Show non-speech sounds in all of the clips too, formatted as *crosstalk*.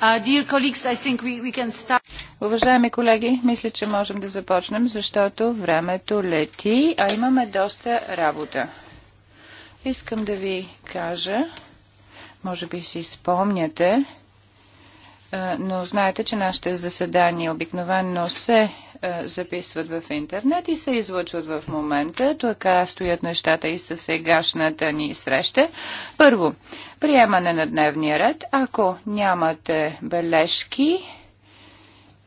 Uh, Уважаеми колеги, мисля, че можем да започнем, защото времето лети, а имаме доста работа. Искам да ви кажа, може би си спомняте, но знаете, че нашите заседания обикновено се е, записват в интернет и се излъчват в момента. Така стоят нещата и със сегашната ни среща. Първо, приемане на дневния ред. Ако нямате бележки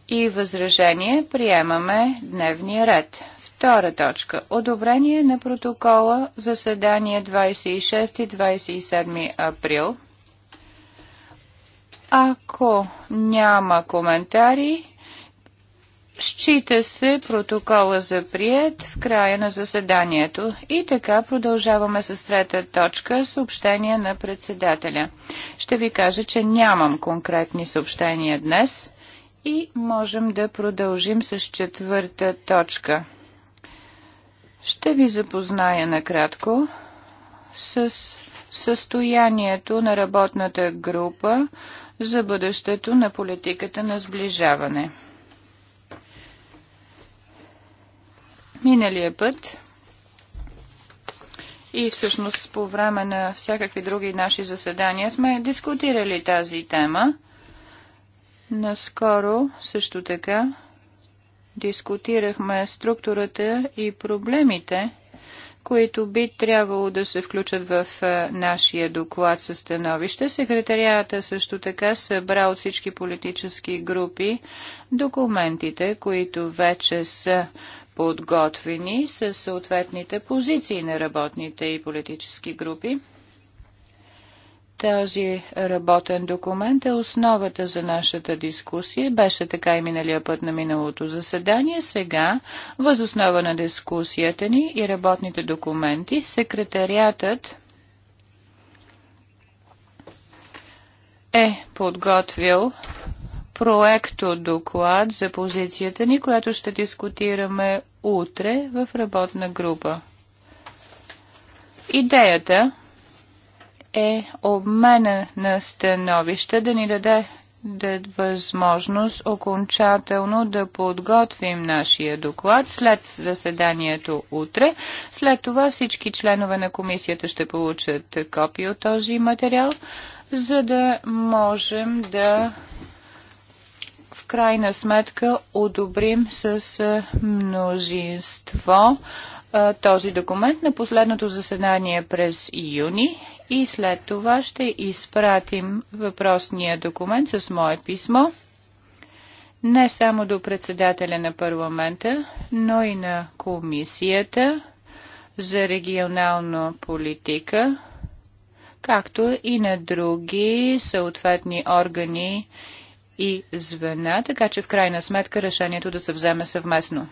и възражение, приемаме дневния ред. Втора точка. Одобрение на протокола седание 26 и 27 април. Ако няма коментари, Счита се протокола за прият в края на заседанието. И така продължаваме с трета точка съобщение на председателя. Ще ви кажа, че нямам конкретни съобщения днес и можем да продължим с четвърта точка. Ще ви запозная накратко с състоянието на работната група за бъдещето на политиката на сближаване. миналия път и всъщност по време на всякакви други наши заседания сме дискутирали тази тема. Наскоро също така дискутирахме структурата и проблемите, които би трябвало да се включат в нашия доклад със становище. Секретарията също така събра от всички политически групи документите, които вече са подготвени с съответните позиции на работните и политически групи. Този работен документ е основата за нашата дискусия. Беше така и миналия път на миналото заседание. Сега, възоснова на дискусията ни и работните документи, секретариатът е подготвил проекто доклад за позицията ни, която ще дискутираме утре в работна група. Идеята е обмена на становища да ни даде да възможност окончателно да подготвим нашия доклад след заседанието утре. След това всички членове на комисията ще получат копия от този материал, за да можем да в крайна сметка одобрим с мнозинство този документ на последното заседание през юни и след това ще изпратим въпросния документ с мое писмо не само до председателя на парламента, но и на комисията за регионална политика, както и на други съответни органи и звена, така че в крайна сметка решението да се вземе съвместно.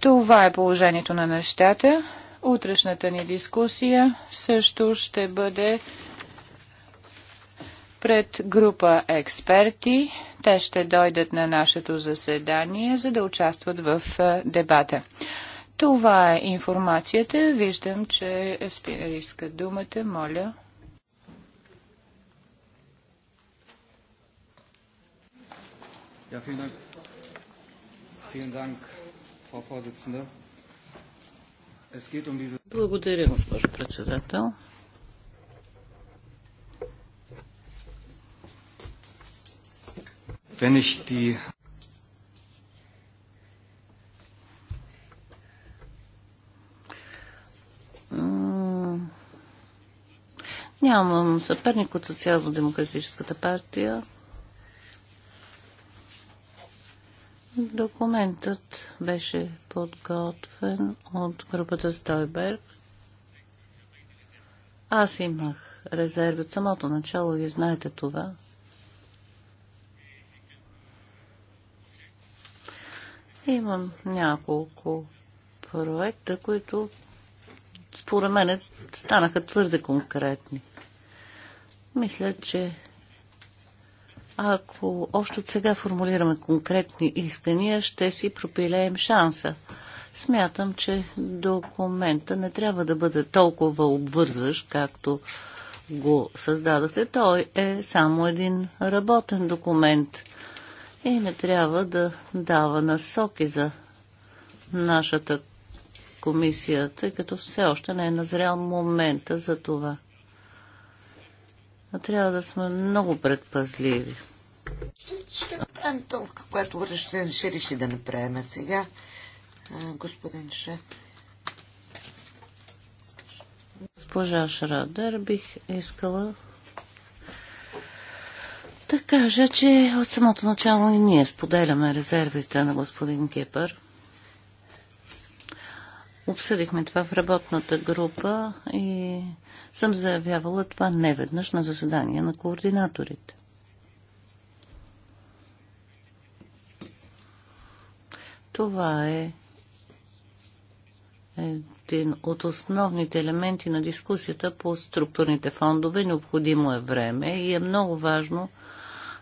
Това е положението на нещата. Утрешната ни дискусия също ще бъде пред група експерти. Те ще дойдат на нашето заседание, за да участват в дебата. Това е информацията. Виждам, че Еспина иска думата. Моля. Ja, vielen Dank. Vielen Dank, Frau Vorsitzende. Es geht um diese... Благодаря, госпожо председател. Wenn ich die Нямам съперник от Социално-демократическата партия. Документът беше подготвен от групата Стойберг. Аз имах резерви от самото начало и знаете това. Имам няколко проекта, които според мен станаха твърде конкретни. Мисля, че ако още от сега формулираме конкретни искания, ще си пропилеем шанса. Смятам, че документа не трябва да бъде толкова обвързващ, както го създадахте. Той е само един работен документ и не трябва да дава насоки за нашата комисия, тъй като все още не е назрял момента за това. А трябва да сме много предпазливи. Ще, ще направим толкова, което ще, ще реши да направим сега. А, господин Шред. Госпожа Шрадер, бих искала да кажа, че от самото начало и ние споделяме резервите на господин Кепър. Обсъдихме това в работната група и съм заявявала това неведнъж на заседание на координаторите. Това е един от основните елементи на дискусията по структурните фондове. Необходимо е време и е много важно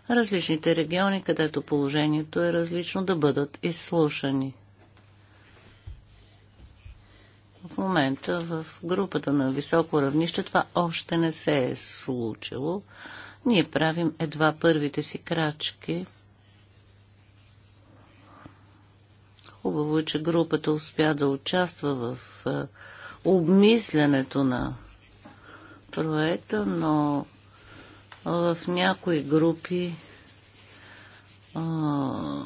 различните региони, където положението е различно, да бъдат изслушани. В момента в групата на високо равнище това още не се е случило. Ние правим едва първите си крачки – Хубаво е, че групата успя да участва в е, обмислянето на проекта, но в някои групи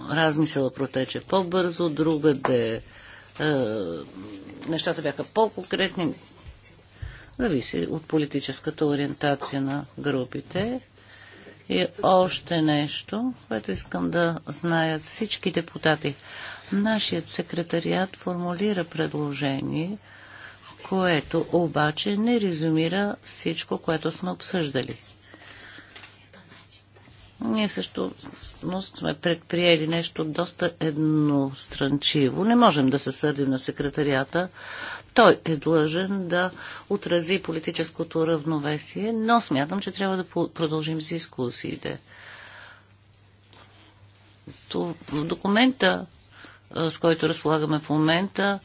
размисъла протече по-бързо, другаде де е, нещата бяха по-конкретни. Зависи от политическата ориентация на групите. И още нещо, което искам да знаят всички депутати. Нашият секретариат формулира предложение, което обаче не резюмира всичко, което сме обсъждали. Ние също сме предприели нещо доста едностранчиво. Не можем да се съдим на секретарията. Той е длъжен да отрази политическото равновесие, но смятам, че трябва да продължим с дискусиите. В документа с който разполагаме в момента,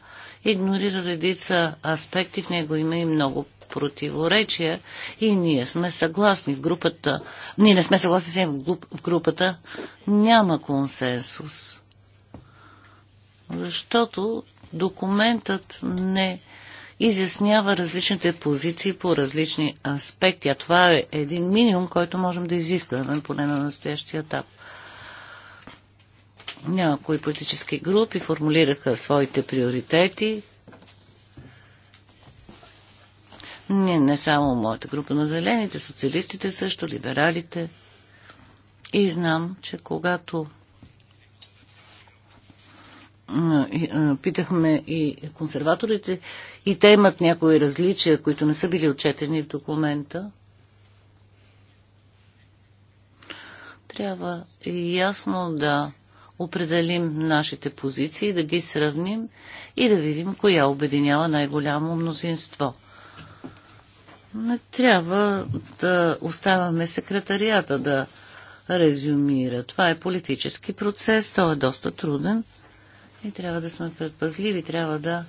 игнорира редица аспекти, в него има и много противоречия и ние сме съгласни в групата. Ние не сме съгласни с него в, груп, в групата. Няма консенсус. Защото документът не изяснява различните позиции по различни аспекти. А това е един минимум, който можем да изискваме поне на настоящия етап. Някои политически групи формулираха своите приоритети. Не, не само моята група, но зелените, социалистите също, либералите. И знам, че когато питахме и консерваторите, и те имат някои различия, които не са били отчетени в документа. Трябва и ясно да определим нашите позиции, да ги сравним и да видим коя обединява най-голямо мнозинство. Не трябва да оставаме секретарията да резюмира. Това е политически процес, той е доста труден и трябва да сме предпазливи, трябва да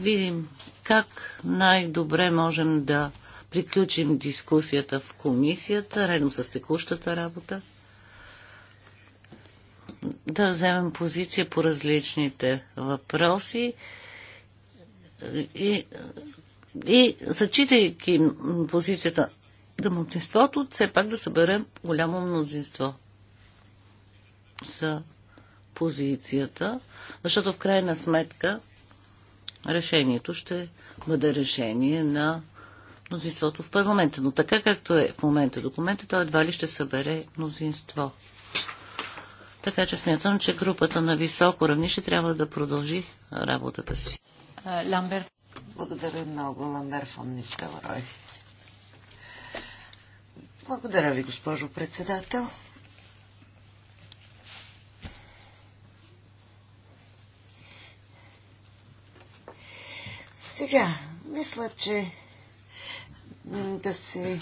видим как най-добре можем да приключим дискусията в комисията, редом с текущата работа да вземем позиция по различните въпроси и, и зачитайки позицията на мнозинството, все пак да съберем голямо мнозинство за позицията, защото в крайна сметка решението ще бъде решение на мнозинството в парламента. Но така както е в момента документа, той едва ли ще събере мнозинство. Така че смятам, че групата на високо равнище трябва да продължи работата си. Е, Ламбер. Благодаря много, Ламбер фон Нистелрой. Благодаря ви, госпожо председател. Сега, мисля, че да се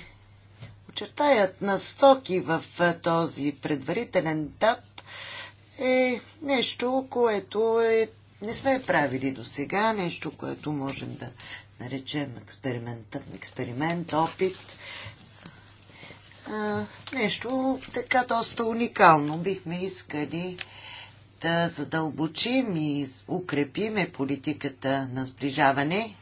очертаят настоки в е, този предварителен етап е нещо, което е, не сме правили до сега, нещо, което можем да наречем експеримент, експеримент опит. А, нещо така доста уникално. Бихме искали да задълбочим и укрепиме политиката на сближаване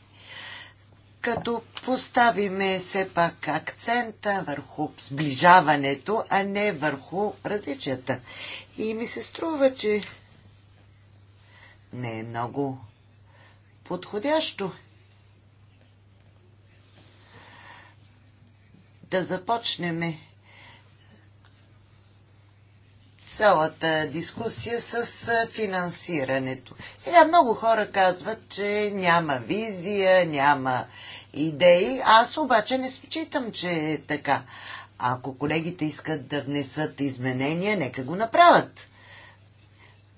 като поставиме все пак акцента върху сближаването, а не върху различията. И ми се струва, че не е много подходящо да започнеме цялата дискусия с финансирането. Сега много хора казват, че няма визия, няма идеи. Аз обаче не считам, че е така. Ако колегите искат да внесат изменения, нека го направят.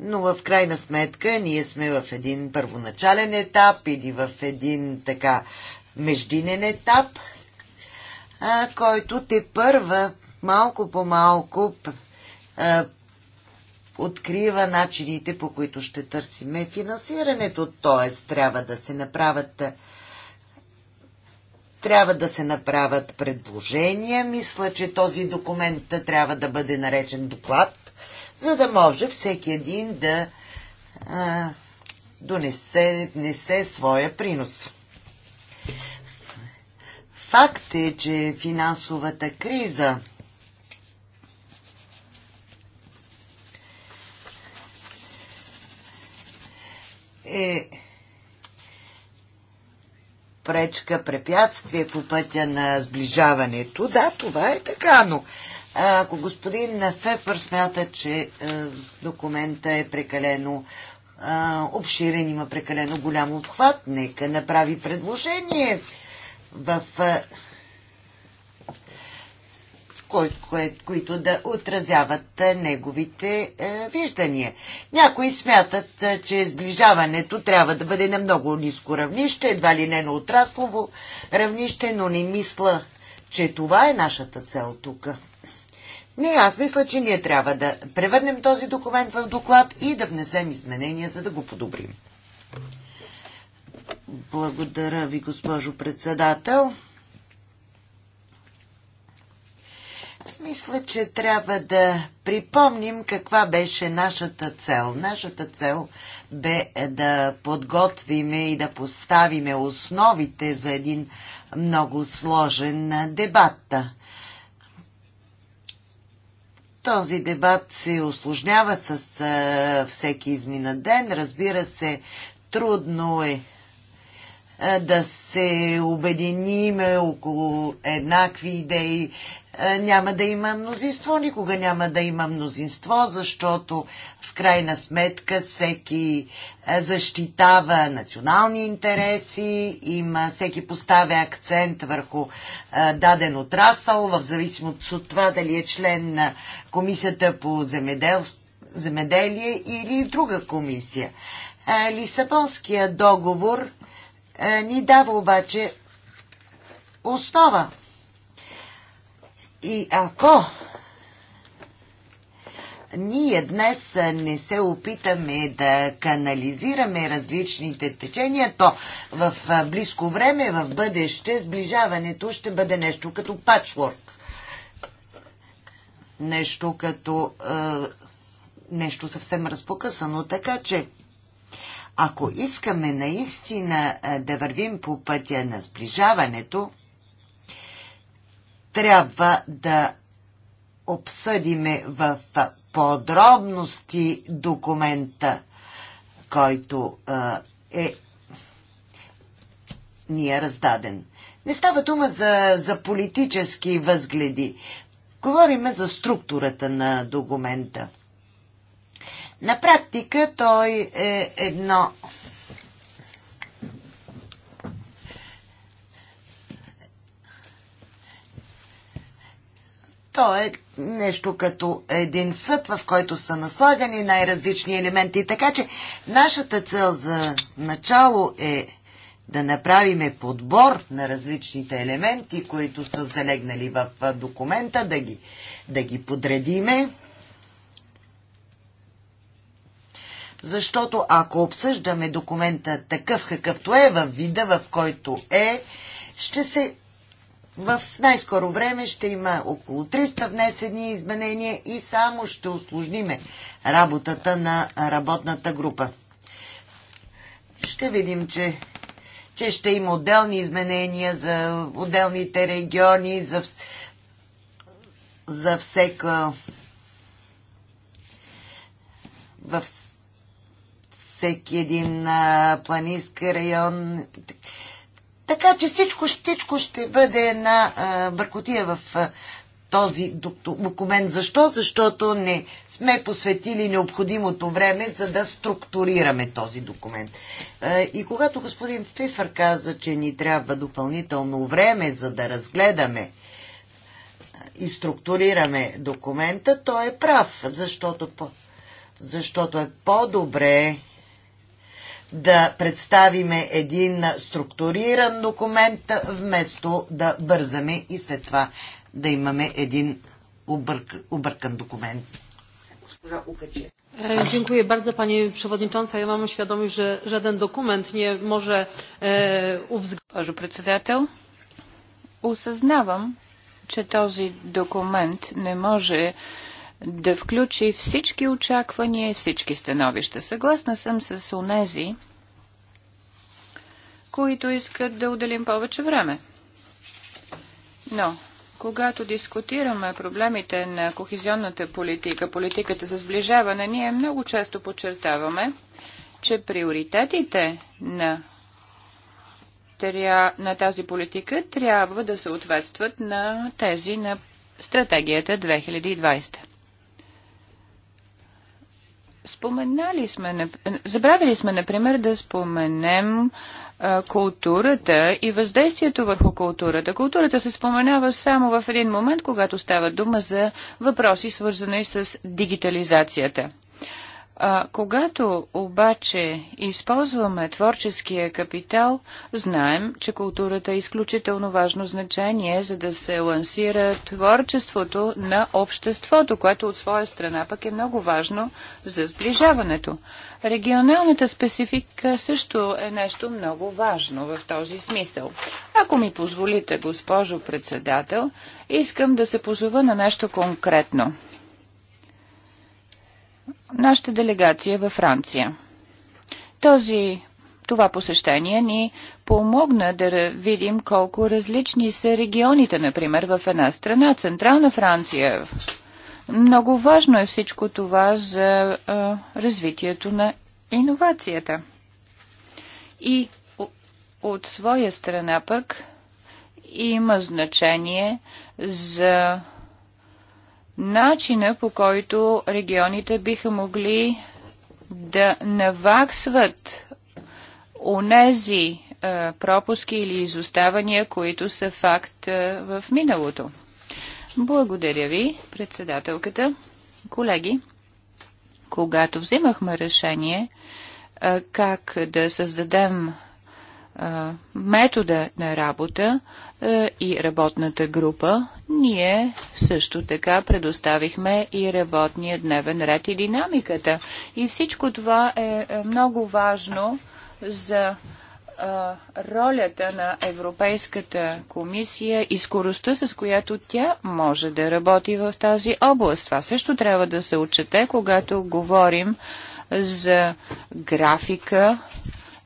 Но в крайна сметка ние сме в един първоначален етап или в един така междинен етап, който те първа малко по малко открива начините, по които ще търсиме финансирането, т.е. трябва да се направят трябва да се направят предложения. Мисля, че този документ трябва да бъде наречен доклад, за да може всеки един да а, донесе несе своя принос. Факт е, че финансовата криза е пречка, препятствие по пътя на сближаването. Да, това е така, но ако господин Фепър смята, че е, документа е прекалено обширен, има прекалено голям обхват, нека направи предложение в кои, кои, които да отразяват е, неговите е, виждания. Някои смятат, е, че сближаването трябва да бъде на много ниско равнище, едва ли не на отраслово равнище, но не мисля, че това е нашата цел тук. Не, аз мисля, че ние трябва да превърнем този документ в доклад и да внесем изменения, за да го подобрим. Благодаря ви, госпожо председател. Мисля, че трябва да припомним каква беше нашата цел. Нашата цел бе да подготвиме и да поставиме основите за един много сложен дебат. Този дебат се осложнява с всеки измина ден. Разбира се, трудно е да се обединиме около еднакви идеи, е, няма да има мнозинство, никога няма да има мнозинство, защото в крайна сметка всеки е, защитава национални интереси, има, всеки поставя акцент върху е, даден отрасъл, в зависимост от това дали е член на комисията по земеделие или друга комисия. Лисабонския договор ни дава обаче основа и ако ние днес не се опитаме да канализираме различните течения, то в близко време, в бъдеще, сближаването ще бъде нещо като пачворк. Нещо като е, нещо съвсем разпокъсано. Така че, ако искаме наистина да вървим по пътя на сближаването, трябва да обсъдиме в подробности документа, който е ни е раздаден. Не става дума за, за политически възгледи. Говориме за структурата на документа. На практика той е едно То е нещо като един съд, в който са наслагани най-различни елементи. Така че нашата цел за начало е да направиме подбор на различните елементи, които са залегнали в документа, да ги, да ги подредиме. Защото ако обсъждаме документа такъв какъвто е, във вида, в който е, ще се в най-скоро време ще има около 300 внесени изменения и само ще осложниме работата на работната група. Ще видим, че, че ще има отделни изменения за отделните региони, за, за всека във всеки един планински район така че всичко, всичко ще бъде една а, бъркотия в а, този документ. Защо? Защото не сме посветили необходимото време, за да структурираме този документ. И когато господин Фифър каза, че ни трябва допълнително време, за да разгледаме и структурираме документа, той е прав, защото, защото е по-добре да представиме един структуриран документ, вместо да бързаме и след това да имаме един обърк, объркан документ. Госпожа Укаче. Dziękuję bardzo Pani Przewodnicząca. Ja mam świadomość, że żaden dokument nie może e, uwzględnić. że ten dokument nie może може да включи всички очаквания и всички становища. Съгласна съм с онези, които искат да отделим повече време. Но, когато дискутираме проблемите на кохезионната политика, политиката за сближаване, ние много често подчертаваме, че приоритетите на, на тази политика трябва да съответстват на тези на стратегията 2020. Споменали сме, забравили сме, например, да споменем а, културата и въздействието върху културата. Културата се споменава само в един момент, когато става дума за въпроси, свързани с дигитализацията. А, когато обаче използваме творческия капитал, знаем, че културата е изключително важно значение, за да се лансира творчеството на обществото, което от своя страна пък е много важно за сближаването. Регионалната специфика също е нещо много важно в този смисъл. Ако ми позволите, госпожо председател, искам да се позова на нещо конкретно нашата делегация във Франция. Този това посещение ни помогна да видим колко различни са регионите, например, в една страна, Централна Франция. Много важно е всичко това за а, развитието на иновацията. И от своя страна пък има значение за начина по който регионите биха могли да наваксват онези е, пропуски или изоставания, които са факт е, в миналото. Благодаря ви, председателката. Колеги, когато взимахме решение е, как да създадем метода на работа и работната група, ние също така предоставихме и работния дневен ред и динамиката. И всичко това е, е много важно за ролята на Европейската комисия и скоростта, с която тя може да работи в тази област. Това също трябва да се отчете, когато говорим за графика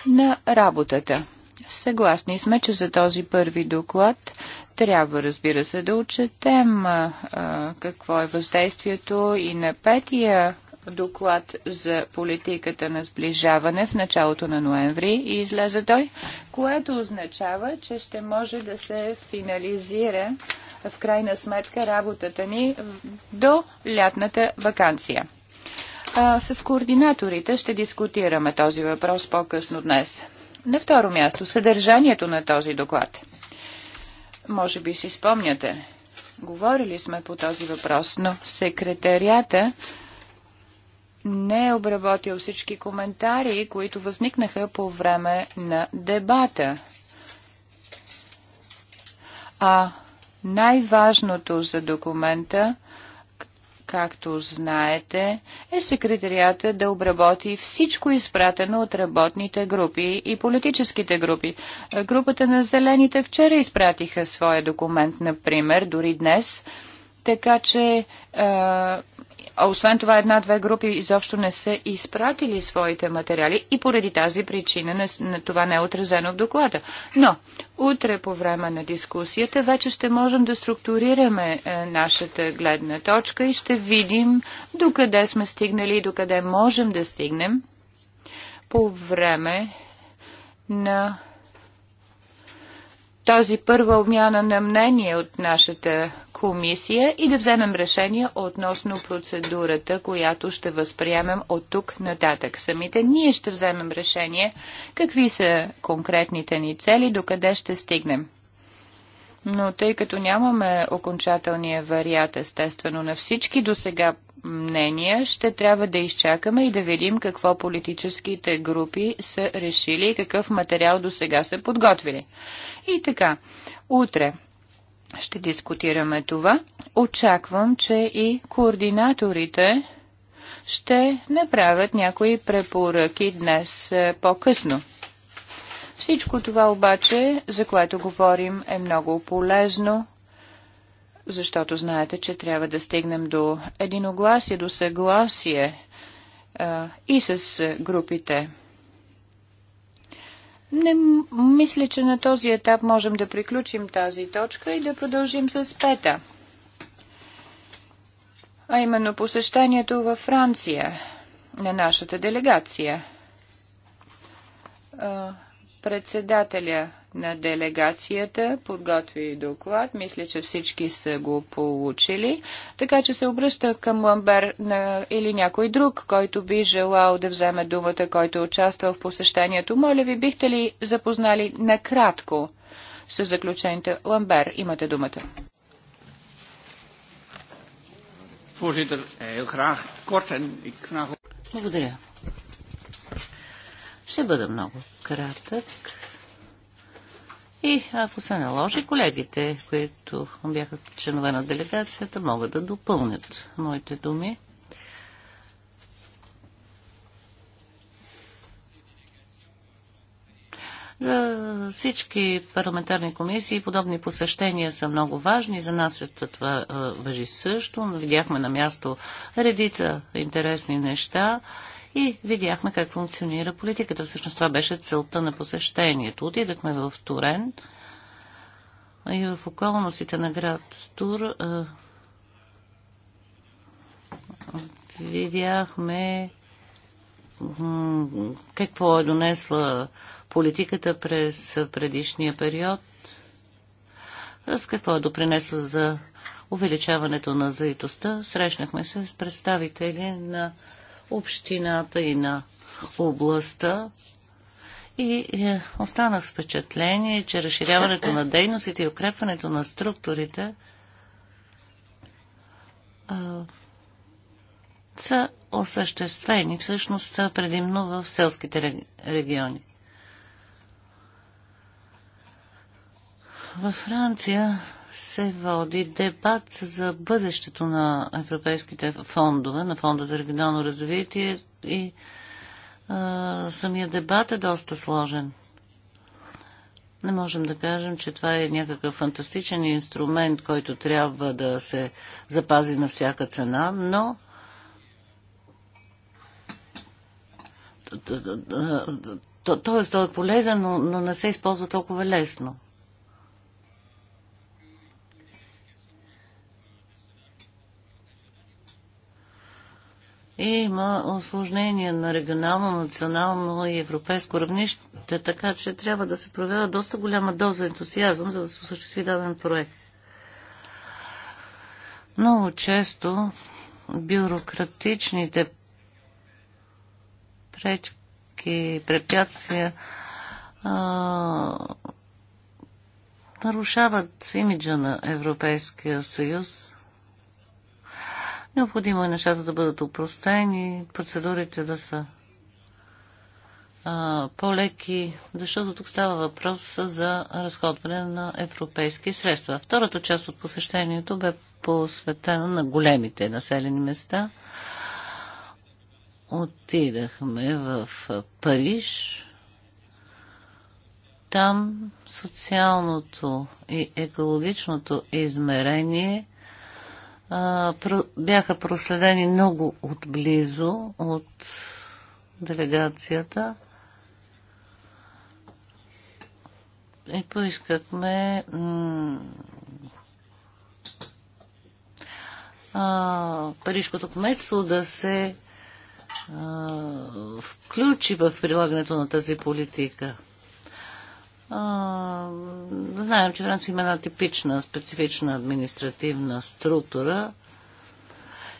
на работата. Съгласни сме, че за този първи доклад трябва, разбира се, да отчетем а, какво е въздействието и на петия доклад за политиката на сближаване в началото на ноември и излезе той, което означава, че ще може да се финализира в крайна сметка работата ни до лятната вакансия. А, с координаторите ще дискутираме този въпрос по-късно днес. На второ място, съдържанието на този доклад. Може би си спомняте, говорили сме по този въпрос, но секретарията не е обработил всички коментари, които възникнаха по време на дебата. А най-важното за документа – както знаете, е секретарията да обработи всичко изпратено от работните групи и политическите групи. Групата на зелените вчера изпратиха своя документ, например, дори днес, така че а освен това, една-две групи изобщо не са изпратили своите материали и поради тази причина не, не, това не е отразено в доклада. Но, утре по време на дискусията вече ще можем да структурираме е, нашата гледна точка и ще видим докъде сме стигнали и докъде можем да стигнем по време на тази първа обмяна на мнение от нашата комисия и да вземем решение относно процедурата, която ще възприемем от тук нататък. Самите ние ще вземем решение какви са конкретните ни цели, докъде ще стигнем. Но тъй като нямаме окончателния вариант, естествено, на всички до сега мнения, ще трябва да изчакаме и да видим какво политическите групи са решили и какъв материал до сега са подготвили. И така, утре ще дискутираме това. Очаквам, че и координаторите ще направят някои препоръки днес е, по-късно. Всичко това обаче, за което говорим, е много полезно, защото знаете, че трябва да стигнем до единогласие, до съгласие а, е, и с е, групите. Не мисля, че на този етап можем да приключим тази точка и да продължим с пета. А именно посещението във Франция на нашата делегация. Председателя на делегацията подготви доклад. Мисля, че всички са го получили. Така че се обръща към Ламбер на... или някой друг, който би желал да вземе думата, който участва в посещението. Моля ви, бихте ли запознали накратко с заключените? Ламбер, имате думата. Eh, Благодаря. Ще бъда много кратък. И ако се наложи, колегите, които бяха членове на делегацията, могат да допълнят моите думи. За всички парламентарни комисии подобни посещения са много важни. За нас е това въжи също. Видяхме на място редица интересни неща и видяхме как функционира политиката. Всъщност това беше целта на посещението. Отидахме в Турен и в околностите на град Тур видяхме какво е донесла политиката през предишния период, с какво е допринесла за увеличаването на заетостта. Срещнахме се с представители на общината и на областта. И е, останах с впечатление, че разширяването на дейностите и укрепването на структурите е, са осъществени всъщност предимно в селските региони. Във Франция се води дебат за бъдещето на европейските фондове, на Фонда за регионално развитие и а, самия дебат е доста сложен. Не можем да кажем, че това е някакъв фантастичен инструмент, който трябва да се запази на всяка цена, но т.е. той е полезен, но, но не се използва толкова лесно. И Има осложнения на регионално, национално и европейско равнище, така че трябва да се проявява доста голяма доза ентусиазъм, за да се осъществи даден проект. Много често бюрократичните пречки, препятствия а, нарушават имиджа на Европейския съюз. Необходимо е нещата да бъдат упростени, процедурите да са по-леки, защото тук става въпрос за разходване на европейски средства. Втората част от посещението бе посветена на големите населени места. Отидахме в Париж. Там социалното и екологичното измерение – бяха проследени много отблизо от делегацията и поискахме Парижкото кметство да се включи в прилагането на тази политика. А, знаем, че Франция има една типична, специфична административна структура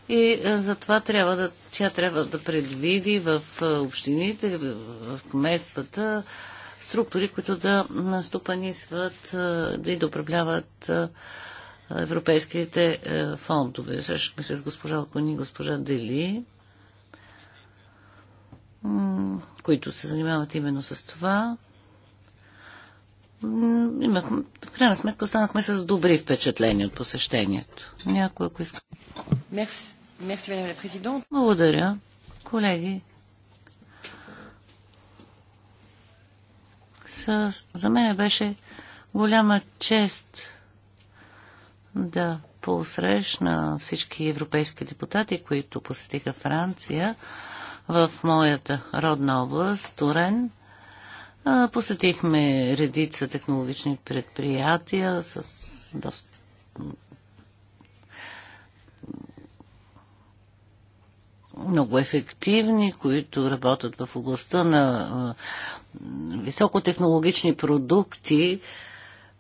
и е, затова трябва да, тя трябва да предвиди в е, общините, в кметствата структури, които да наступанисват е, да и да управляват европейските фондове. Срещахме се с госпожа Окони, госпожа Дели, които се занимават именно с това имахме, в крайна сметка останахме с добри впечатления от посещението. Някой, ако иска. Мерси, мерси, Благодаря, колеги. С, за мен беше голяма чест да посрещна всички европейски депутати, които посетиха Франция в моята родна област, Турен. Посетихме редица технологични предприятия с доста много ефективни, които работят в областта на високотехнологични продукти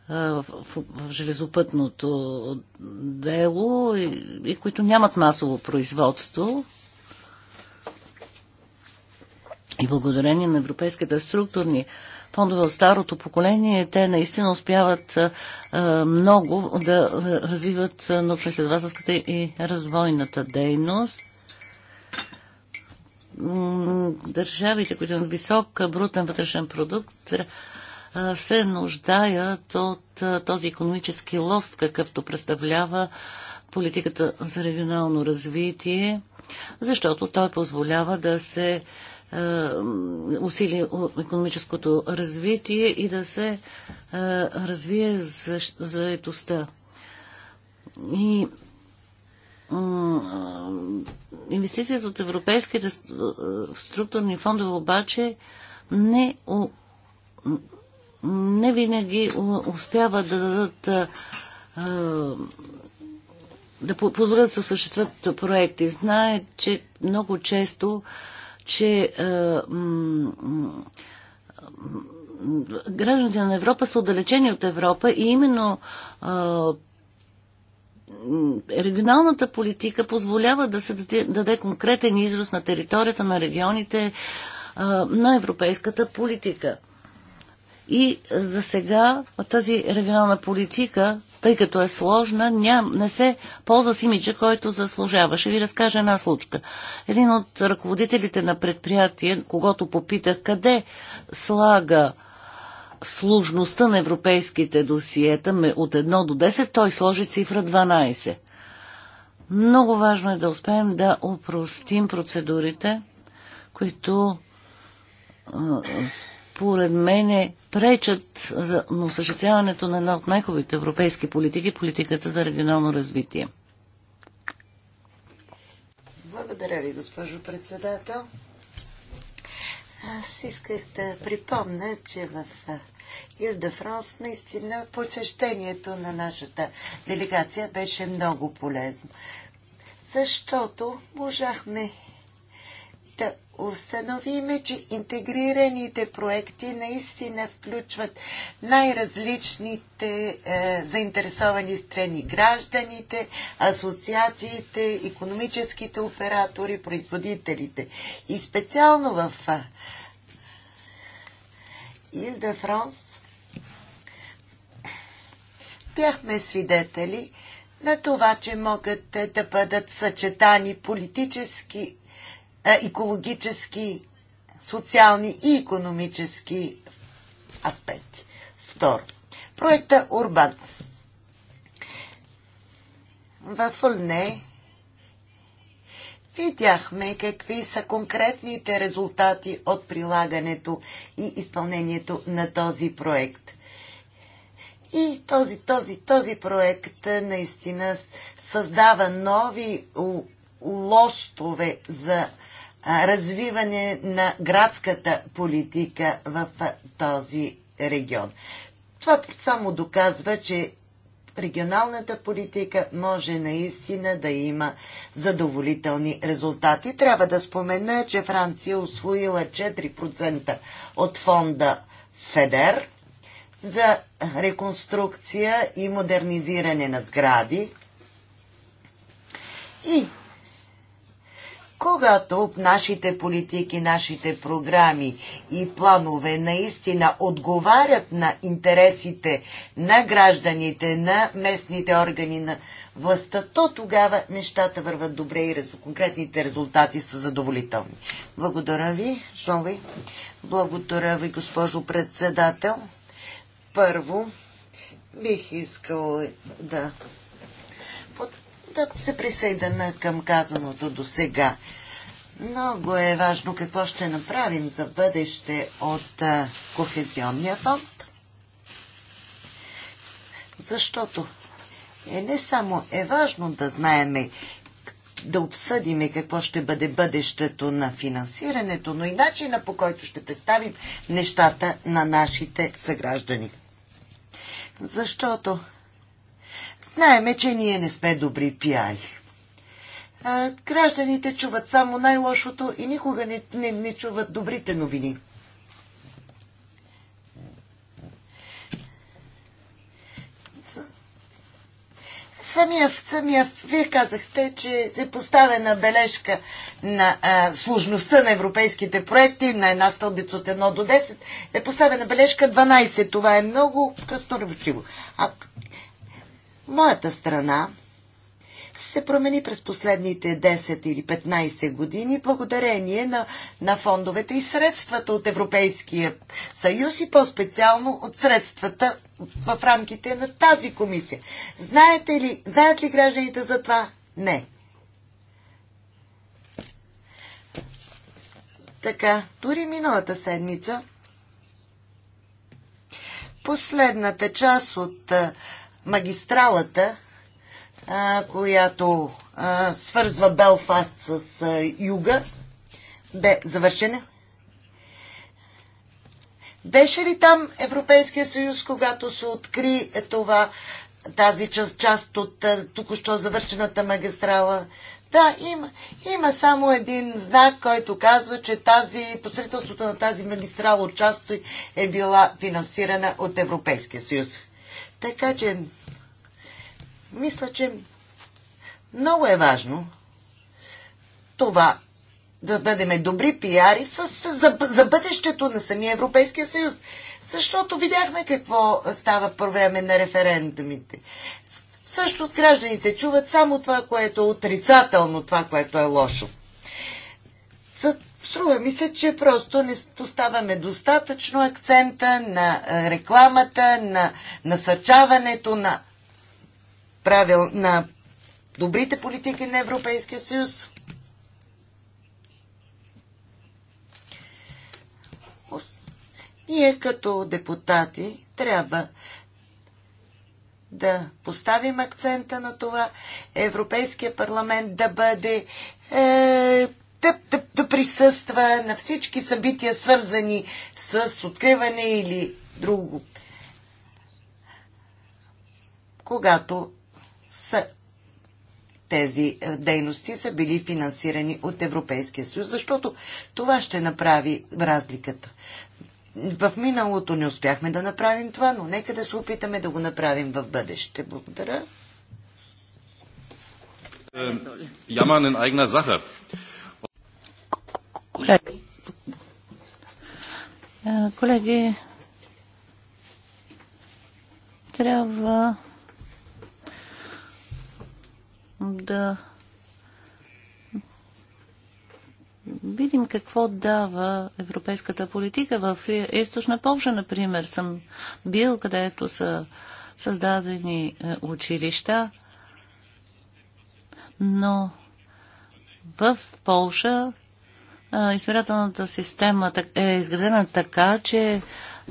в, железопътното дело и които нямат масово производство. И благодарение на европейските структурни фондове от старото поколение, те наистина успяват много да развиват научно-изследователската и развойната дейност държавите, които имат висок брутен вътрешен продукт, се нуждаят от този економически лост, какъвто представлява политиката за регионално развитие, защото той позволява да се е, усили економическото развитие и да се е, развие заедостта. И инвестицията от европейските е, структурни фондове обаче не, не винаги успяват да дадат да позволят да се осъществят проекти. Знае, че много често а, че е, гражданите на Европа са отдалечени от Европа и именно е, регионалната политика позволява да се даде, даде конкретен израз на територията на регионите е, на европейската политика. И за сега тази регионална политика тъй като е сложна, ням, не се ползва с имиджа, който заслужава. Ще ви разкажа една случка. Един от ръководителите на предприятие, когато попитах къде слага сложността на европейските досиета от 1 до 10, той сложи цифра 12. Много важно е да успеем да опростим процедурите, които според мене пречат за осъществяването на една от най-хубавите европейски политики, политиката за регионално развитие. Благодаря ви, госпожо председател. Аз исках да припомня, че в Ил де Франс наистина посещението на нашата делегация беше много полезно, защото можахме установиме, че интегрираните проекти наистина включват най-различните е, заинтересовани страни гражданите, асоциациите, економическите оператори, производителите. И специално в е, Ил де Франс бяхме свидетели на това, че могат е, да бъдат съчетани политически е, екологически, социални и економически аспекти. Второ, проекта Урбан. В Олне видяхме какви са конкретните резултати от прилагането и изпълнението на този проект. И този, този, този проект е, наистина създава нови лостове за развиване на градската политика в този регион. Това само доказва, че регионалната политика може наистина да има задоволителни резултати. Трябва да спомена, че Франция освоила 4% от фонда ФЕДЕР за реконструкция и модернизиране на сгради. И когато нашите политики, нашите програми и планове наистина отговарят на интересите на гражданите, на местните органи на властта, то тогава нещата върват добре и конкретните резултати са задоволителни. Благодаря ви, Жови. Благодаря ви, госпожо председател. Първо, бих искал да да се присъедина към казаното до сега. Много е важно какво ще направим за бъдеще от Кохезионния фонд, защото е не само е важно да знаеме да обсъдиме какво ще бъде бъдещето на финансирането, но и начина по който ще представим нещата на нашите съграждани. Защото Знаеме, че ние не сме добри пиари. А, гражданите чуват само най-лошото и никога не, не, не чуват добрите новини. самия, самия, вие казахте, че се поставена бележка на а, сложността на европейските проекти, на една стълбица от 1 до 10, е поставена бележка 12. Това е много кръсноречиво. А Моята страна се промени през последните 10 или 15 години благодарение на, на фондовете и средствата от Европейския съюз и по-специално от средствата в рамките на тази комисия. Знаете ли, знаят ли гражданите за това? Не. Така, дори миналата седмица последната част от магистралата, а, която а, свързва Белфаст с а, юга, бе завършена. Беше ли там Европейския съюз, когато се откри е това, тази част, част от току-що завършената магистрала? Да, има, има само един знак, който казва, че тази, посредителството на тази магистрала от част е била финансирана от Европейския съюз. Така че мисля, че много е важно това да бъдем добри пиари с, с, за, за бъдещето на самия Европейския съюз. Защото видяхме какво става по време на референдумите. Всъщност гражданите чуват само това, което е отрицателно, това, което е лошо. струва ми се, че просто не поставяме достатъчно акцента на рекламата, на насърчаването, на правил на добрите политики на Европейския съюз. Ние като депутати трябва да поставим акцента на това Европейския парламент да бъде е, да, да, да присъства на всички събития, свързани с откриване или друго. Когато с тези е, дейности са били финансирани от Европейския съюз, защото това ще направи разликата. В миналото не успяхме да направим това, но нека да се опитаме да го направим в бъдеще. Благодаря. Jammern in eigener Sache. Колеги, е, колеги, трябва да видим какво дава европейската политика. В източна Польша, например, съм бил, където са създадени е, училища, но в Полша е, избирателната система е изградена така, че е,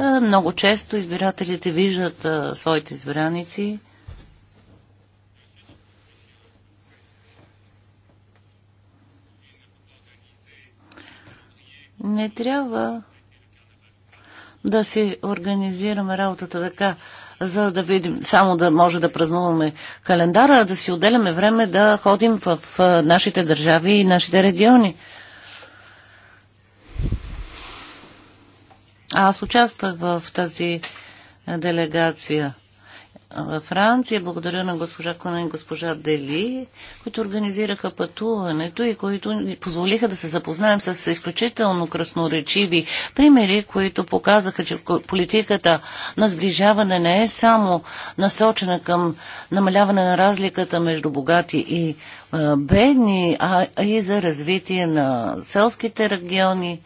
много често избирателите виждат своите избраници Не трябва да си организираме работата така, за да видим, само да може да празнуваме календара, а да си отделяме време да ходим в нашите държави и нашите региони. Аз участвах в тази делегация във Франция. Благодаря на госпожа Кона и госпожа Дели, които организираха пътуването и които ни позволиха да се запознаем с изключително красноречиви примери, които показаха, че политиката на сближаване не е само насочена към намаляване на разликата между богати и бедни, а и за развитие на селските региони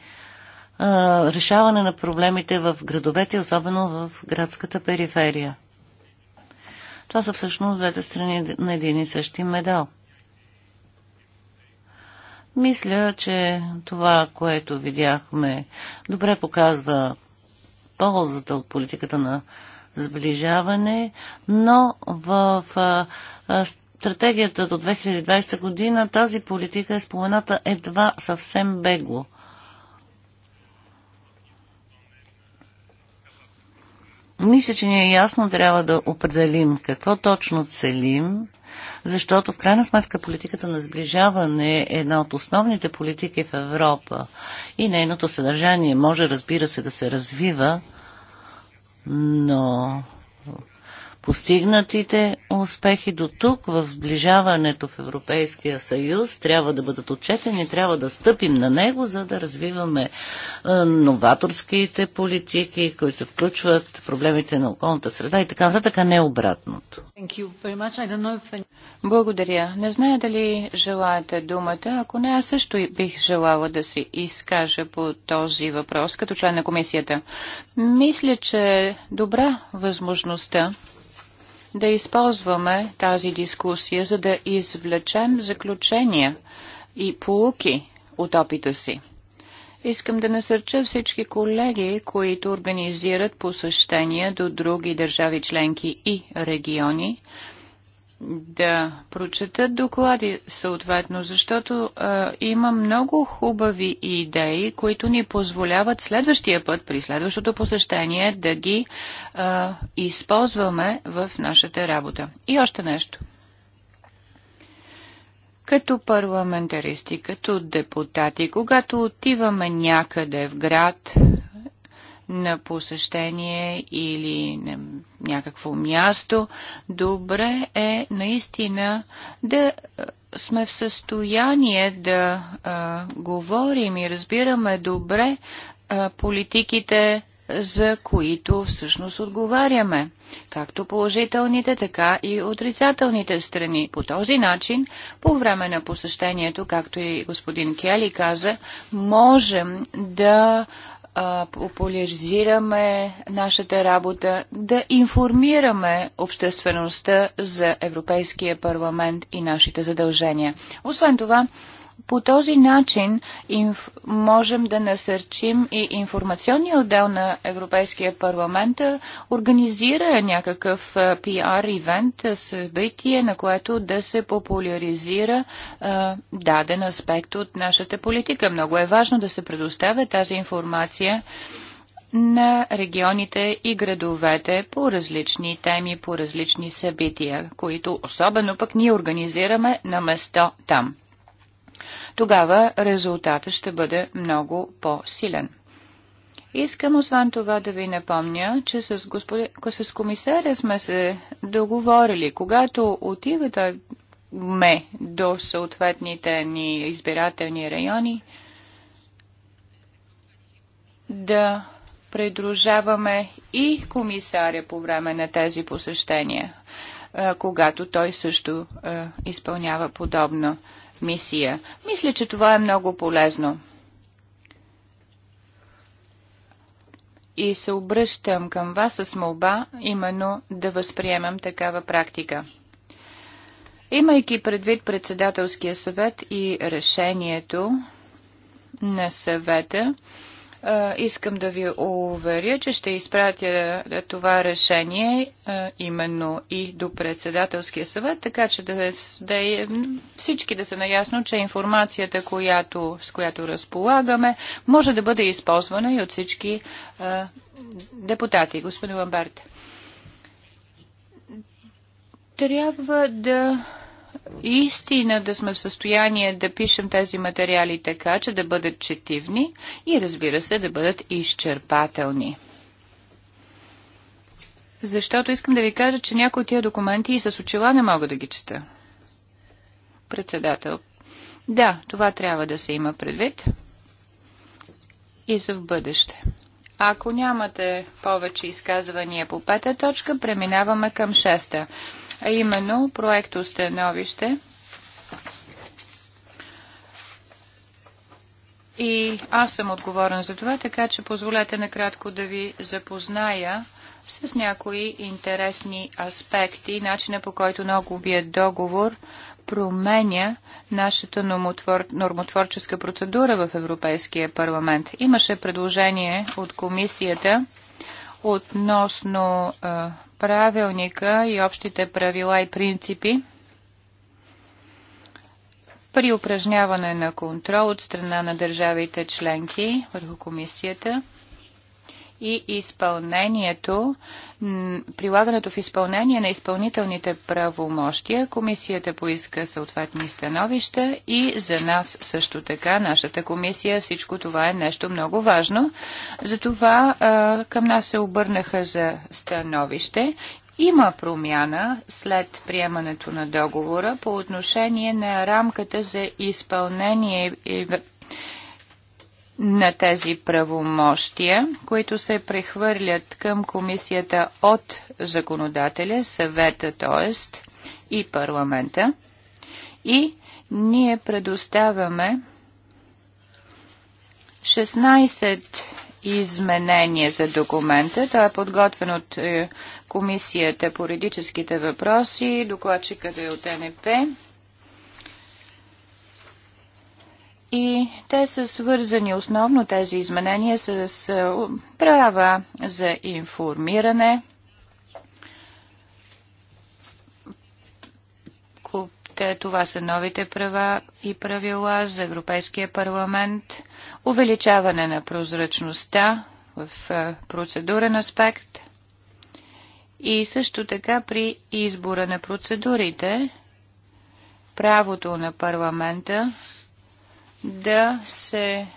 решаване на проблемите в градовете, особено в градската периферия. Това са всъщност двете страни на един и същи медал. Мисля, че това, което видяхме, добре показва ползата от политиката на сближаване, но в стратегията до 2020 година тази политика е спомената едва съвсем бегло – Мисля, че ни е ясно трябва да определим какво точно целим, защото в крайна сметка политиката на сближаване е една от основните политики в Европа и нейното съдържание може, разбира се, да се развива, но Постигнатите успехи до тук в сближаването в Европейския съюз трябва да бъдат отчетени, трябва да стъпим на него, за да развиваме новаторските политики, които включват проблемите на околната среда и така нататък, а не обратното. Благодаря. Не зная дали желаете думата. Ако не, аз също бих желала да се изкажа по този въпрос като член на комисията. Мисля, че добра възможността да използваме тази дискусия, за да извлечем заключения и полуки от опита си. Искам да насърча всички колеги, които организират посещения до други държави членки и региони, да прочетат доклади съответно, защото а, има много хубави идеи, които ни позволяват следващия път, при следващото посещение, да ги а, използваме в нашата работа. И още нещо. Като парламентаристи, като депутати, когато отиваме някъде в град, на посещение или на някакво място, добре е наистина да е, сме в състояние да а, е, говорим и разбираме добре а, е, политиките, за които всъщност отговаряме, както положителните, така и отрицателните страни. По този начин, по време на посещението, както и господин Кели каза, можем да а, популяризираме нашата работа, да информираме обществеността за Европейския парламент и нашите задължения. Освен това, по този начин можем да насърчим и информационния отдел на Европейския парламент да организира някакъв пиар ивент, събитие, на което да се популяризира а, даден аспект от нашата политика. Много е важно да се предоставя тази информация на регионите и градовете по различни теми, по различни събития, които особено пък ние организираме на место там тогава резултатът ще бъде много по-силен. Искам освен това да ви напомня, че с, господи... с комисаря сме се договорили. Когато отива той ме до съответните ни избирателни райони, да придружаваме и комисаря по време на тези посещения, когато той също изпълнява подобно мисия. Мисля, че това е много полезно. И се обръщам към вас с молба именно да възприемам такава практика. Имайки предвид председателския съвет и решението на съвета, Искам да ви уверя, че ще изпратя това решение именно и до председателския съвет, така че да, да, е, всички да са наясно, че информацията, която, с която разполагаме, може да бъде използвана и от всички а, депутати. Господин Ламберт трябва да истина да сме в състояние да пишем тези материали така, че да бъдат четивни и разбира се да бъдат изчерпателни. Защото искам да ви кажа, че някои от тия документи и с очила не мога да ги чета. Председател. Да, това трябва да се има предвид и за в бъдеще. Ако нямате повече изказвания по пета точка, преминаваме към шеста а именно проекто становище и аз съм отговорен за това, така че позволете накратко да ви запозная с някои интересни аспекти, начина по който новия договор променя нашата нормотвор... нормотворческа процедура в Европейския парламент. Имаше предложение от комисията относно правилника и общите правила и принципи при упражняване на контрол от страна на държавите членки върху комисията – и изпълнението, прилагането в изпълнение на изпълнителните правомощия. Комисията поиска съответни становища и за нас също така, нашата комисия, всичко това е нещо много важно. Затова към нас се обърнаха за становище има промяна след приемането на договора по отношение на рамката за изпълнение и на тези правомощия, които се прехвърлят към комисията от законодателя, съвета, т.е. и парламента. И ние предоставяме 16 изменения за документа. Той е подготвен от е, Комисията по юридическите въпроси, докладчикът е от НП. И те са свързани основно тези изменения с е, права за информиране, това са новите права и правила за Европейския парламент, увеличаване на прозрачността в е, процедурен аспект и също така при избора на процедурите, правото на парламента да се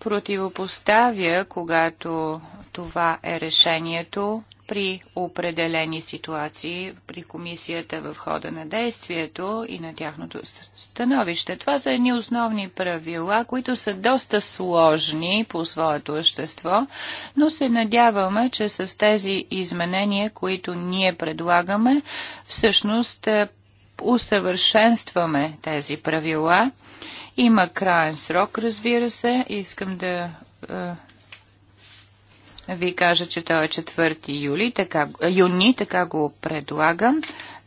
противопоставя, когато това е решението при определени ситуации при комисията в хода на действието и на тяхното становище. Това са едни основни правила, които са доста сложни по своето общество, но се надяваме, че с тези изменения, които ние предлагаме, всъщност е, усъвършенстваме тези правила. Има краен срок, разбира се. Искам да е, ви кажа, че той е 4 юли, така, е, юни, така го предлагам.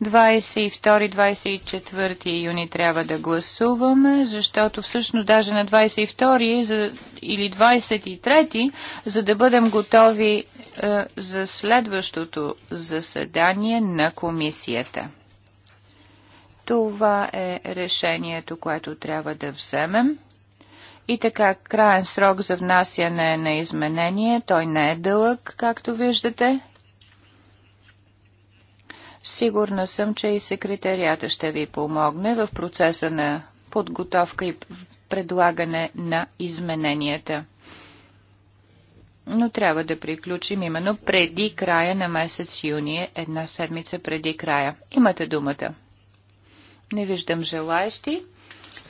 22-24 юни трябва да гласуваме, защото всъщност даже на 22 е или 23, за да бъдем готови е, за следващото заседание на комисията. Това е решението, което трябва да вземем. И така, крайен срок за внасяне на изменение, той не е дълъг, както виждате. Сигурна съм, че и секретарията ще ви помогне в процеса на подготовка и предлагане на измененията. Но трябва да приключим именно преди края на месец юни, една седмица преди края. Имате думата. Не виждам желаящи.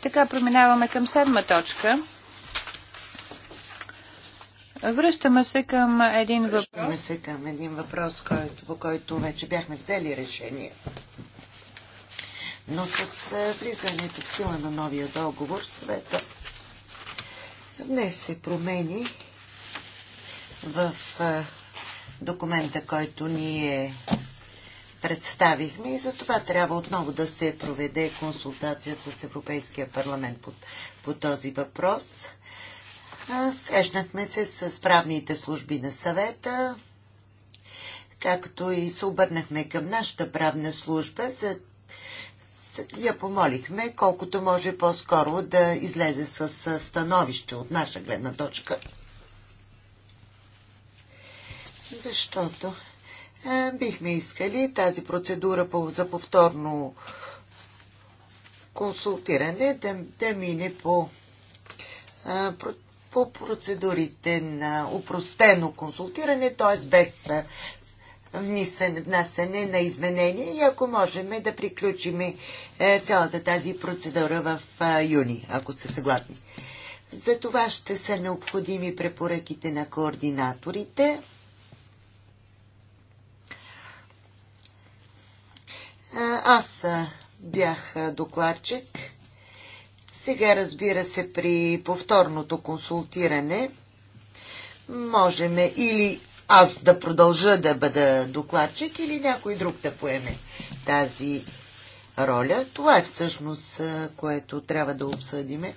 Така преминаваме към седма точка. Връщаме се към един въпрос. Връщаме се към един въпрос, който, по който вече бяхме взели решение. Но с влизането в сила на новия договор, света днес се промени в документа, който ние представихме и за това трябва отново да се проведе консултация с Европейския парламент по, по този въпрос. Срещнахме се с правните служби на съвета, както и се обърнахме към нашата правна служба, за я помолихме колкото може по-скоро да излезе с становище от наша гледна точка. Защото е, бихме искали тази процедура за повторно консултиране да, да мине по, е, по процедурите на упростено консултиране, т.е. без е, внасяне на изменения и ако можем да приключим цялата тази процедура в юни, ако сте съгласни. За това ще са необходими препоръките на координаторите. Аз бях докладчик. Сега, разбира се, при повторното консултиране можем или аз да продължа да бъда докладчик, или някой друг да поеме тази роля. Това е всъщност, което трябва да обсъдиме.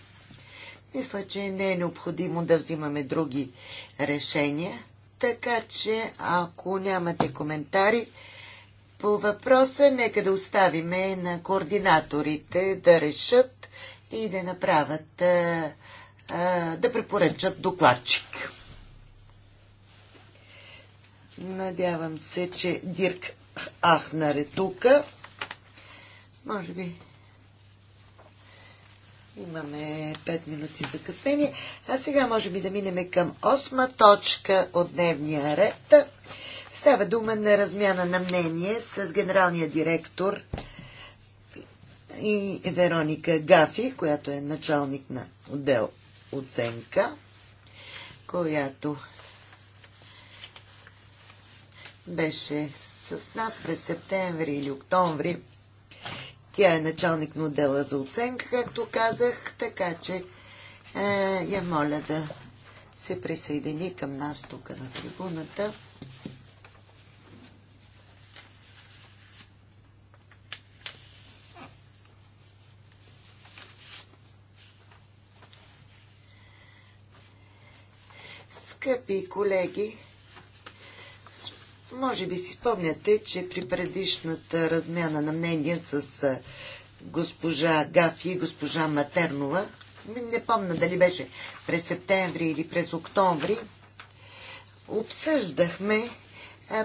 Мисля, че не е необходимо да взимаме други решения, така че ако нямате коментари, по въпроса нека да оставиме на координаторите да решат и да направят, а, а, да препоръчат докладчик. Надявам се, че Дирк Ахнар е тук. Може би имаме 5 минути закъснение. А сега може би да минем към осма точка от дневния ред. Става дума на размяна на мнение с генералния директор и Вероника Гафи, която е началник на отдел оценка, която беше с нас през септември или октомври. Тя е началник на отдела за оценка, както казах, така че е, я моля да се присъедини към нас тук на трибуната. Скъпи колеги, може би си спомняте, че при предишната размяна на мнения с госпожа Гафи и госпожа Матернова, не помна дали беше през септември или през октомври, обсъждахме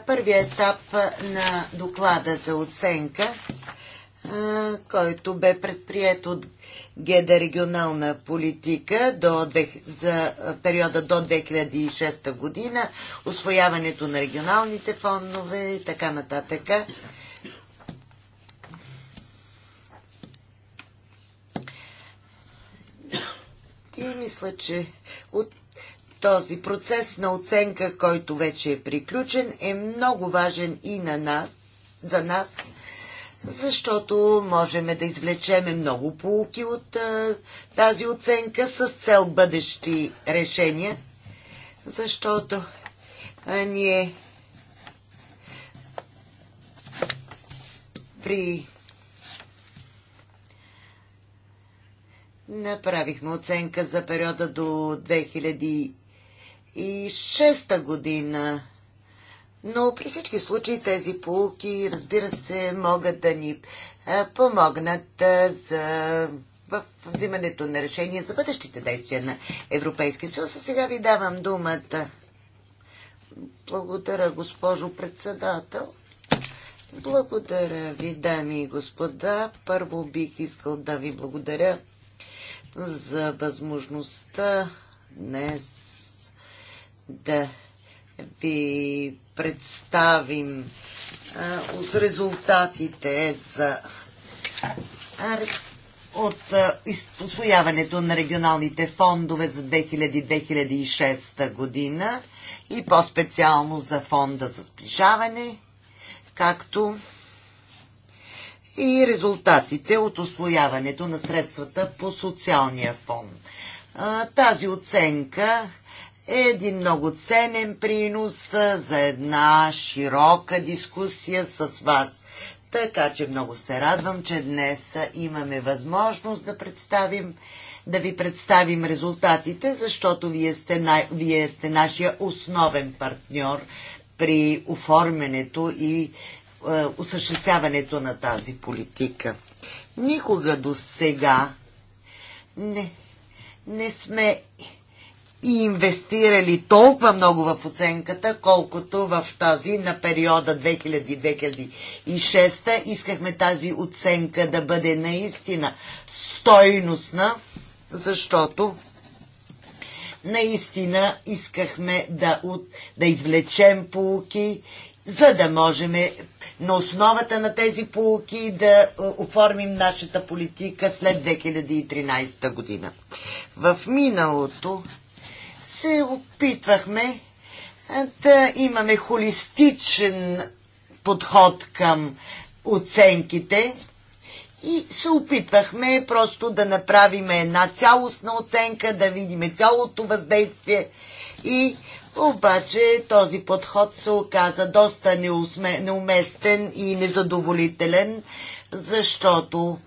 първия етап на доклада за оценка, който бе предприят от Геда регионална политика до, за периода до 2006 година, освояването на регионалните фондове и така нататък. И мисля, че от този процес на оценка, който вече е приключен, е много важен и на нас, за нас – защото можем да извлечем много полуки от а, тази оценка с цел бъдещи решения, защото а, ние при направихме оценка за периода до 2006 година но при всички случаи тези полуки, разбира се, могат да ни помогнат за в взимането на решения за бъдещите действия на Европейския съюз. А сега ви давам думата. Благодаря, госпожо председател. Благодаря ви, дами и господа. Първо бих искал да ви благодаря за възможността днес да ви представим а, от резултатите за от освояването на регионалните фондове за 2000-2006 година и по-специално за фонда за сближаване, както и резултатите от освояването на средствата по социалния фонд. Тази оценка е един много ценен принос за една широка дискусия с вас. Така че много се радвам, че днес имаме възможност да представим да ви представим резултатите, защото вие сте, най- вие сте нашия основен партньор при оформянето и е, осъществяването на тази политика. Никога до сега не, не сме инвестирали толкова много в оценката, колкото в тази на периода 2000-2006. Искахме тази оценка да бъде наистина стойностна, защото наистина искахме да, от, да извлечем полуки, за да можем на основата на тези полуки да е, оформим нашата политика след 2013 година. В миналото се опитвахме да имаме холистичен подход към оценките и се опитвахме просто да направим една цялостна оценка, да видим цялото въздействие и обаче този подход се оказа доста неуместен и незадоволителен, защото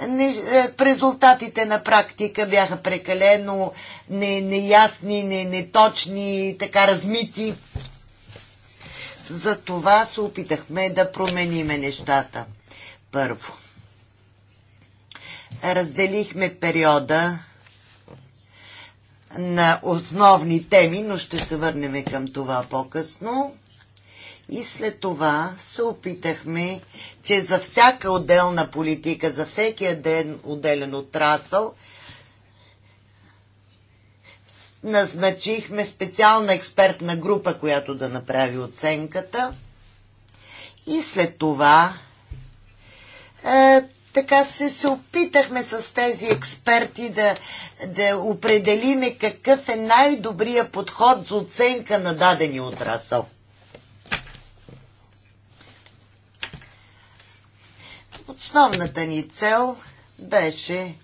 не, е, резултатите на практика бяха прекалено не, неясни, не, неточни, така размити. Затова се опитахме да промениме нещата. Първо. Разделихме периода на основни теми, но ще се върнем към това по-късно. И след това се опитахме, че за всяка отделна политика, за всеки ден отделен отрасъл, назначихме специална експертна група, която да направи оценката. И след това е, така се, се опитахме с тези експерти да, да определиме какъв е най-добрия подход за оценка на дадени отрасъл. Основната ни цел беше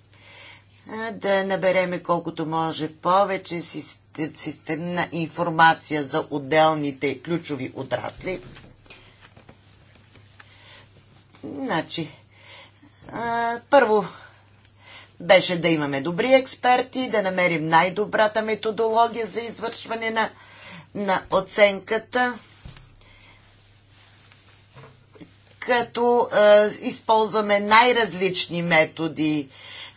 да набереме колкото може повече системна информация за отделните ключови отрасли. Значи, първо беше да имаме добри експерти, да намерим най-добрата методология за извършване на, на оценката като а, използваме най-различни методи,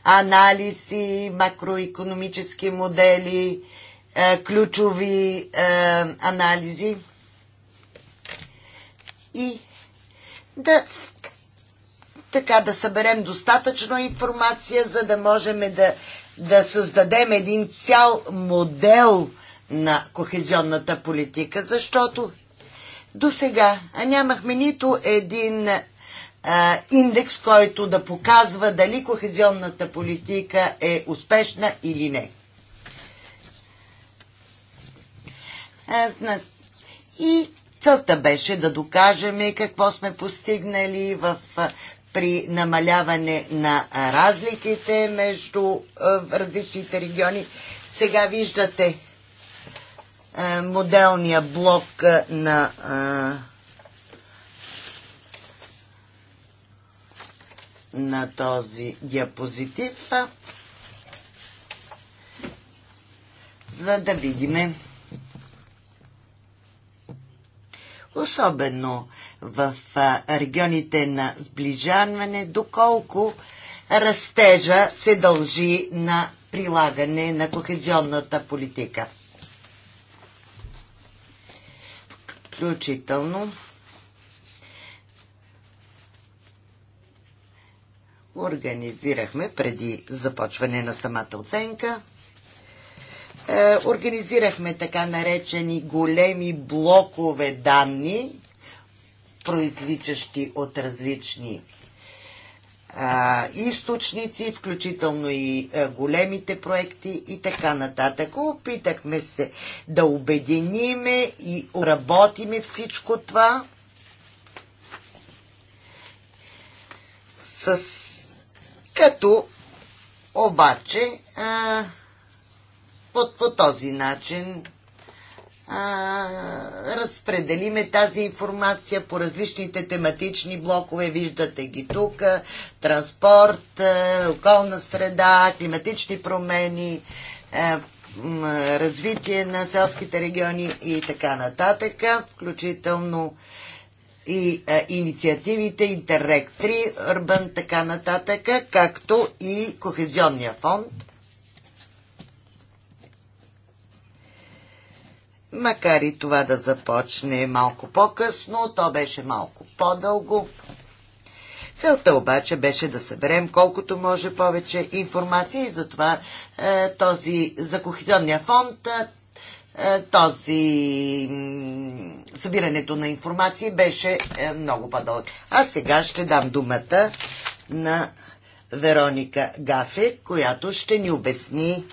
анализи, макроекономически модели, а, ключови а, анализи и да така да съберем достатъчно информация, за да можем да, да създадем един цял модел на кохезионната политика, защото до сега нямахме нито един а, индекс, който да показва дали кохезионната политика е успешна или не. И целта беше да докажем какво сме постигнали в, при намаляване на разликите между различните региони. Сега виждате е, моделния блок е, на е, на този диапозитив, за да видиме особено в регионите на сближаване, доколко растежа се дължи на прилагане на кохезионната политика. включително организирахме преди започване на самата оценка. Е, организирахме така наречени големи блокове данни, произличащи от различни а, източници, включително и а, големите проекти и така нататък. Опитахме се да обединиме и работиме всичко това с като обаче а, по, по този начин а, разпределиме тази информация по различните тематични блокове. Виждате ги тук. Транспорт, е, околна среда, климатични промени, е, развитие на селските региони и така нататък, включително и а, е, инициативите интеррект 3, Urban, така нататък, както и Кохезионния фонд – Макар и това да започне малко по-късно, то беше малко по-дълго. Целта обаче беше да съберем колкото може повече информация и затова е, този за кохезионния фонд е, е този събирането на информации беше е, много по дълго А сега ще дам думата на Вероника Гафе, която ще ни обясни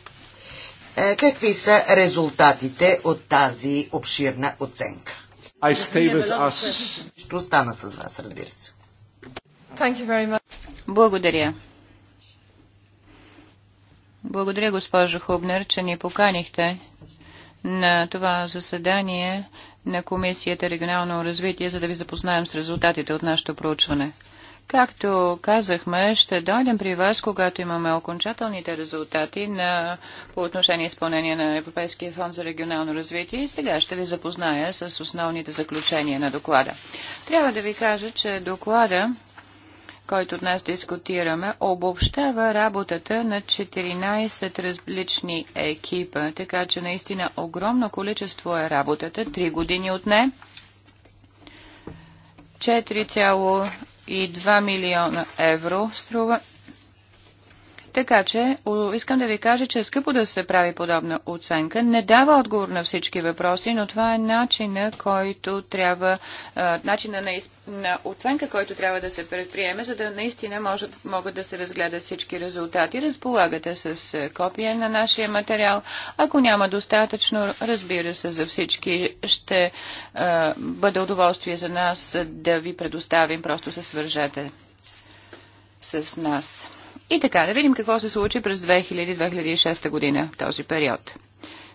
е, какви са резултатите от тази обширна оценка? I stay with us. Ще остана с вас, разбира се. Благодаря. Благодаря, госпожо Хубнер, че ни поканихте на това заседание на Комисията регионално развитие, за да ви запознаем с резултатите от нашето проучване. Както казахме, ще дойдем при вас, когато имаме окончателните резултати на, по отношение изпълнение на Европейския фонд за регионално развитие и сега ще ви запозная с основните заключения на доклада. Трябва да ви кажа, че доклада който днес дискутираме, обобщава работата на 14 различни екипа, така че наистина огромно количество е работата, 3 години от не. 2 милиона евро струва така че искам да ви кажа, че е скъпо да се прави подобна оценка. Не дава отговор на всички въпроси, но това е начина, който трябва, начина на, из... на оценка, който трябва да се предприеме, за да наистина може, могат да се разгледат всички резултати. Разполагате с копия на нашия материал. Ако няма достатъчно, разбира се, за всички ще бъде удоволствие за нас да ви предоставим. Просто се свържете с нас. И така, да видим какво се случи през 2000-2006 година в този период.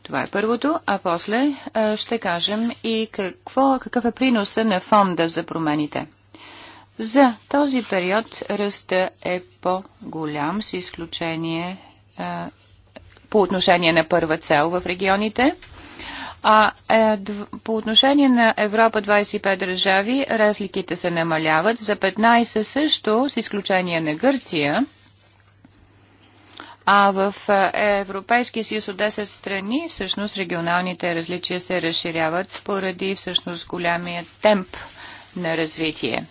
Това е първото, а после ще кажем и какво, какъв е приноса на фонда за промените. За този период ръста е по-голям, с изключение по отношение на първа цел в регионите. А е, по отношение на Европа 25 държави, разликите се намаляват. За 15 също, с изключение на Гърция, а в е, Европейския съюз от 10 страни всъщност регионалните различия се разширяват поради всъщност голямия темп на развитие.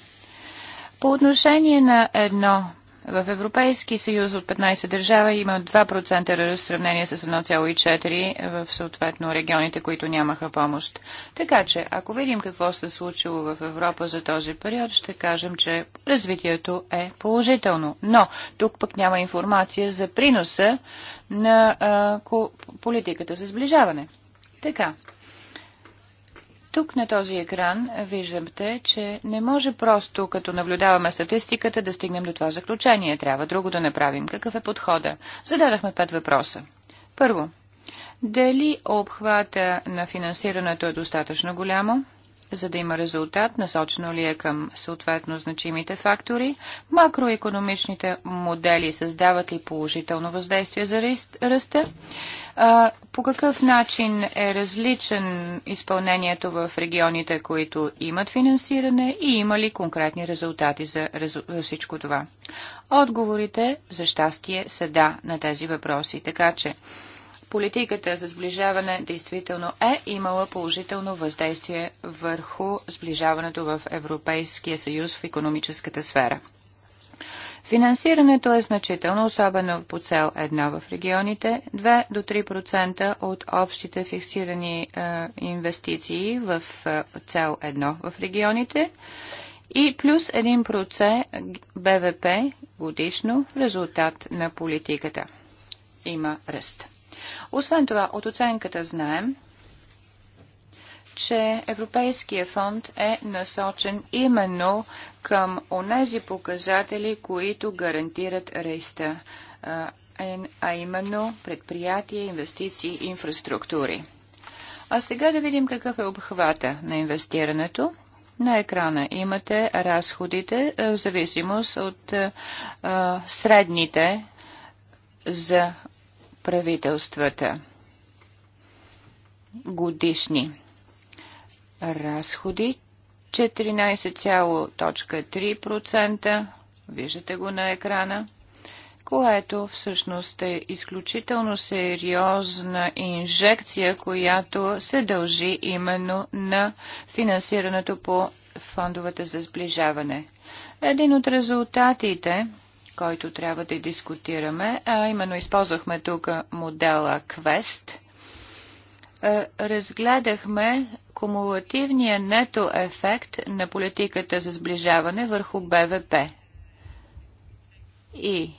По отношение на едно в Европейски съюз от 15 държава има 2% ръст в сравнение с 1,4% в съответно регионите, които нямаха помощ. Така че, ако видим какво се случило в Европа за този период, ще кажем, че развитието е положително. Но тук пък няма информация за приноса на а, политиката за сближаване. Така, тук на този екран виждате, че не може просто, като наблюдаваме статистиката, да стигнем до това заключение. Трябва друго да направим. Какъв е подхода? Зададахме пет въпроса. Първо, дали обхвата на финансирането е достатъчно голямо? за да има резултат, насочено ли е към съответно значимите фактори, макроекономичните модели създават ли положително въздействие за ръста, по какъв начин е различен изпълнението в регионите, които имат финансиране и има ли конкретни резултати за, за всичко това. Отговорите, за щастие, са да на тези въпроси, така че политиката за сближаване действително е имала положително въздействие върху сближаването в Европейския съюз в економическата сфера. Финансирането е значително, особено по цел едно в регионите, 2 до 3% от общите фиксирани е, инвестиции в е, цел едно в регионите и плюс 1% БВП годишно резултат на политиката. Има ръст. Освен това, от оценката знаем, че Европейския фонд е насочен именно към онези показатели, които гарантират рейста, а именно предприятия, инвестиции и инфраструктури. А сега да видим какъв е обхвата на инвестирането. На екрана имате разходите в зависимост от а, средните за правителствата. Годишни разходи 14,3%. Виждате го на екрана което всъщност е изключително сериозна инжекция, която се дължи именно на финансирането по фондовете за сближаване. Един от резултатите който трябва да дискутираме, а именно използвахме тук модела Квест, Разгледахме кумулативния нето ефект на политиката за сближаване върху БВП. И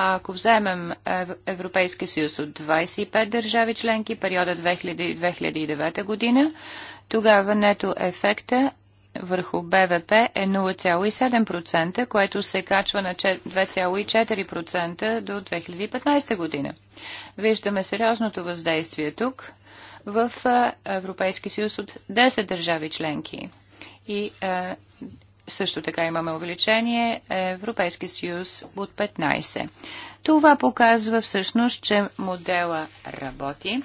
а ако вземем Европейския съюз от 25 държави членки, периода 2000-2009 година, тогава нето ефекта върху БВП е 0,7%, което се качва на 2,4% до 2015 година. Виждаме сериозното въздействие тук в Европейски съюз от 10 държави членки. И е, също така имаме увеличение е, Европейски съюз от 15. Това показва всъщност, че модела работи.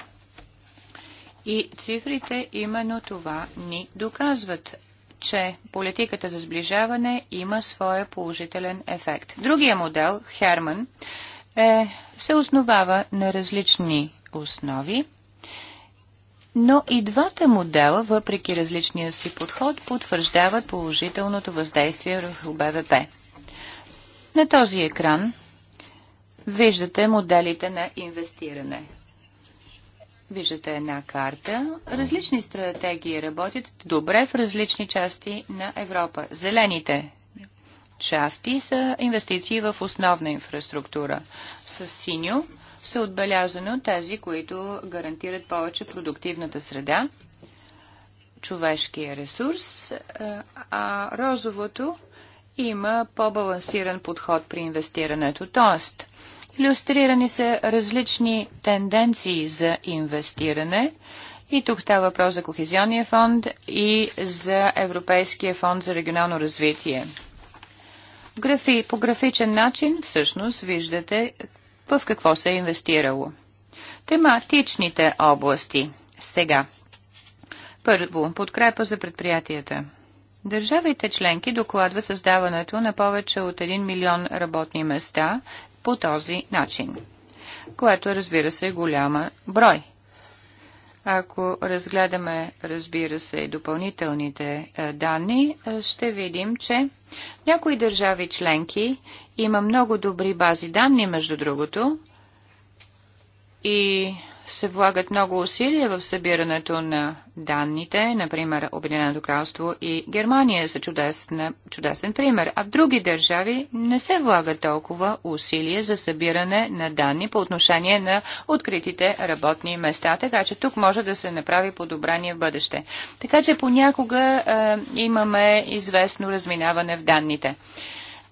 И цифрите именно това ни доказват че политиката за сближаване има своя положителен ефект. Другия модел, Херман, е, се основава на различни основи, но и двата модела, въпреки различния си подход, потвърждават положителното въздействие върху БВП. На този екран виждате моделите на инвестиране – Виждате една карта. Различни стратегии работят добре в различни части на Европа. Зелените части са инвестиции в основна инфраструктура. С синьо са отбелязано тези, които гарантират повече продуктивната среда, човешкия ресурс, а розовото има по-балансиран подход при инвестирането. Тоест, Иллюстрирани са различни тенденции за инвестиране. И тук става въпрос за Кохезионния фонд и за Европейския фонд за регионално развитие. Графи, по графичен начин всъщност виждате в какво се е инвестирало. Тематичните области. Сега. Първо, подкрепа за предприятията. Държавите членки докладват създаването на повече от 1 милион работни места по този начин, което разбира се е голяма брой. Ако разгледаме, разбира се, и допълнителните е, данни, е, ще видим, че някои държави членки има много добри бази данни, между другото, и се влагат много усилия в събирането на данните, например Обединеното кралство и Германия са чудесна, чудесен пример, а в други държави не се влага толкова усилия за събиране на данни по отношение на откритите работни места, така че тук може да се направи подобрание в бъдеще. Така че понякога е, имаме известно разминаване в данните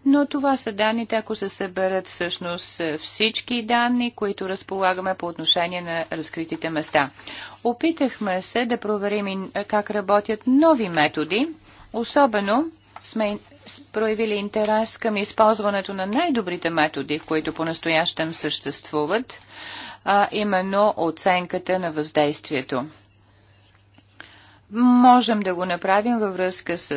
но това са данните, ако се съберат всъщност всички данни, които разполагаме по отношение на разкритите места. Опитахме се да проверим как работят нови методи, особено сме проявили интерес към използването на най-добрите методи, в които по-настоящем съществуват, а именно оценката на въздействието. Можем да го направим във връзка с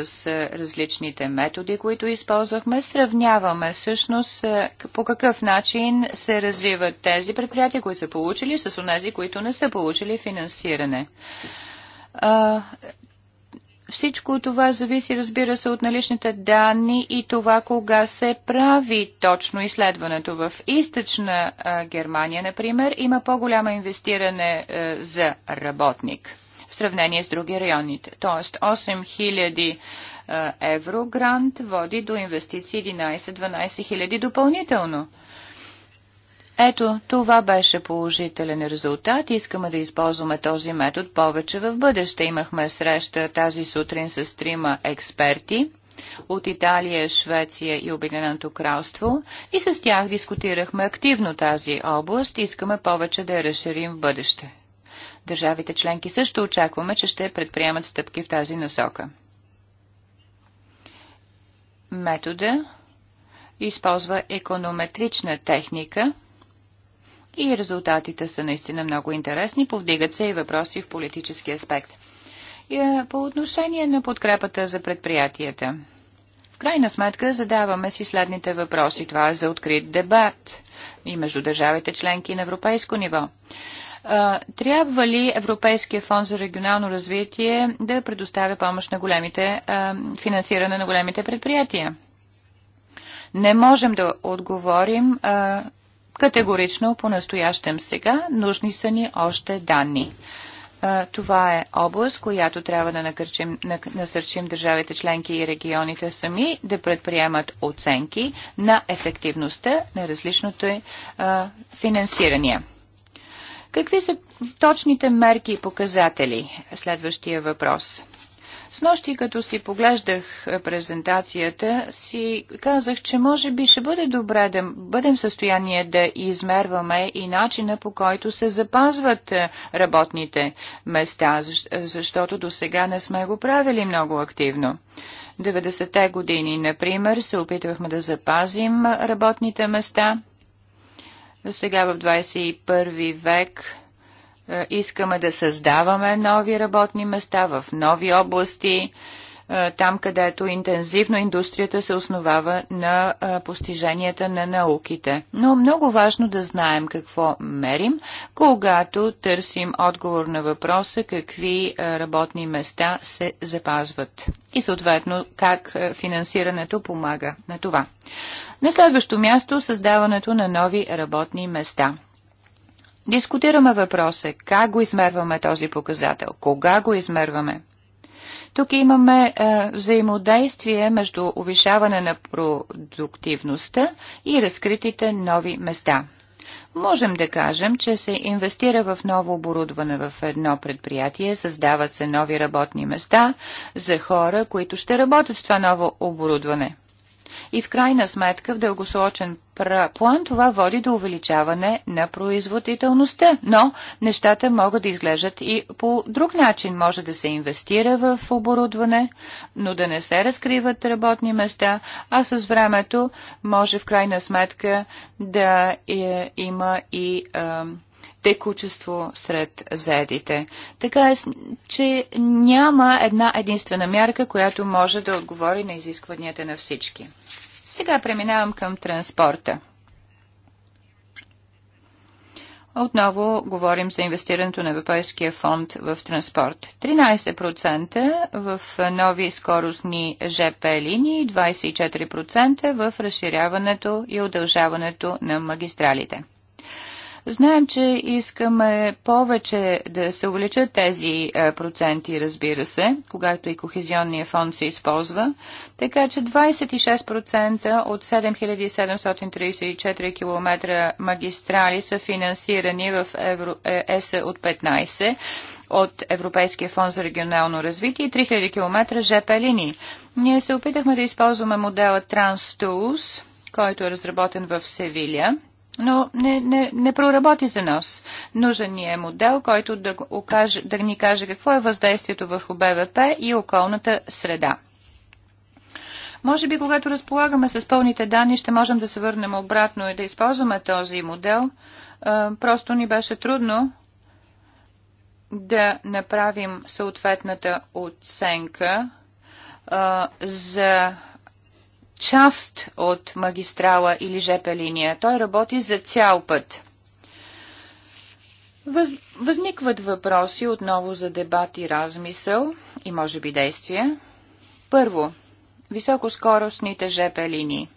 различните методи, които използвахме. Сравняваме всъщност по какъв начин се развиват тези предприятия, които са получили, с тези, които не са получили финансиране. Всичко това зависи, разбира се, от наличните данни и това кога се прави точно изследването. В източна Германия, например, има по-голямо инвестиране за работник в сравнение с други районите. Тоест 8000 е, евро грант води до инвестиции 11-12 хиляди допълнително. Ето, това беше положителен резултат. Искаме да използваме този метод повече в бъдеще. Имахме среща тази сутрин с трима експерти от Италия, Швеция и Обединеното кралство и с тях дискутирахме активно тази област и искаме повече да я разширим в бъдеще. Държавите членки също очакваме, че ще предприемат стъпки в тази насока. Метода използва економетрична техника и резултатите са наистина много интересни. Повдигат се и въпроси в политически аспект. И, по отношение на подкрепата за предприятията. В крайна сметка задаваме си следните въпроси. Това е за открит дебат и между държавите членки на европейско ниво. Трябва ли Европейския фонд за регионално развитие да предоставя помощ на големите, финансиране на големите предприятия? Не можем да отговорим категорично по-настоящем сега. Нужни са ни още данни. Това е област, която трябва да накърчим, насърчим държавите членки и регионите сами да предприемат оценки на ефективността на различното финансирания. Какви са точните мерки и показатели? Следващия въпрос. С нощи, като си поглеждах е, презентацията, си казах, че може би ще бъде добре да бъдем в състояние да измерваме и начина по който се запазват е, работните места, защото до сега не сме го правили много активно. 90-те години, например, се опитвахме да запазим е, работните места – сега в 21 век е, искаме да създаваме нови работни места в нови области е, там, където интензивно индустрията се основава на е, постиженията на науките. Но много важно да знаем какво мерим, когато търсим отговор на въпроса какви е, работни места се запазват и съответно как финансирането помага на това. На следващо място създаването на нови работни места. Дискутираме въпроса как го измерваме този показател, кога го измерваме. Тук имаме е, взаимодействие между увишаване на продуктивността и разкритите нови места. Можем да кажем, че се инвестира в ново оборудване в едно предприятие, създават се нови работни места за хора, които ще работят с това ново оборудване и в крайна сметка в дългосрочен план това води до увеличаване на производителността. Но нещата могат да изглеждат и по друг начин. Може да се инвестира в оборудване, но да не се разкриват работни места, а с времето може в крайна сметка да е, има и е, текучество сред заедите. Така е, че няма една единствена мярка, която може да отговори на изискванията на всички. Сега преминавам към транспорта. Отново говорим за инвестирането на Европейския фонд в транспорт. 13% в нови скоростни ЖП линии, 24% в разширяването и удължаването на магистралите. Знаем, че искаме повече да се увеличат тези е, проценти, разбира се, когато и Кохезионния фонд се използва. Така че 26% от 7734 км магистрали са финансирани в Евро... Е, ЕС от 15 от Европейския фонд за регионално развитие и 3000 км ЖП линии. Ние се опитахме да използваме модела TransTools, който е разработен в Севиля – но не, не, не проработи за нас. Нужен ни е модел, който да, окаже, да ни каже какво е въздействието върху БВП и околната среда. Може би, когато разполагаме с пълните данни, ще можем да се върнем обратно и да използваме този модел. Просто ни беше трудно да направим съответната оценка за част от магистрала или ЖП линия. Той работи за цял път. Въз... Възникват въпроси отново за дебат и размисъл и може би действия. Първо, високоскоростните ЖП линии.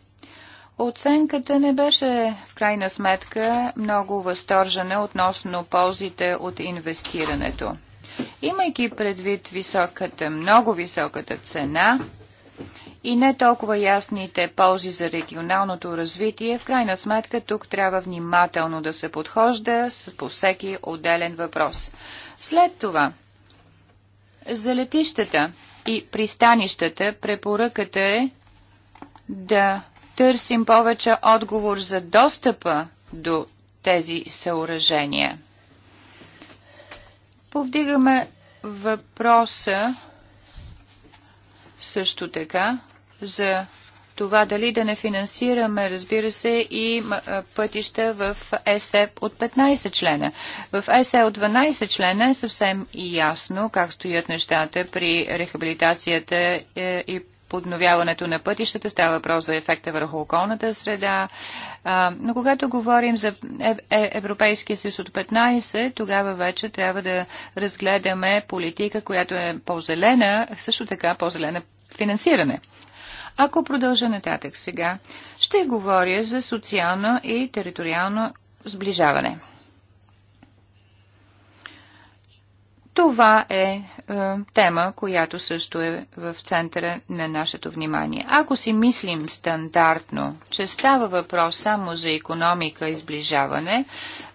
Оценката не беше в крайна сметка много възторжена относно ползите от инвестирането. Имайки предвид високата, много високата цена, и не толкова ясните ползи за регионалното развитие, в крайна сметка тук трябва внимателно да се подхожда по всеки отделен въпрос. След това, за летищата и пристанищата препоръката е да търсим повече отговор за достъпа до тези съоръжения. Повдигаме въпроса също така за това дали да не финансираме, разбира се, и пътища в ЕСЕ от 15 члена. В ЕСЕ от 12 члена е съвсем ясно как стоят нещата при рехабилитацията е, и подновяването на пътищата, става въпрос за ефекта върху околната среда. но когато говорим за е, е, Европейския съюз от 15, тогава вече трябва да разгледаме политика, която е по-зелена, също така по-зелена финансиране. Ако продължа нататък сега, ще говоря за социално и териториално сближаване. Това е, е тема, която също е в центъра на нашето внимание. Ако си мислим стандартно, че става въпрос само за економика и сближаване,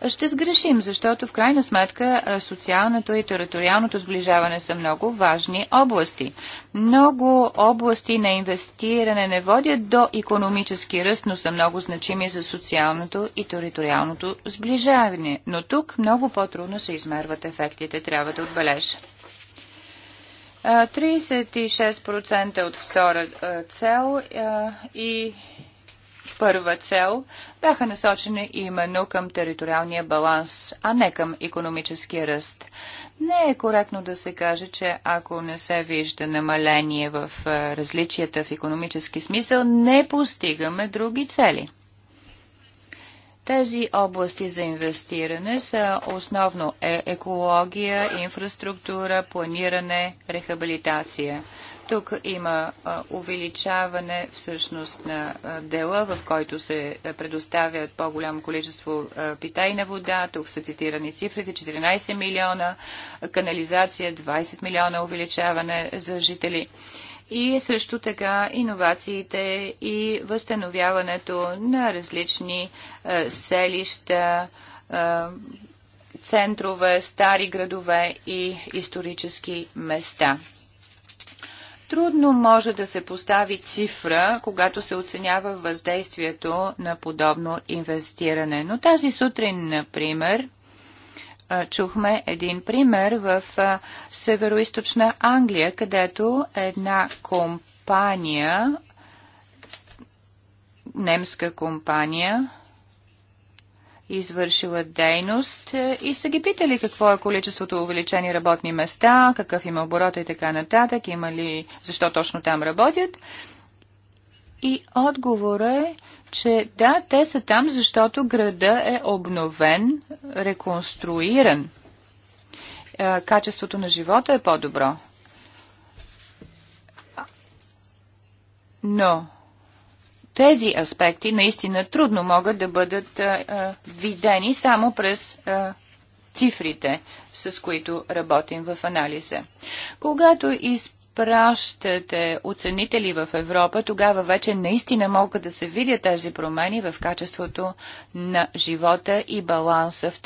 ще сгрешим, защото в крайна сметка е, социалното и териториалното сближаване са много важни области. Много области на инвестиране не водят до економически ръст, но са много значими за социалното и териториалното сближаване. Но тук много по-трудно се измерват ефектите. Трябва да отбележа. 36% от втора цел и първа цел бяха насочени именно към териториалния баланс, а не към економическия ръст. Не е коректно да се каже, че ако не се вижда намаление в различията в економически смисъл, не постигаме други цели. Тези области за инвестиране са основно е екология, инфраструктура, планиране, рехабилитация. Тук има увеличаване всъщност на дела, в който се предоставят по-голямо количество питайна вода. Тук са цитирани цифрите 14 милиона, канализация 20 милиона увеличаване за жители и също така иновациите и възстановяването на различни е, селища, е, центрове, стари градове и исторически места. Трудно може да се постави цифра, когато се оценява въздействието на подобно инвестиране. Но тази сутрин, например, чухме един пример в северо Англия, където една компания, немска компания, извършила дейност е, и са ги питали какво е количеството увеличени работни места, какъв има оборота и така нататък, има ли, защо точно там работят. И отговор е, че да, те са там, защото града е обновен, реконструиран. Е, качеството на живота е по-добро. Но тези аспекти наистина трудно могат да бъдат е, е, видени само през цифрите, с които работим в анализа. Когато из Пращате оценители в Европа, тогава вече наистина могат да се видят тези промени в качеството на живота и баланса в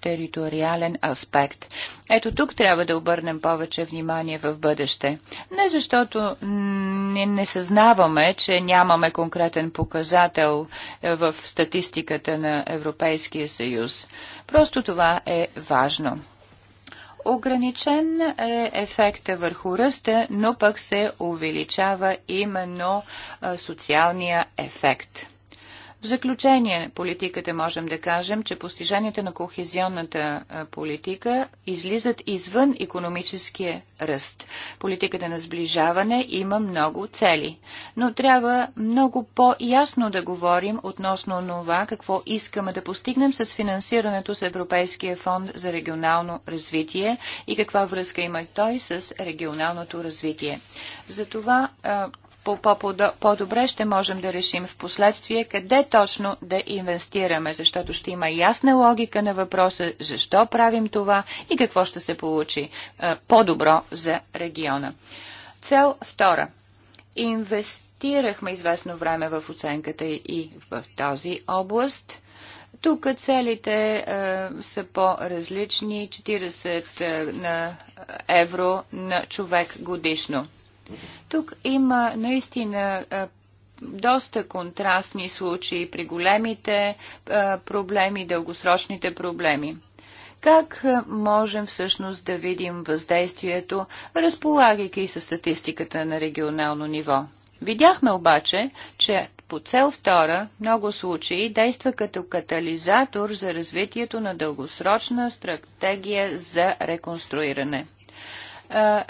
териториален аспект. Ето тук трябва да обърнем повече внимание в бъдеще. Не защото не, не съзнаваме, че нямаме конкретен показател е, в статистиката на Европейския съюз. Просто това е важно. Ограничен е ефекта върху ръста, но пък се увеличава именно социалния ефект. В заключение политиката можем да кажем, че постиженията на кохезионната политика излизат извън економическия ръст. Политиката на сближаване има много цели, но трябва много по-ясно да говорим относно това, какво искаме да постигнем с финансирането с Европейския фонд за регионално развитие и каква връзка има той с регионалното развитие. Затова по-добре ще можем да решим в последствие къде точно да инвестираме, защото ще има ясна логика на въпроса защо правим това и какво ще се получи по-добро за региона. Цел втора. Инвестирахме известно време в оценката и в този област – тук целите е, са по-различни 40 е, на евро на човек годишно. Тук има наистина доста контрастни случаи при големите проблеми, дългосрочните проблеми. Как можем всъщност да видим въздействието, разполагайки с статистиката на регионално ниво? Видяхме обаче, че по цел втора много случаи действа като катализатор за развитието на дългосрочна стратегия за реконструиране –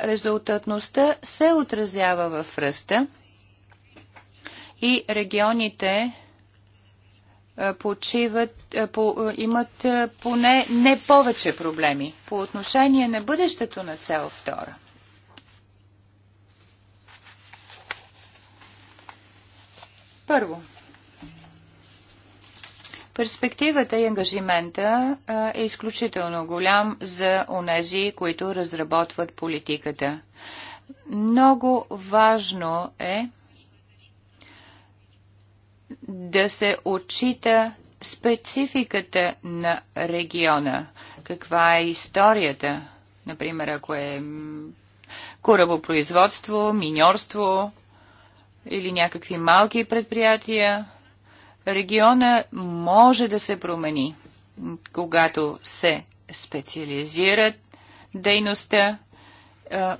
резултатността се отразява в ръста и регионите почиват, по, имат поне не повече проблеми по отношение на бъдещето на цел втора. Първо, Перспективата и ангажимента е изключително голям за онези, които разработват политиката. Много важно е да се отчита спецификата на региона. Каква е историята? Например, ако е корабопроизводство, миньорство или някакви малки предприятия, региона може да се промени, когато се специализират дейността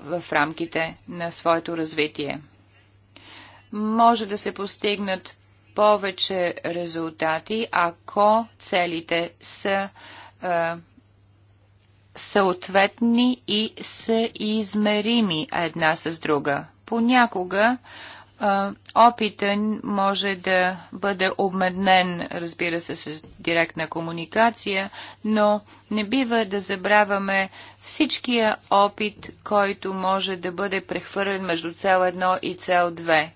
в рамките на своето развитие. Може да се постигнат повече резултати, ако целите са а, съответни и са измерими една с друга. Понякога Опитен може да бъде обменен, разбира се, с директна комуникация, но не бива да забравяме всичкия опит, който може да бъде прехвърлен между цел 1 и цел 2.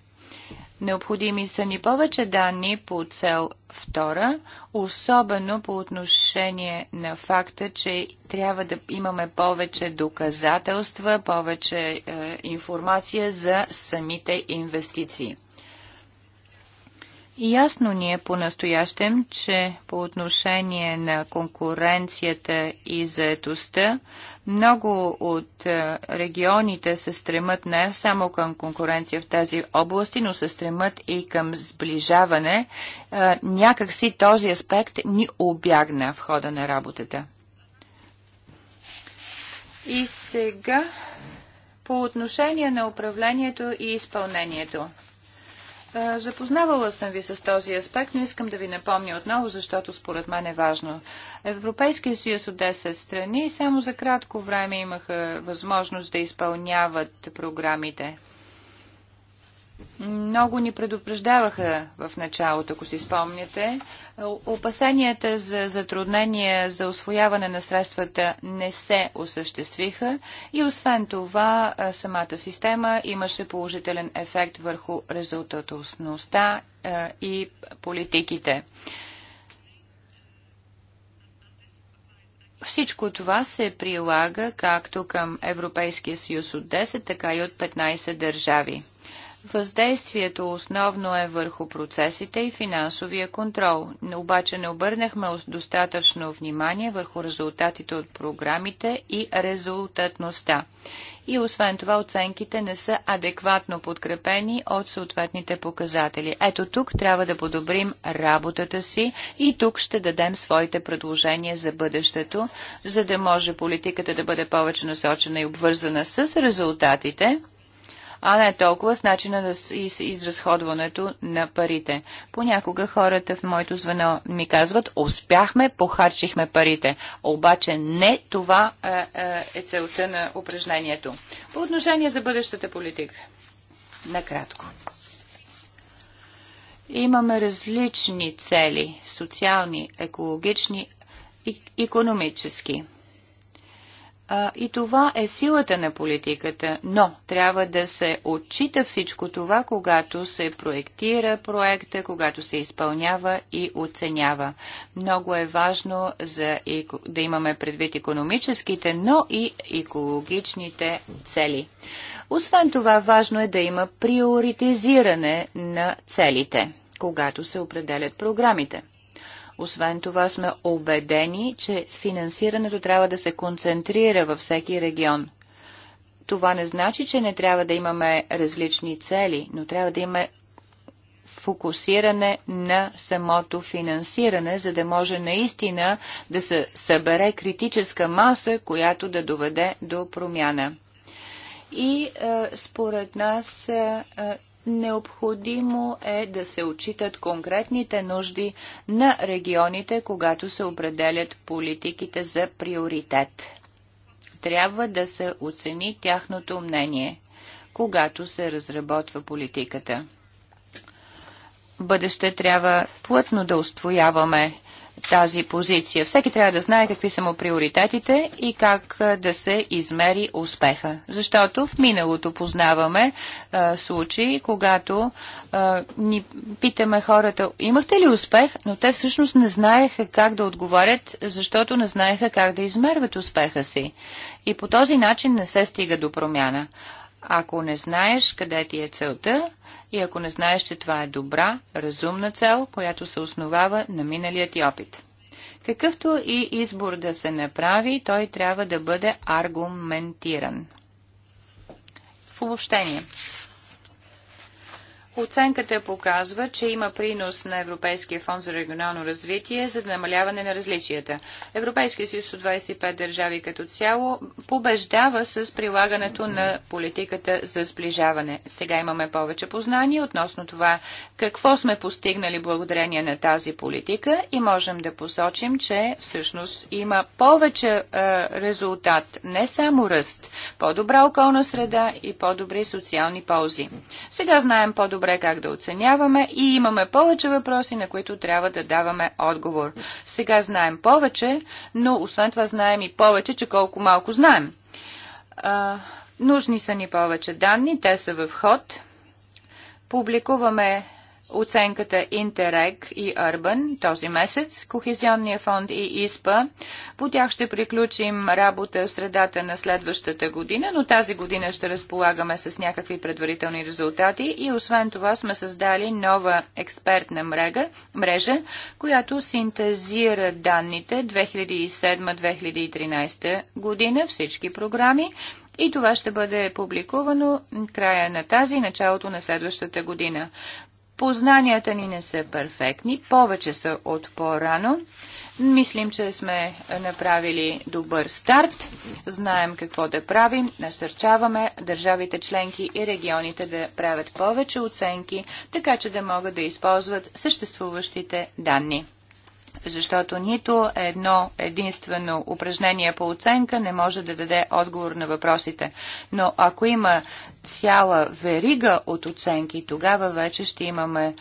Необходими са ни повече данни по цел 2, особено по отношение на факта, че трябва да имаме повече доказателства, повече е, информация за самите инвестиции. Ясно ни е по-настоящем, че по отношение на конкуренцията и заетостта, много от регионите се стремат не само към конкуренция в тази области, но се стремат и към сближаване. Някак си този аспект ни обягна в хода на работата. И сега по отношение на управлението и изпълнението. Е, запознавала съм ви с този аспект, но искам да ви напомня отново, защото според мен е важно. Европейския съюз от 10 страни само за кратко време имаха възможност да изпълняват програмите. Много ни предупреждаваха в началото, ако си спомняте. Опасенията за затруднения за освояване на средствата не се осъществиха и освен това самата система имаше положителен ефект върху резултатността и политиките. Всичко това се прилага както към Европейския съюз от 10, така и от 15 държави. Въздействието основно е върху процесите и финансовия контрол, обаче не обърнахме достатъчно внимание върху резултатите от програмите и резултатността. И освен това оценките не са адекватно подкрепени от съответните показатели. Ето тук трябва да подобрим работата си и тук ще дадем своите предложения за бъдещето, за да може политиката да бъде повече насочена и обвързана с резултатите а не толкова с начина на изразходването на парите. Понякога хората в моето звено ми казват, успяхме, похарчихме парите. Обаче не това е, е, е целта на упражнението. По отношение за бъдещата политика. Накратко. Имаме различни цели социални, екологични, и економически. А, и това е силата на политиката, но трябва да се отчита всичко това, когато се проектира проекта, когато се изпълнява и оценява. Много е важно за, да имаме предвид економическите, но и екологичните цели. Освен това, важно е да има приоритизиране на целите, когато се определят програмите. Освен това сме убедени, че финансирането трябва да се концентрира във всеки регион. Това не значи, че не трябва да имаме различни цели, но трябва да имаме фокусиране на самото финансиране, за да може наистина да се събере критическа маса, която да доведе до промяна. И е, според нас е, е Необходимо е да се отчитат конкретните нужди на регионите, когато се определят политиките за приоритет. Трябва да се оцени тяхното мнение, когато се разработва политиката. бъдеще трябва плътно да устояваме тази позиция. Всеки трябва да знае какви са му приоритетите и как да се измери успеха. Защото в миналото познаваме а, случаи, когато а, ни питаме хората, имахте ли успех, но те всъщност не знаеха как да отговорят, защото не знаеха как да измерват успеха си. И по този начин не се стига до промяна. Ако не знаеш къде ти е целта и ако не знаеш, че това е добра, разумна цел, която се основава на миналият ти опит. Какъвто и избор да се направи, той трябва да бъде аргументиран. В обобщение. Оценката показва, че има принос на Европейския фонд за регионално развитие за намаляване на различията. Европейския съюз от 25 държави като цяло побеждава с прилагането на политиката за сближаване. Сега имаме повече познание относно това какво сме постигнали благодарение на тази политика и можем да посочим, че всъщност има повече е, резултат, не само ръст, по-добра околна среда и по-добри социални ползи. Сега знаем по-добре добре как да оценяваме и имаме повече въпроси, на които трябва да даваме отговор. Сега знаем повече, но освен това знаем и повече, че колко малко знаем. А, нужни са ни повече данни, те са в ход. Публикуваме оценката Интерег и Urban този месец, Кохезионния фонд и ИСПА. По тях ще приключим работа в средата на следващата година, но тази година ще разполагаме с някакви предварителни резултати и освен това сме създали нова експертна мрега, мрежа, която синтезира данните 2007-2013 година, всички програми и това ще бъде публикувано края на тази и началото на следващата година. Познанията ни не са перфектни, повече са от по-рано. Мислим, че сме направили добър старт, знаем какво да правим, насърчаваме държавите членки и регионите да правят повече оценки, така че да могат да използват съществуващите данни защото нито едно единствено упражнение по оценка не може да даде отговор на въпросите. Но ако има цяла верига от оценки, тогава вече ще имаме е,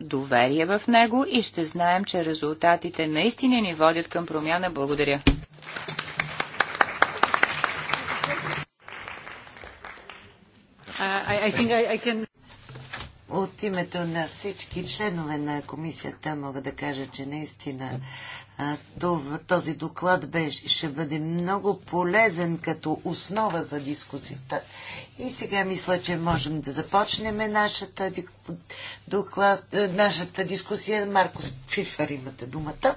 доверие в него и ще знаем, че резултатите наистина ни водят към промяна. Благодаря. Uh, I, I I can... От името на всички членове на комисията мога да кажа, че наистина този доклад беше, ще бъде много полезен като основа за дискусията. И сега мисля, че можем да започнем нашата, доклад, е, нашата дискусия. Марко Фифер, имате думата.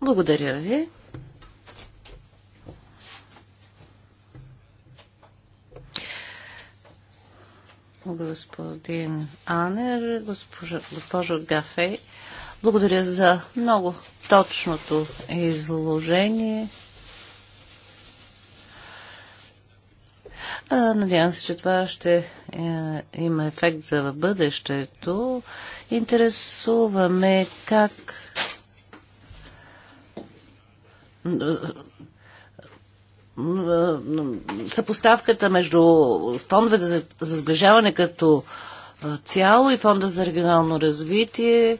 Благодаря ви. господин Анер, госпожа, госпожа Гафей. Благодаря за много точното изложение. Надявам се, че това ще е, има ефект за бъдещето. Интересуваме как съпоставката между фондовете за, за сближаване като цяло и фонда за регионално развитие.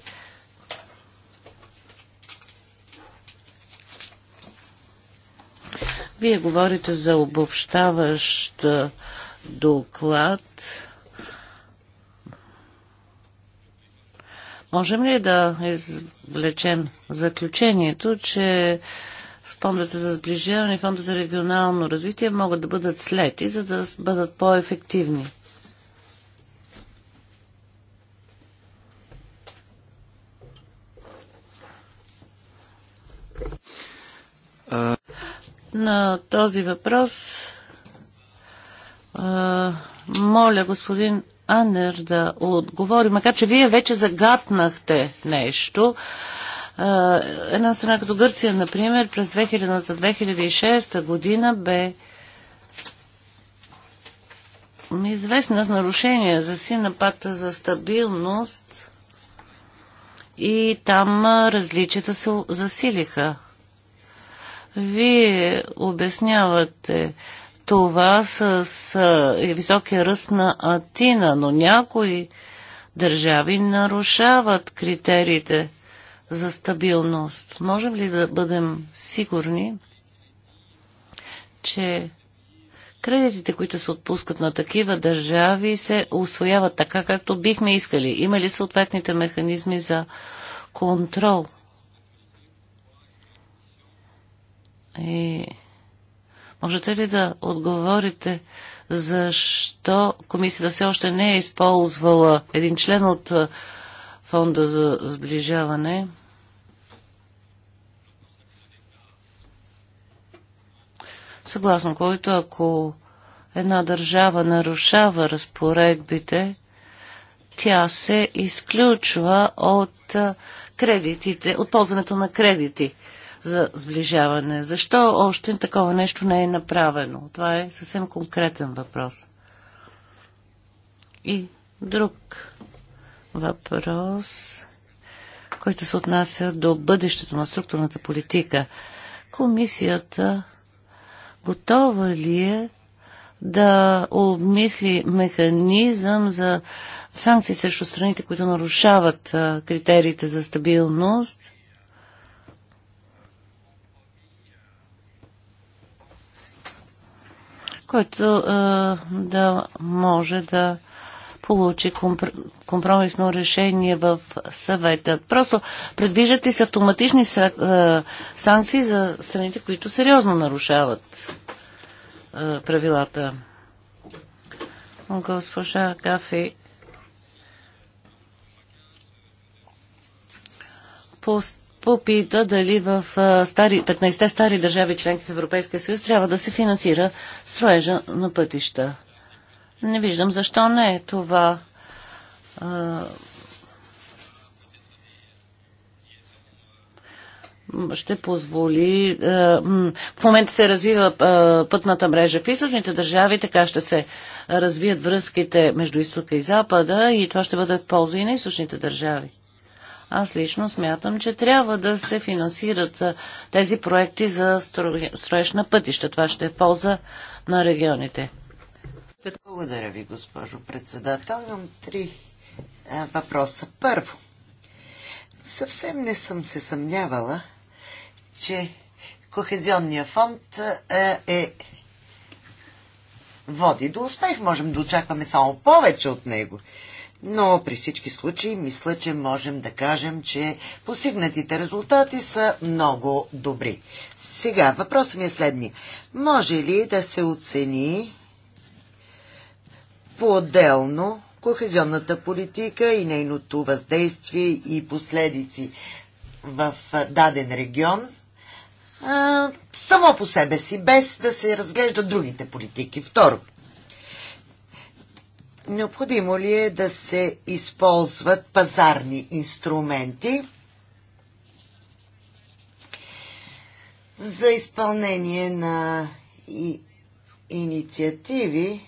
Вие говорите за обобщаващ доклад. Можем ли да извлечем заключението, че фондовете за сближаване и фонда за регионално развитие могат да бъдат слети, за да бъдат по-ефективни. На този въпрос а, моля господин Анер да отговори, макар че вие вече загатнахте нещо. А, една страна като Гърция, например, през 2000-2006 година бе известна с нарушения за си напада за стабилност и там различията се засилиха. Вие обяснявате това с, с е, високия ръст на Атина, но някои държави нарушават критериите за стабилност. Можем ли да бъдем сигурни, че кредитите, които се отпускат на такива държави, се освояват така, както бихме искали? Има ли съответните механизми за контрол? И можете ли да отговорите защо комисията все още не е използвала един член от фонда за сближаване. Съгласно който, ако една държава нарушава разпоредбите, тя се изключва от кредитите, от ползването на кредити за сближаване. Защо още такова нещо не е направено? Това е съвсем конкретен въпрос. И друг въпрос, който се отнася до бъдещето на структурната политика. Комисията готова ли е да обмисли механизъм за санкции срещу страните, които нарушават критериите за стабилност? който а, да може да получи компромисно решение в съвета. Просто предвиждат ли се автоматични е, санкции за страните, които сериозно нарушават е, правилата? Госпожа Кафи попита дали в 15-те е, стари държави членки в Европейския съюз трябва да се финансира строежа на пътища. Не виждам защо не е това. ще позволи. В момента се развива пътната мрежа в източните държави, така ще се развият връзките между изтока и запада и това ще бъде в полза и на източните държави. Аз лично смятам, че трябва да се финансират тези проекти за строеж на пътища. Това ще е в полза на регионите. Благодаря ви, госпожо председател. Имам три а, въпроса. Първо, съвсем не съм се съмнявала, че Кохезионния фонд а, е води до успех. Можем да очакваме само повече от него. Но при всички случаи мисля, че можем да кажем, че постигнатите резултати са много добри. Сега въпросът ми е следния. Може ли да се оцени по-отделно кохезионната политика и нейното въздействие и последици в даден регион само по себе си, без да се разглеждат другите политики. Второ, необходимо ли е да се използват пазарни инструменти за изпълнение на и инициативи,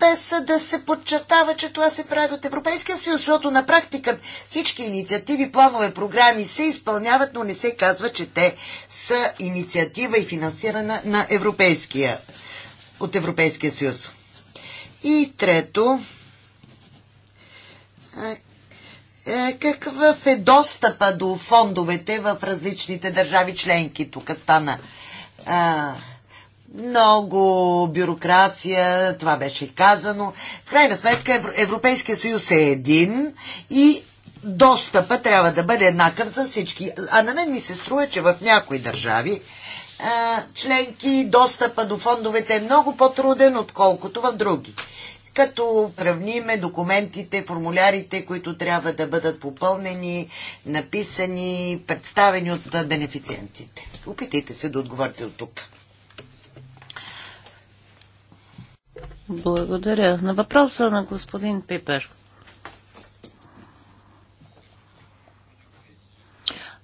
без да се подчертава, че това се прави от Европейския съюз, защото на практика всички инициативи, планове, програми се изпълняват, но не се казва, че те са инициатива и финансирана на Европейския, от Европейския съюз. И трето, какъв е достъпа до фондовете в различните държави членки? Тук стана а, много бюрокрация, това беше казано. В крайна сметка Европейския съюз е един и достъпа трябва да бъде еднакъв за всички. А на мен ми се струва, че в някои държави членки достъпа до фондовете е много по-труден, отколкото в други. Като сравниме документите, формулярите, които трябва да бъдат попълнени, написани, представени от бенефициентите. Опитайте се да отговорите от тук. Благодаря. На въпроса на господин Пипер.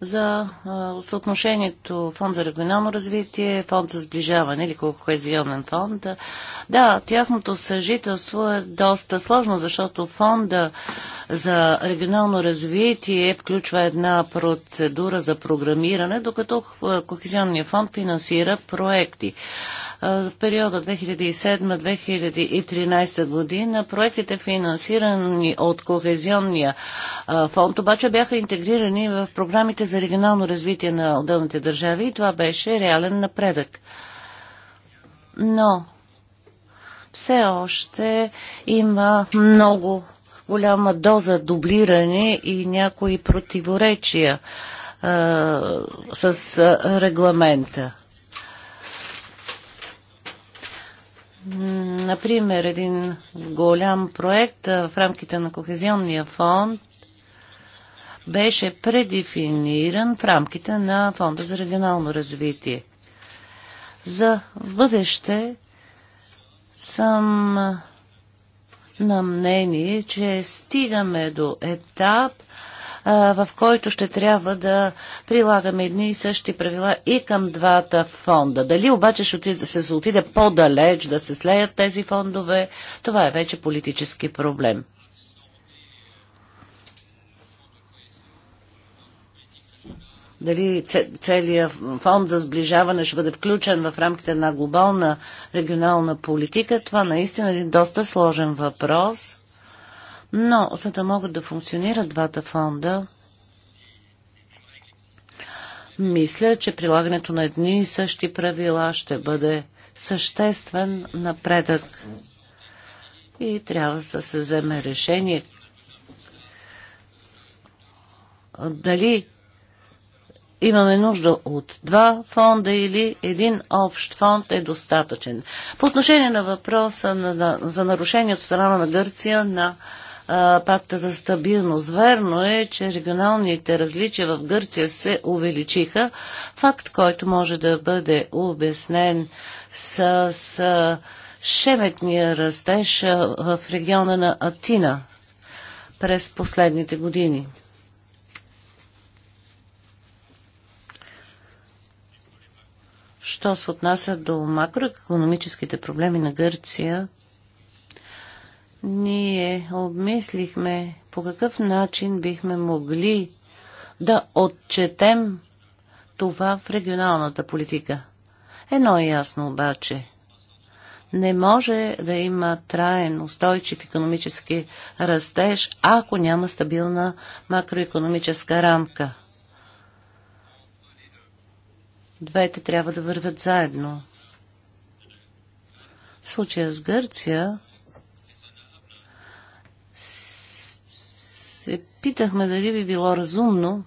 За а, съотношението фонд за регионално развитие, фонд за сближаване или кохезионен фонд. Да, тяхното съжителство е доста сложно, защото фонда за регионално развитие включва една процедура за програмиране, докато кохезионния фонд финансира проекти. В периода 2007-2013 година проектите финансирани от Кохезионния фонд обаче бяха интегрирани в програмите за регионално развитие на отделните държави и това беше реален напредък. Но все още има много голяма доза дублиране и някои противоречия а, с регламента. Например, един голям проект в рамките на Кохезионния фонд беше предефиниран в рамките на Фонда за регионално развитие. За бъдеще съм на мнение, че стигаме до етап, в който ще трябва да прилагаме едни и същи правила и към двата фонда. Дали обаче ще отиде, се отиде по-далеч да се слеят тези фондове, това е вече политически проблем. дали целият фонд за сближаване ще бъде включен в рамките на глобална регионална политика, това наистина е един доста сложен въпрос. Но, за да могат да функционират двата фонда, мисля, че прилагането на едни и същи правила ще бъде съществен напредък и трябва да се вземе решение дали имаме нужда от два фонда или един общ фонд е достатъчен. По отношение на въпроса на, на, за нарушение от страна на Гърция на пакта за стабилност. Верно е, че регионалните различия в Гърция се увеличиха. Факт, който може да бъде обяснен с, с шеметния растеж в региона на Атина през последните години. Що се отнася до макроекономическите проблеми на Гърция, ние обмислихме по какъв начин бихме могли да отчетем това в регионалната политика. Едно е ясно обаче. Не може да има траен, устойчив економически растеж, ако няма стабилна макроекономическа рамка. Двете трябва да вървят заедно. В случая с Гърция се питахме дали би било разумно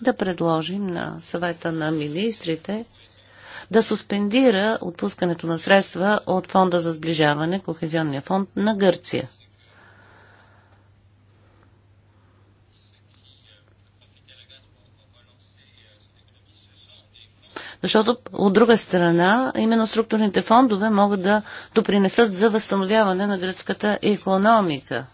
да предложим на съвета на министрите да суспендира отпускането на средства от фонда за сближаване, Кохезионния фонд на Гърция. Защото от друга страна, именно структурните фондове могат да допринесат за възстановяване на гръцката економика.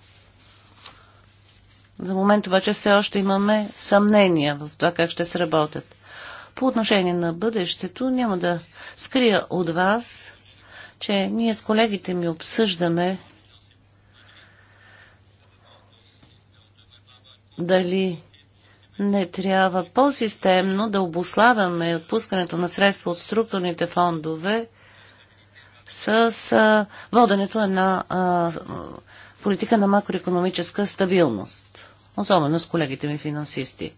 За момент обаче все още имаме съмнения в това как ще сработят. По отношение на бъдещето няма да скрия от вас, че ние с колегите ми обсъждаме дали не трябва по-системно да обославяме отпускането на средства от структурните фондове с а, воденето на а, политика на макроекономическа стабилност, особено с колегите ми финансисти.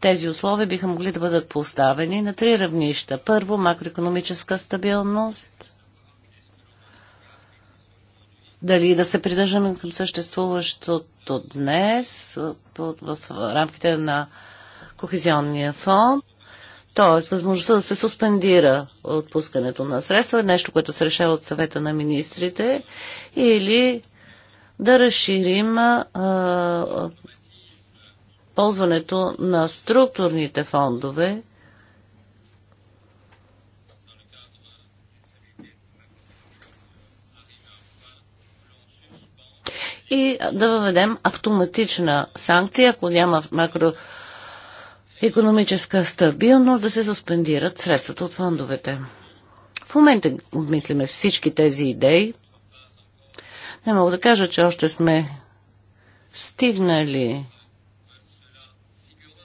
Тези условия биха могли да бъдат поставени на три равнища. Първо, макроекономическа стабилност, дали да се придържаме към съществуващото днес в рамките на Кохезионния фонд, т.е. възможността да се суспендира отпускането на средства, е нещо, което се решава от съвета на министрите, или да разширим а, а ползването на структурните фондове, и да въведем автоматична санкция, ако няма макроекономическа стабилност, да се суспендират средствата от фондовете. В момента обмисляме всички тези идеи. Не мога да кажа, че още сме стигнали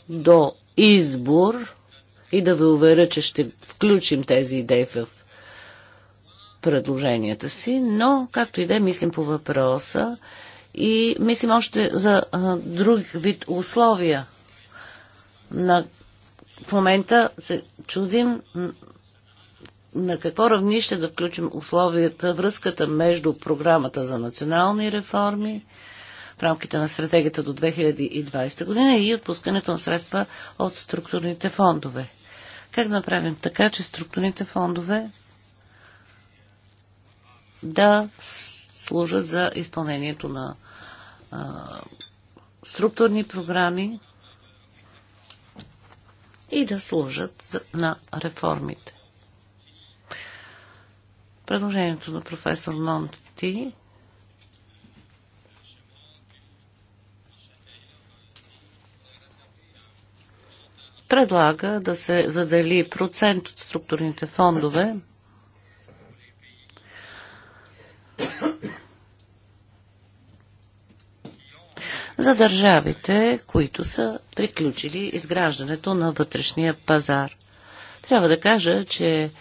до избор и да ви уверя, че ще включим тези идеи в предложенията си, но както и да е, мислим по въпроса и мислим още за а, друг вид условия. На, в момента се чудим на какво равнище да включим условията, връзката между програмата за национални реформи в рамките на стратегията до 2020 година и отпускането на средства от структурните фондове. Как да направим така, че структурните фондове да служат за изпълнението на структурни програми и да служат на реформите. Предложението на професор Монти предлага да се задели процент от структурните фондове за държавите, които са приключили изграждането на вътрешния пазар. Трябва да кажа, че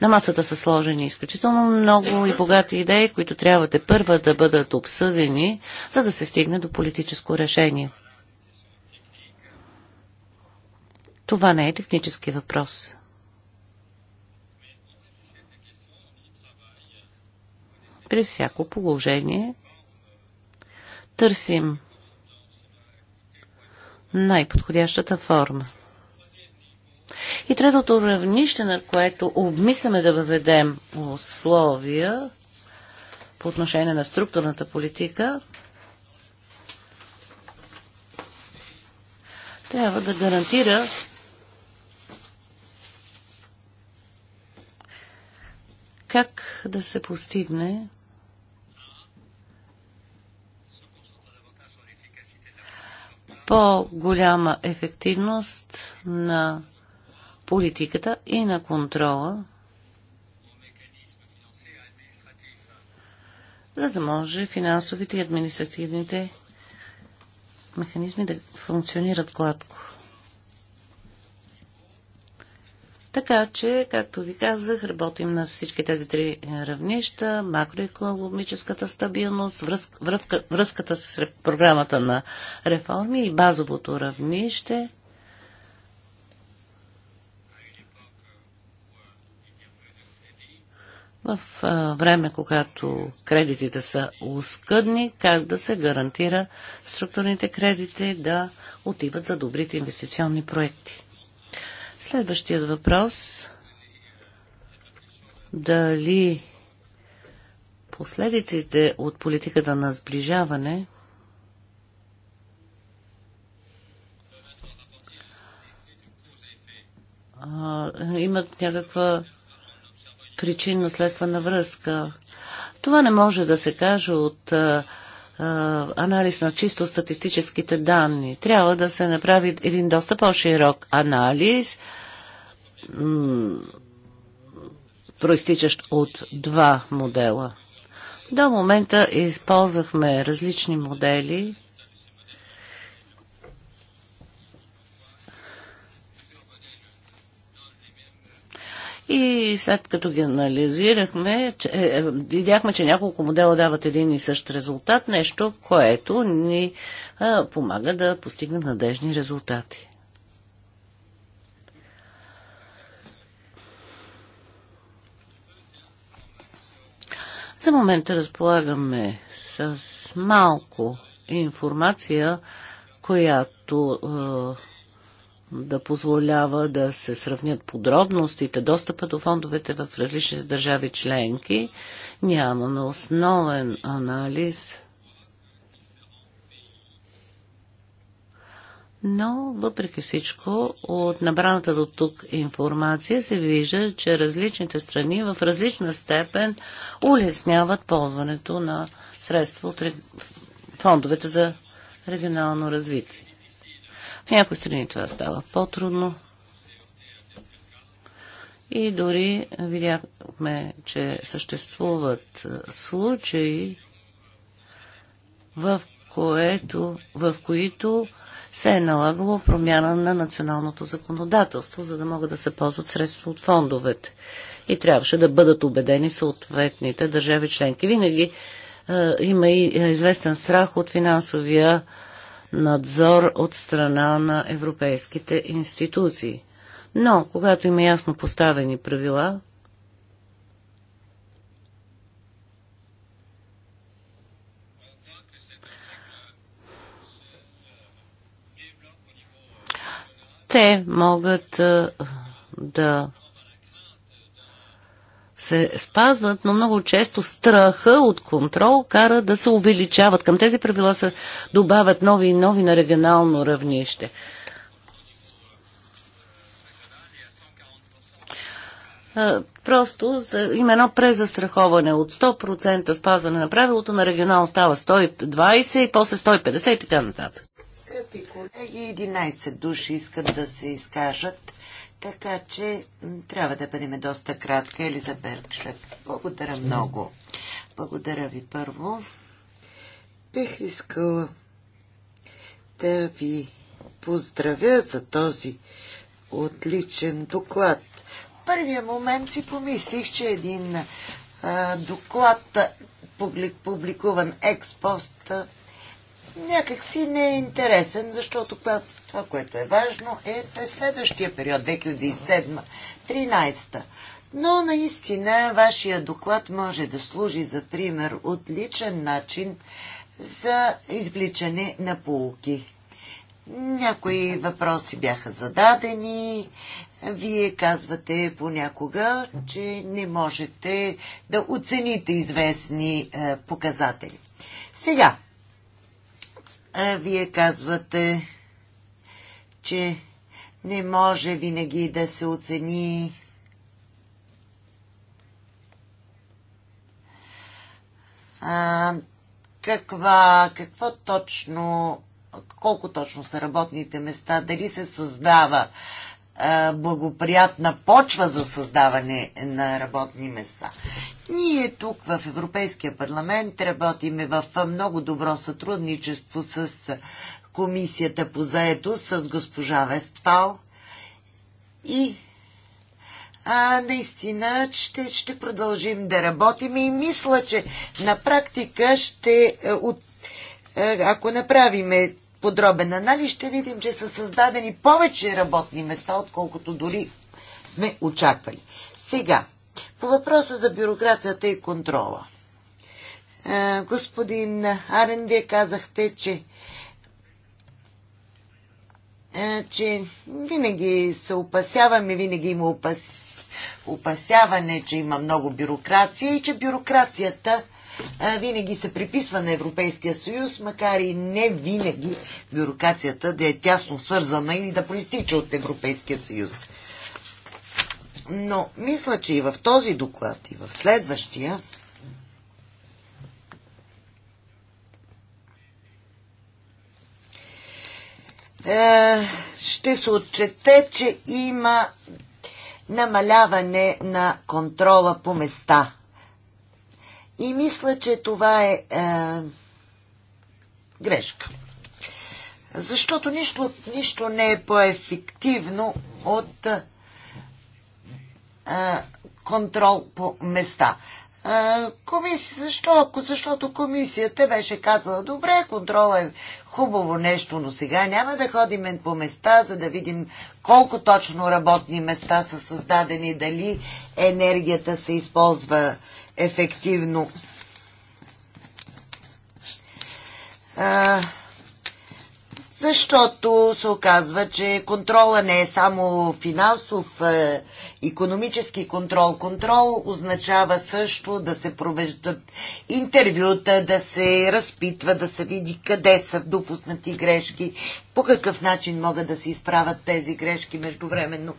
на масата са сложени изключително много и богати идеи, които трябва те да първа да бъдат обсъдени, за да се стигне до политическо решение. Това не е технически въпрос. При всяко положение търсим най-подходящата форма. И третото равнище, на което обмисляме да въведем условия по отношение на структурната политика, трябва да гарантира как да се постигне по-голяма ефективност на политиката и на контрола, за да може финансовите и административните механизми да функционират гладко. Така че, както ви казах, работим на всички тези три е, равнища макроекономическата стабилност, връзка, връзката с програмата на реформи и базовото равнище. В е, време, когато кредитите са ускъдни, как да се гарантира структурните кредити да отиват за добрите инвестиционни проекти. Следващият въпрос. Дали последиците от политиката на сближаване а, имат някаква причинно-следствена връзка. Това не може да се каже от а, анализ на чисто статистическите данни. Трябва да се направи един доста по-широк анализ, проистичащ от два модела. До момента използвахме различни модели – И след като ги анализирахме, че, е, е, видяхме, че няколко модела дават един и същ резултат, нещо, което ни е, помага да постигнем надежни резултати. За момента разполагаме с малко информация, която е, да позволява да се сравнят подробностите, достъпа до фондовете в различните държави членки. Нямаме основен анализ. Но, въпреки всичко, от набраната до тук информация се вижда, че различните страни в различна степен улесняват ползването на средства от фондовете за регионално развитие някои страни това става по-трудно. И дори видяхме, че съществуват случаи, в, което, в които се е налагало промяна на националното законодателство, за да могат да се ползват средства от фондовете. И трябваше да бъдат убедени съответните държави членки. Винаги е, има и известен страх от финансовия е, надзор от страна на европейските институции. Но, когато има ясно поставени правила, те могат да се спазват, но много често страха от контрол кара да се увеличават. Към тези правила се добавят нови и нови на регионално равнище. Просто за, има едно презастраховане от 100% спазване на правилото, на регионално става 120 и после 150 и така нататък. Скъпи колеги, 11 души искат да се изкажат. Така че трябва да бъдем доста кратка, Елиза Бергшек. Благодаря много. Благодаря ви първо. Бих искала да ви поздравя за този отличен доклад. В първия момент си помислих, че един а, доклад, публик, публикуван експост, някак си не е интересен, защото когато това, което е важно, е през следващия период, 2007-2013. Но наистина вашия доклад може да служи за пример отличен начин за извличане на полуки. Някои въпроси бяха зададени. Вие казвате понякога, че не можете да оцените известни е, показатели. Сега, е, вие казвате, че не може винаги да се оцени а, каква, какво точно, колко точно са работните места, дали се създава а, благоприятна почва за създаване на работни места. Ние тук в Европейския парламент работиме в много добро сътрудничество с комисията по заето с госпожа Вестфал и а, наистина ще, ще продължим да работим и мисля, че на практика ще е, от, е, ако направиме подробен анализ, ще видим, че са създадени повече работни места, отколкото дори сме очаквали. Сега, по въпроса за бюрокрацията и контрола. Е, господин Арен, вие казахте, че е, че винаги се опасявам и винаги има опас... опасяване, че има много бюрокрация и че бюрокрацията е, винаги се приписва на Европейския съюз, макар и не винаги бюрокрацията да е тясно свързана или да проистича от Европейския съюз. Но мисля, че и в този доклад, и в следващия, Е, ще се отчете, че има намаляване на контрола по места. И мисля, че това е, е грешка. Защото нищо, нищо не е по-ефективно от е, контрол по места. Комисия, защо? Защото комисията беше казала, добре, контрол е хубаво нещо, но сега няма да ходим по места, за да видим колко точно работни места са създадени, дали енергията се използва ефективно. А, защото се оказва, че контрола не е само финансов, е, економически контрол. Контрол означава също да се провеждат интервюта, да се разпитва, да се види къде са допуснати грешки, по какъв начин могат да се изправят тези грешки междувременно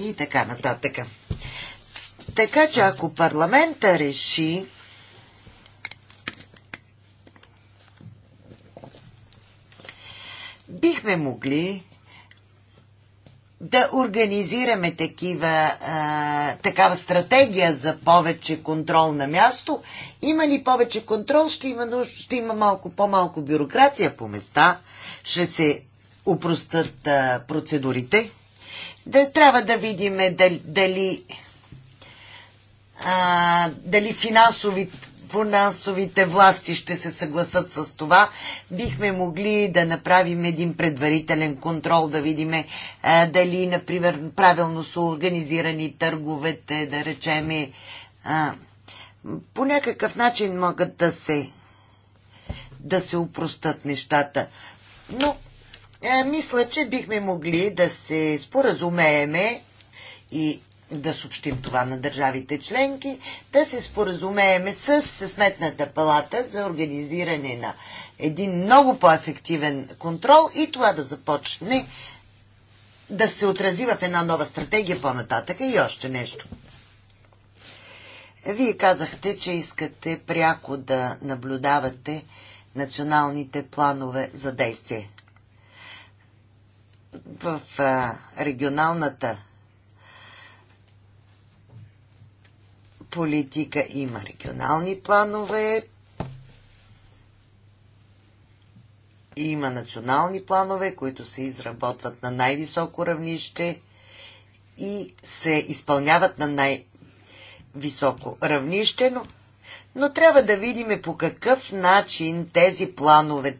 и така нататък. Така че ако парламента реши бихме могли да организираме такива, а, такава стратегия за повече контрол на място. Има ли повече контрол, ще има, ще има малко по-малко бюрокрация по места, ще се упростат а, процедурите. Да, трябва да видим дали, дали, а, дали финансовите финансовите власти ще се съгласат с това, бихме могли да направим един предварителен контрол, да видим е, дали, например, правилно са организирани търговете, да речеме, е, по някакъв начин могат да се да се упростат нещата. Но е, мисля, че бихме могли да се споразумееме и да съобщим това на държавите членки, да се споразумееме с Сметната палата за организиране на един много по-ефективен контрол и това да започне да се отрази в една нова стратегия по-нататък и още нещо. Вие казахте, че искате пряко да наблюдавате националните планове за действие. В регионалната политика, има регионални планове, има национални планове, които се изработват на най-високо равнище и се изпълняват на най-високо равнище, но, но трябва да видим по какъв начин тези планове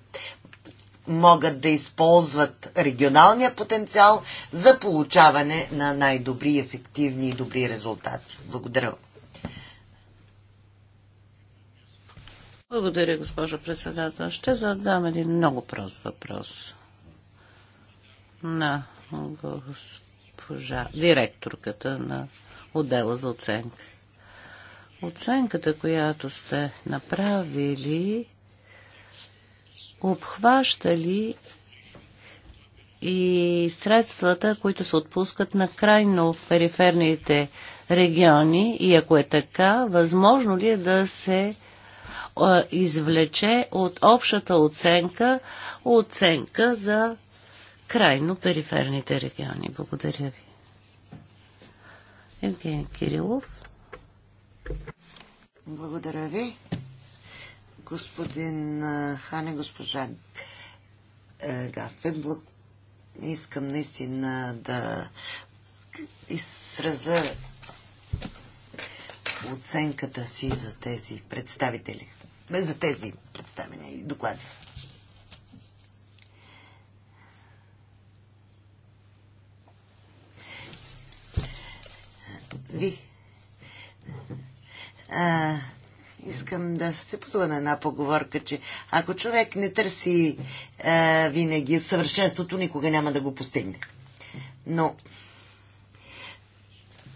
могат да използват регионалния потенциал за получаване на най-добри, ефективни и добри резултати. Благодаря. Благодаря, госпожо председател. Ще задам един много прост въпрос на госпожа, директорката на отдела за оценка. Оценката, която сте направили, обхваща ли и средствата, които се отпускат на крайно периферните региони и ако е така, възможно ли е да се извлече от общата оценка оценка за крайно периферните региони. Благодаря ви. Евгений Кирилов. Благодаря ви. Господин Хане, госпожа е, Гафен, искам наистина да изразя оценката си за тези представители за тези представения и доклади. Ви. А, искам да се позова на една поговорка, че ако човек не търси а, винаги съвършенството, никога няма да го постигне. Но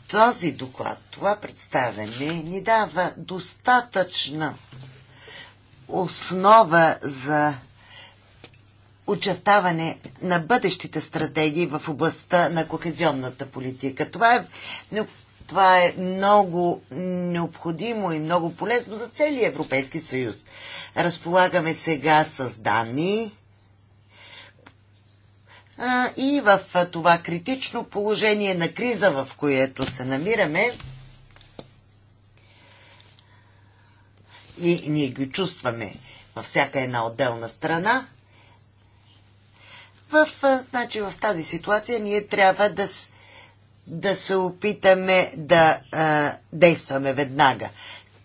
този доклад, това представяне ни дава достатъчна основа за очертаване на бъдещите стратегии в областта на кохезионната политика. Това е, това е много необходимо и много полезно за целия Европейски съюз. Разполагаме сега с данни и в това критично положение на криза, в което се намираме, и ние ги чувстваме във всяка една отделна страна. В, значи, в тази ситуация ние трябва да, да се опитаме да а, действаме веднага,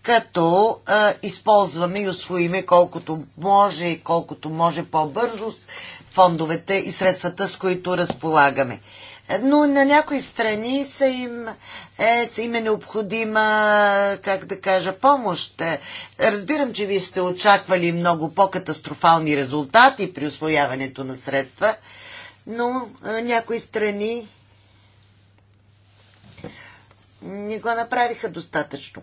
като а, използваме и освоиме колкото може и колкото може по-бързо фондовете и средствата, с които разполагаме но на някои страни са им, е, са им е необходима, как да кажа, помощ. Е, разбирам, че вие сте очаквали много по-катастрофални резултати при освояването на средства, но е, някои страни не го направиха достатъчно.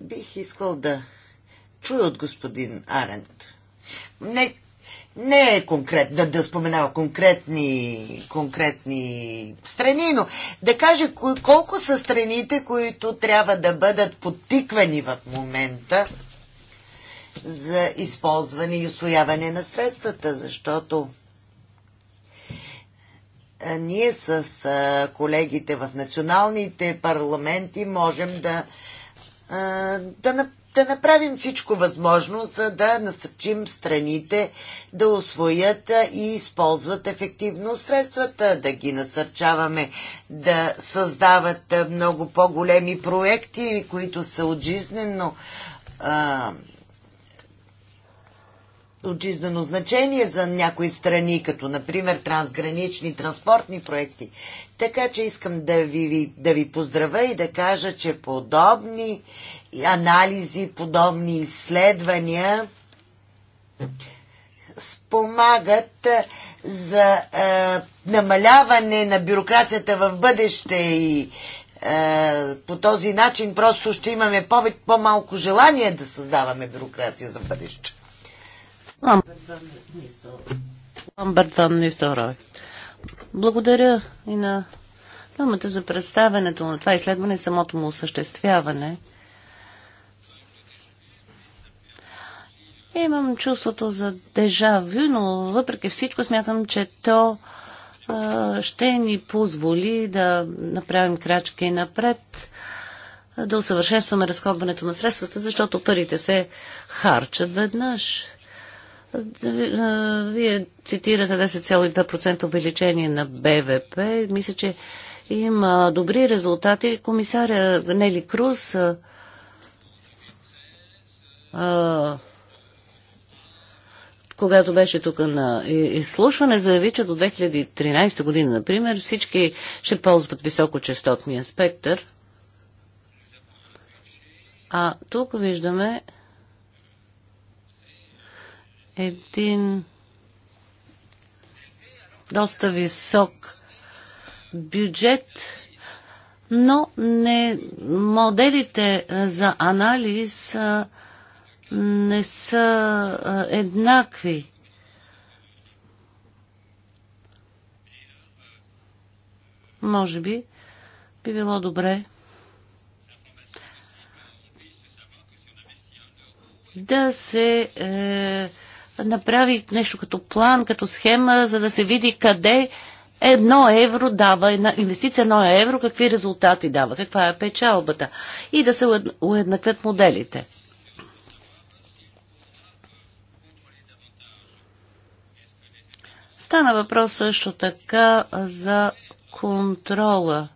Бих искал да чуя от господин Арент не, не е конкрет, да, да споменава конкретни, конкретни страни, но да каже колко са страните, които трябва да бъдат подтиквани в момента за използване и освояване на средствата, защото ние с колегите в националните парламенти можем да, да, да направим всичко възможно, за да насърчим страните да освоят и използват ефективно средствата, да ги насърчаваме да създават много по-големи проекти, които са от а, от жизнено значение за някои страни, като например трансгранични транспортни проекти. Така че искам да ви, да ви поздравя и да кажа, че подобни анализи, подобни изследвания спомагат за е, намаляване на бюрокрацията в бъдеще и е, по този начин просто ще имаме повече, по-малко желание да създаваме бюрокрация за бъдеще. Ламберт Ван Нисторой. Благодаря и на двамата за представенето на това изследване и самото му осъществяване. Имам чувството за дежавю, но въпреки всичко смятам, че то а, ще ни позволи да направим крачки напред, да усъвършенстваме разходването на средствата, защото парите се харчат веднъж. Вие цитирате 10,2% увеличение на БВП. Мисля, че има добри резултати. Комисаря Нели Круз а, а, когато беше тук на изслушване, заяви, че до 2013 година, например, всички ще ползват високочастотния спектър. А тук виждаме един доста висок бюджет, но не, моделите за анализ не са еднакви. Може би би било добре да се е, направи нещо като план, като схема, за да се види къде едно евро дава, една инвестиция едно евро, какви резултати дава, каква е печалбата и да се уеднаквят моделите. Стана въпрос също така за контрола.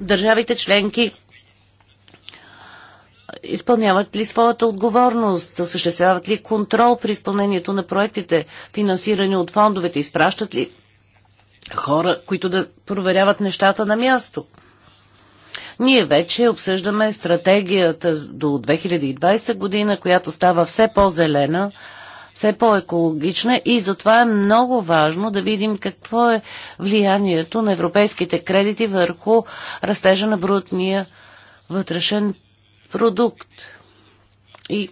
Държавите членки изпълняват ли своята отговорност, осъществяват ли контрол при изпълнението на проектите, финансирани от фондовете, изпращат ли хора, които да проверяват нещата на място. Ние вече обсъждаме стратегията до 2020 година, която става все по-зелена, все по-екологична и затова е много важно да видим какво е влиянието на европейските кредити върху растежа на брутния вътрешен продукт и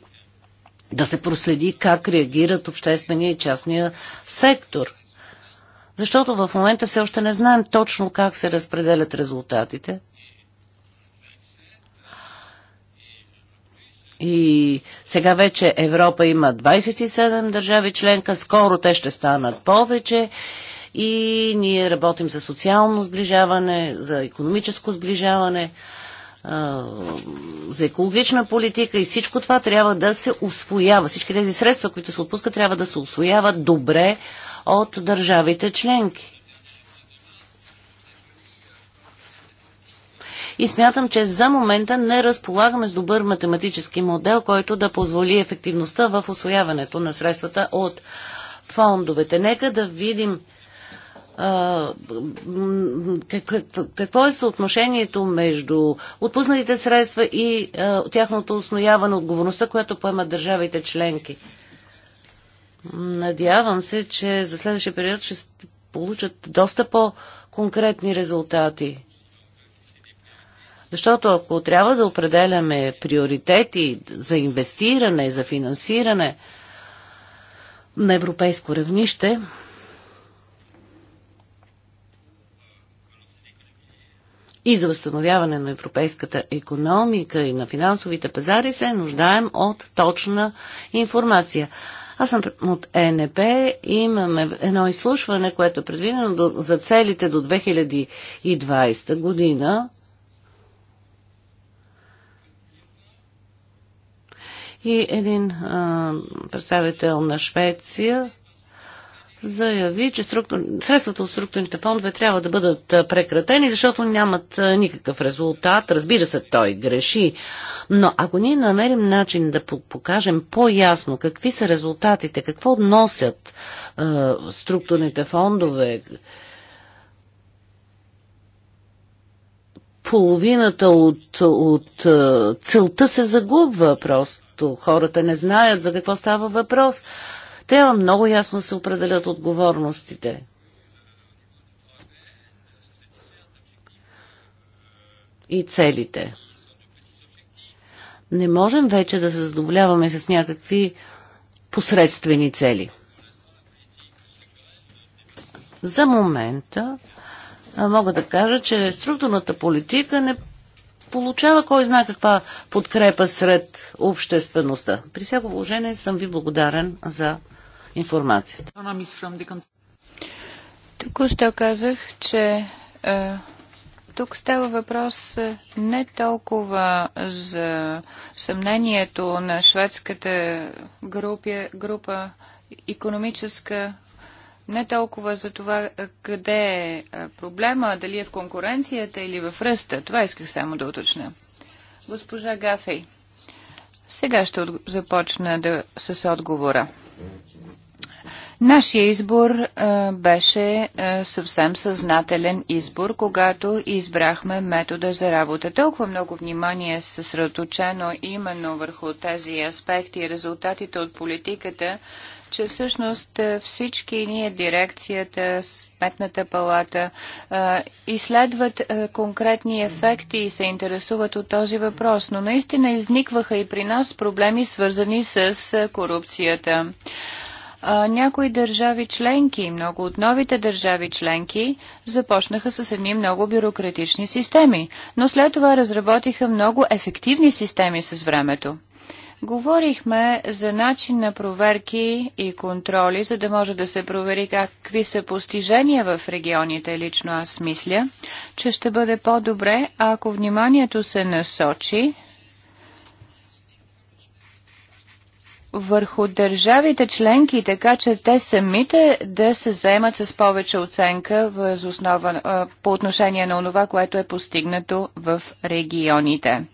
да се проследи как реагират обществения и частния сектор. Защото в момента все още не знаем точно как се разпределят резултатите. И сега вече Европа има 27 държави членка, скоро те ще станат повече и ние работим за социално сближаване, за економическо сближаване за екологична политика и всичко това трябва да се освоява. Всички тези средства, които се отпускат, трябва да се освояват добре от държавите членки. и смятам, че за момента не разполагаме с добър математически модел, който да позволи ефективността в освояването на средствата от фондовете. Нека да видим какво е съотношението между отпуснатите средства и тяхното оснояване, отговорността, която поемат държавите членки. Надявам се, че за следващия период ще получат доста по-конкретни резултати. Защото ако трябва да определяме приоритети за инвестиране, за финансиране на европейско равнище, и за възстановяване на европейската економика и на финансовите пазари се нуждаем от точна информация. Аз съм от ЕНП. Имаме едно изслушване, което е предвидено до, за целите до 2020 година. И един а, представител на Швеция заяви, че структур... средствата от структурните фондове трябва да бъдат прекратени, защото нямат никакъв резултат. Разбира се, той греши. Но ако ние намерим начин да покажем по-ясно какви са резултатите, какво носят е, структурните фондове, половината от, от целта се загубва просто. Хората не знаят за какво става въпрос. Трябва много ясно се определят отговорностите. И целите. Не можем вече да се задоволяваме с някакви посредствени цели. За момента мога да кажа, че структурната политика не получава кой знае каква подкрепа сред обществеността. При всяко положение съм ви благодарен за информацията. Току-що казах, че е, тук става въпрос е, не толкова за съмнението на шведската група, група економическа не толкова за това е, къде е, е проблема, дали е в конкуренцията или в ръста. Това исках само да уточня. Госпожа Гафей, сега ще започна да, с отговора. Нашия избор а, беше а, съвсем съзнателен избор, когато избрахме метода за работа. Толкова много внимание е съсредоточено именно върху тези аспекти и резултатите от политиката, че всъщност всички ние, дирекцията, сметната палата, изследват конкретни ефекти и се интересуват от този въпрос. Но наистина изникваха и при нас проблеми, свързани с корупцията а, някои държави членки, много от новите държави членки, започнаха с едни много бюрократични системи, но след това разработиха много ефективни системи с времето. Говорихме за начин на проверки и контроли, за да може да се провери какви са постижения в регионите. Лично аз мисля, че ще бъде по-добре, ако вниманието се насочи върху държавите членки, така че те самите да се заемат с повече оценка възоснова, по отношение на това, което е постигнато в регионите.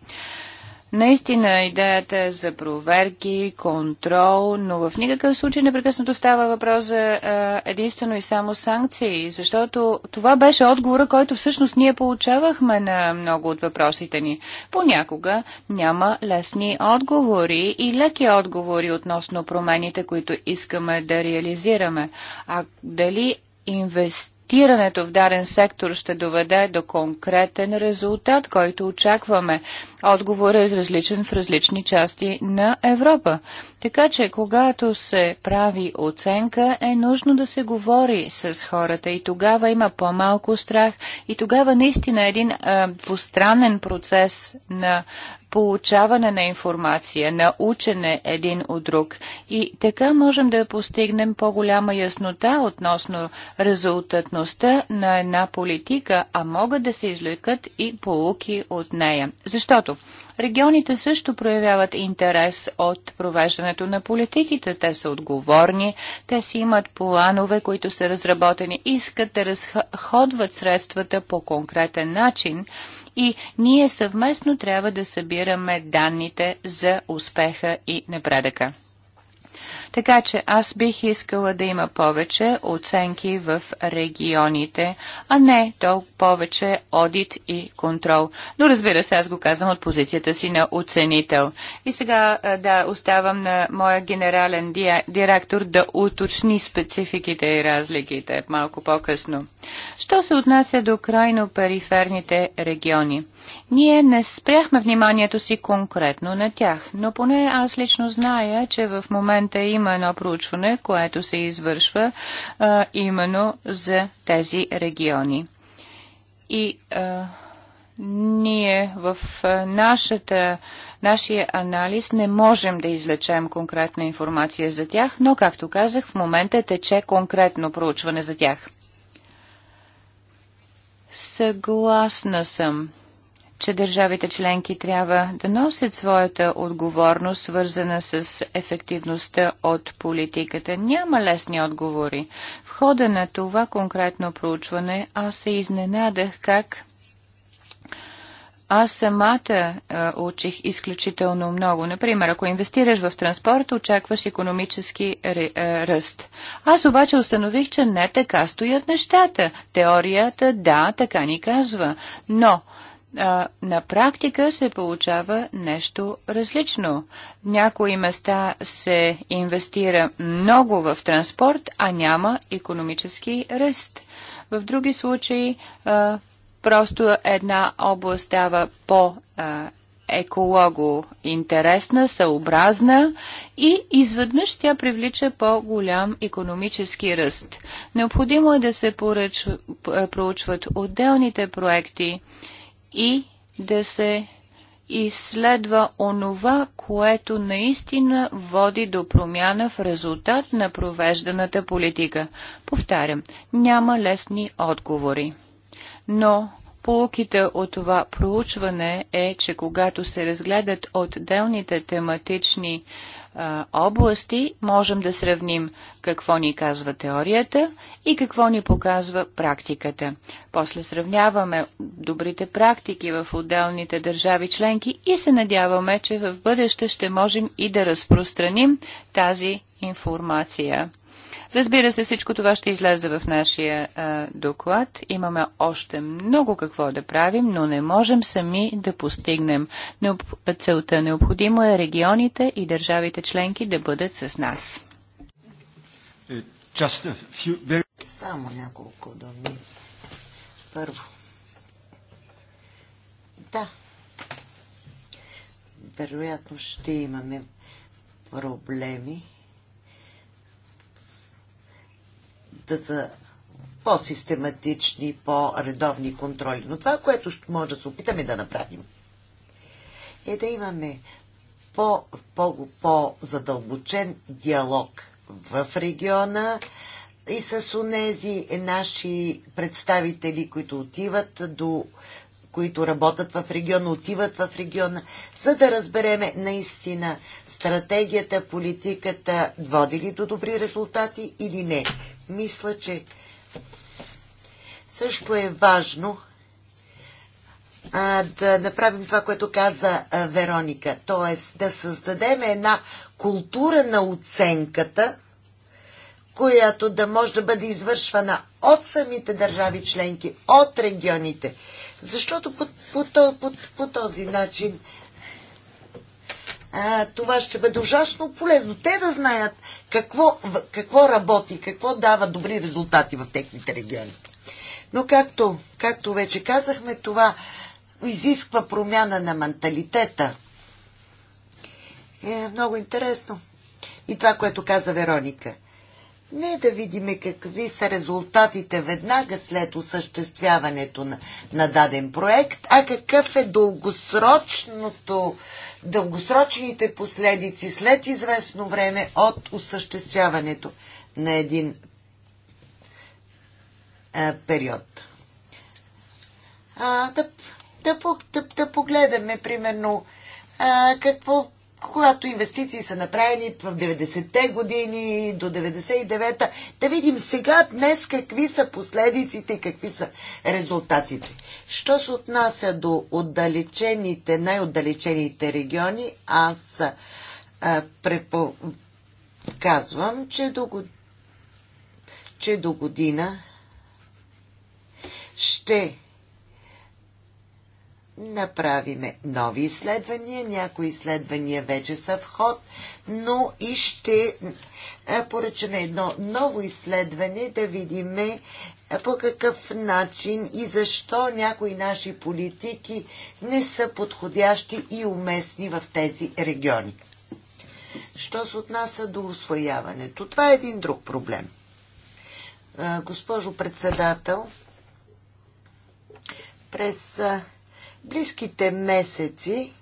Наистина идеята е за проверки, контрол, но в никакъв случай непрекъснато става въпрос за единствено и само санкции, защото това беше отговора, който всъщност ние получавахме на много от въпросите ни. Понякога няма лесни отговори и леки отговори относно промените, които искаме да реализираме. А дали инвестиции инвестирането в дарен сектор ще доведе до конкретен резултат, който очакваме. Отговорът е различен в различни части на Европа. Така че, когато се прави оценка, е нужно да се говори с хората и тогава има по-малко страх и тогава наистина един а, двустранен процес на получаване на информация, на учене един от друг. И така можем да постигнем по-голяма яснота относно резултатността на една политика, а могат да се извлекат и полуки от нея. Защото обществото. Регионите също проявяват интерес от провеждането на политиките. Те са отговорни, те си имат планове, които са разработени, искат да разходват средствата по конкретен начин и ние съвместно трябва да събираме данните за успеха и напредъка. Така че аз бих искала да има повече оценки в регионите, а не толкова повече одит и контрол. Но разбира се, аз го казвам от позицията си на оценител. И сега да оставам на моя генерален директор да уточни спецификите и разликите малко по-късно. Що се отнася до крайно периферните региони? Ние не спряхме вниманието си конкретно на тях, но поне аз лично зная, че в момента има едно проучване, което се извършва а, именно за тези региони. И а, ние в нашата, нашия анализ не можем да излечем конкретна информация за тях, но, както казах, в момента тече конкретно проучване за тях. Съгласна съм че държавите членки трябва да носят своята отговорност, свързана с ефективността от политиката. Няма лесни отговори. В хода на това конкретно проучване аз се изненадах как аз самата а, е, учих изключително много. Например, ако инвестираш в транспорт, очакваш економически е, ръст. Аз обаче установих, че не така стоят нещата. Теорията, да, така ни казва. Но а, на практика се получава нещо различно. някои места се инвестира много в транспорт, а няма економически ръст. В други случаи а, просто една област става по- а, еколого интересна, съобразна и изведнъж тя привлича по-голям економически ръст. Необходимо е да се поръч, проучват отделните проекти, и да се изследва онова, което наистина води до промяна в резултат на провежданата политика. Повтарям, няма лесни отговори. Но полуките от това проучване е, че когато се разгледат отделните тематични области можем да сравним какво ни казва теорията и какво ни показва практиката. После сравняваме добрите практики в отделните държави членки и се надяваме, че в бъдеще ще можем и да разпространим тази информация Разбира се, всичко това ще излезе в нашия а, доклад. Имаме още много какво да правим, но не можем сами да постигнем Необ... целта. Необходимо е регионите и държавите членки да бъдат с нас. Е, Само няколко думи. Първо. Да. Вероятно ще имаме проблеми да са по-систематични, по-редовни контроли. Но това, което ще може да се опитаме да направим, е да имаме по-задълбочен -по -по диалог в региона и с онези наши представители, които отиват до които работят в региона, отиват в региона, за да разбереме наистина стратегията, политиката води ли до добри резултати или не. Мисля, че също е важно а, да направим това, което каза а, Вероника, т.е. да създадем една култура на оценката, която да може да бъде извършвана от самите държави членки, от регионите. Защото по, по, по, по, по този начин а, това ще бъде ужасно полезно. Те да знаят какво, какво работи, какво дава добри резултати в техните региони. Но както, както вече казахме, това изисква промяна на менталитета. Е много интересно. И това, което каза Вероника. Не да видиме какви са резултатите веднага след осъществяването на, на даден проект, а какъв е дългосрочното дългосрочните последици след известно време от осъществяването на един а, е, период. А, да, да, да, да погледаме, примерно, а, какво когато инвестиции са направени в 90-те години до 99-та, да видим сега, днес, какви са последиците и какви са резултатите. Що се отнася до отдалечените, най-отдалечените региони, аз а, препо... казвам, че до, че до година ще направиме нови изследвания, някои изследвания вече са в ход, но и ще е, поръчаме едно ново изследване да видиме е, по какъв начин и защо някои наши политики не са подходящи и уместни в тези региони. Що се отнася до освояването? Това е един друг проблем. Е, госпожо председател, през близките месеци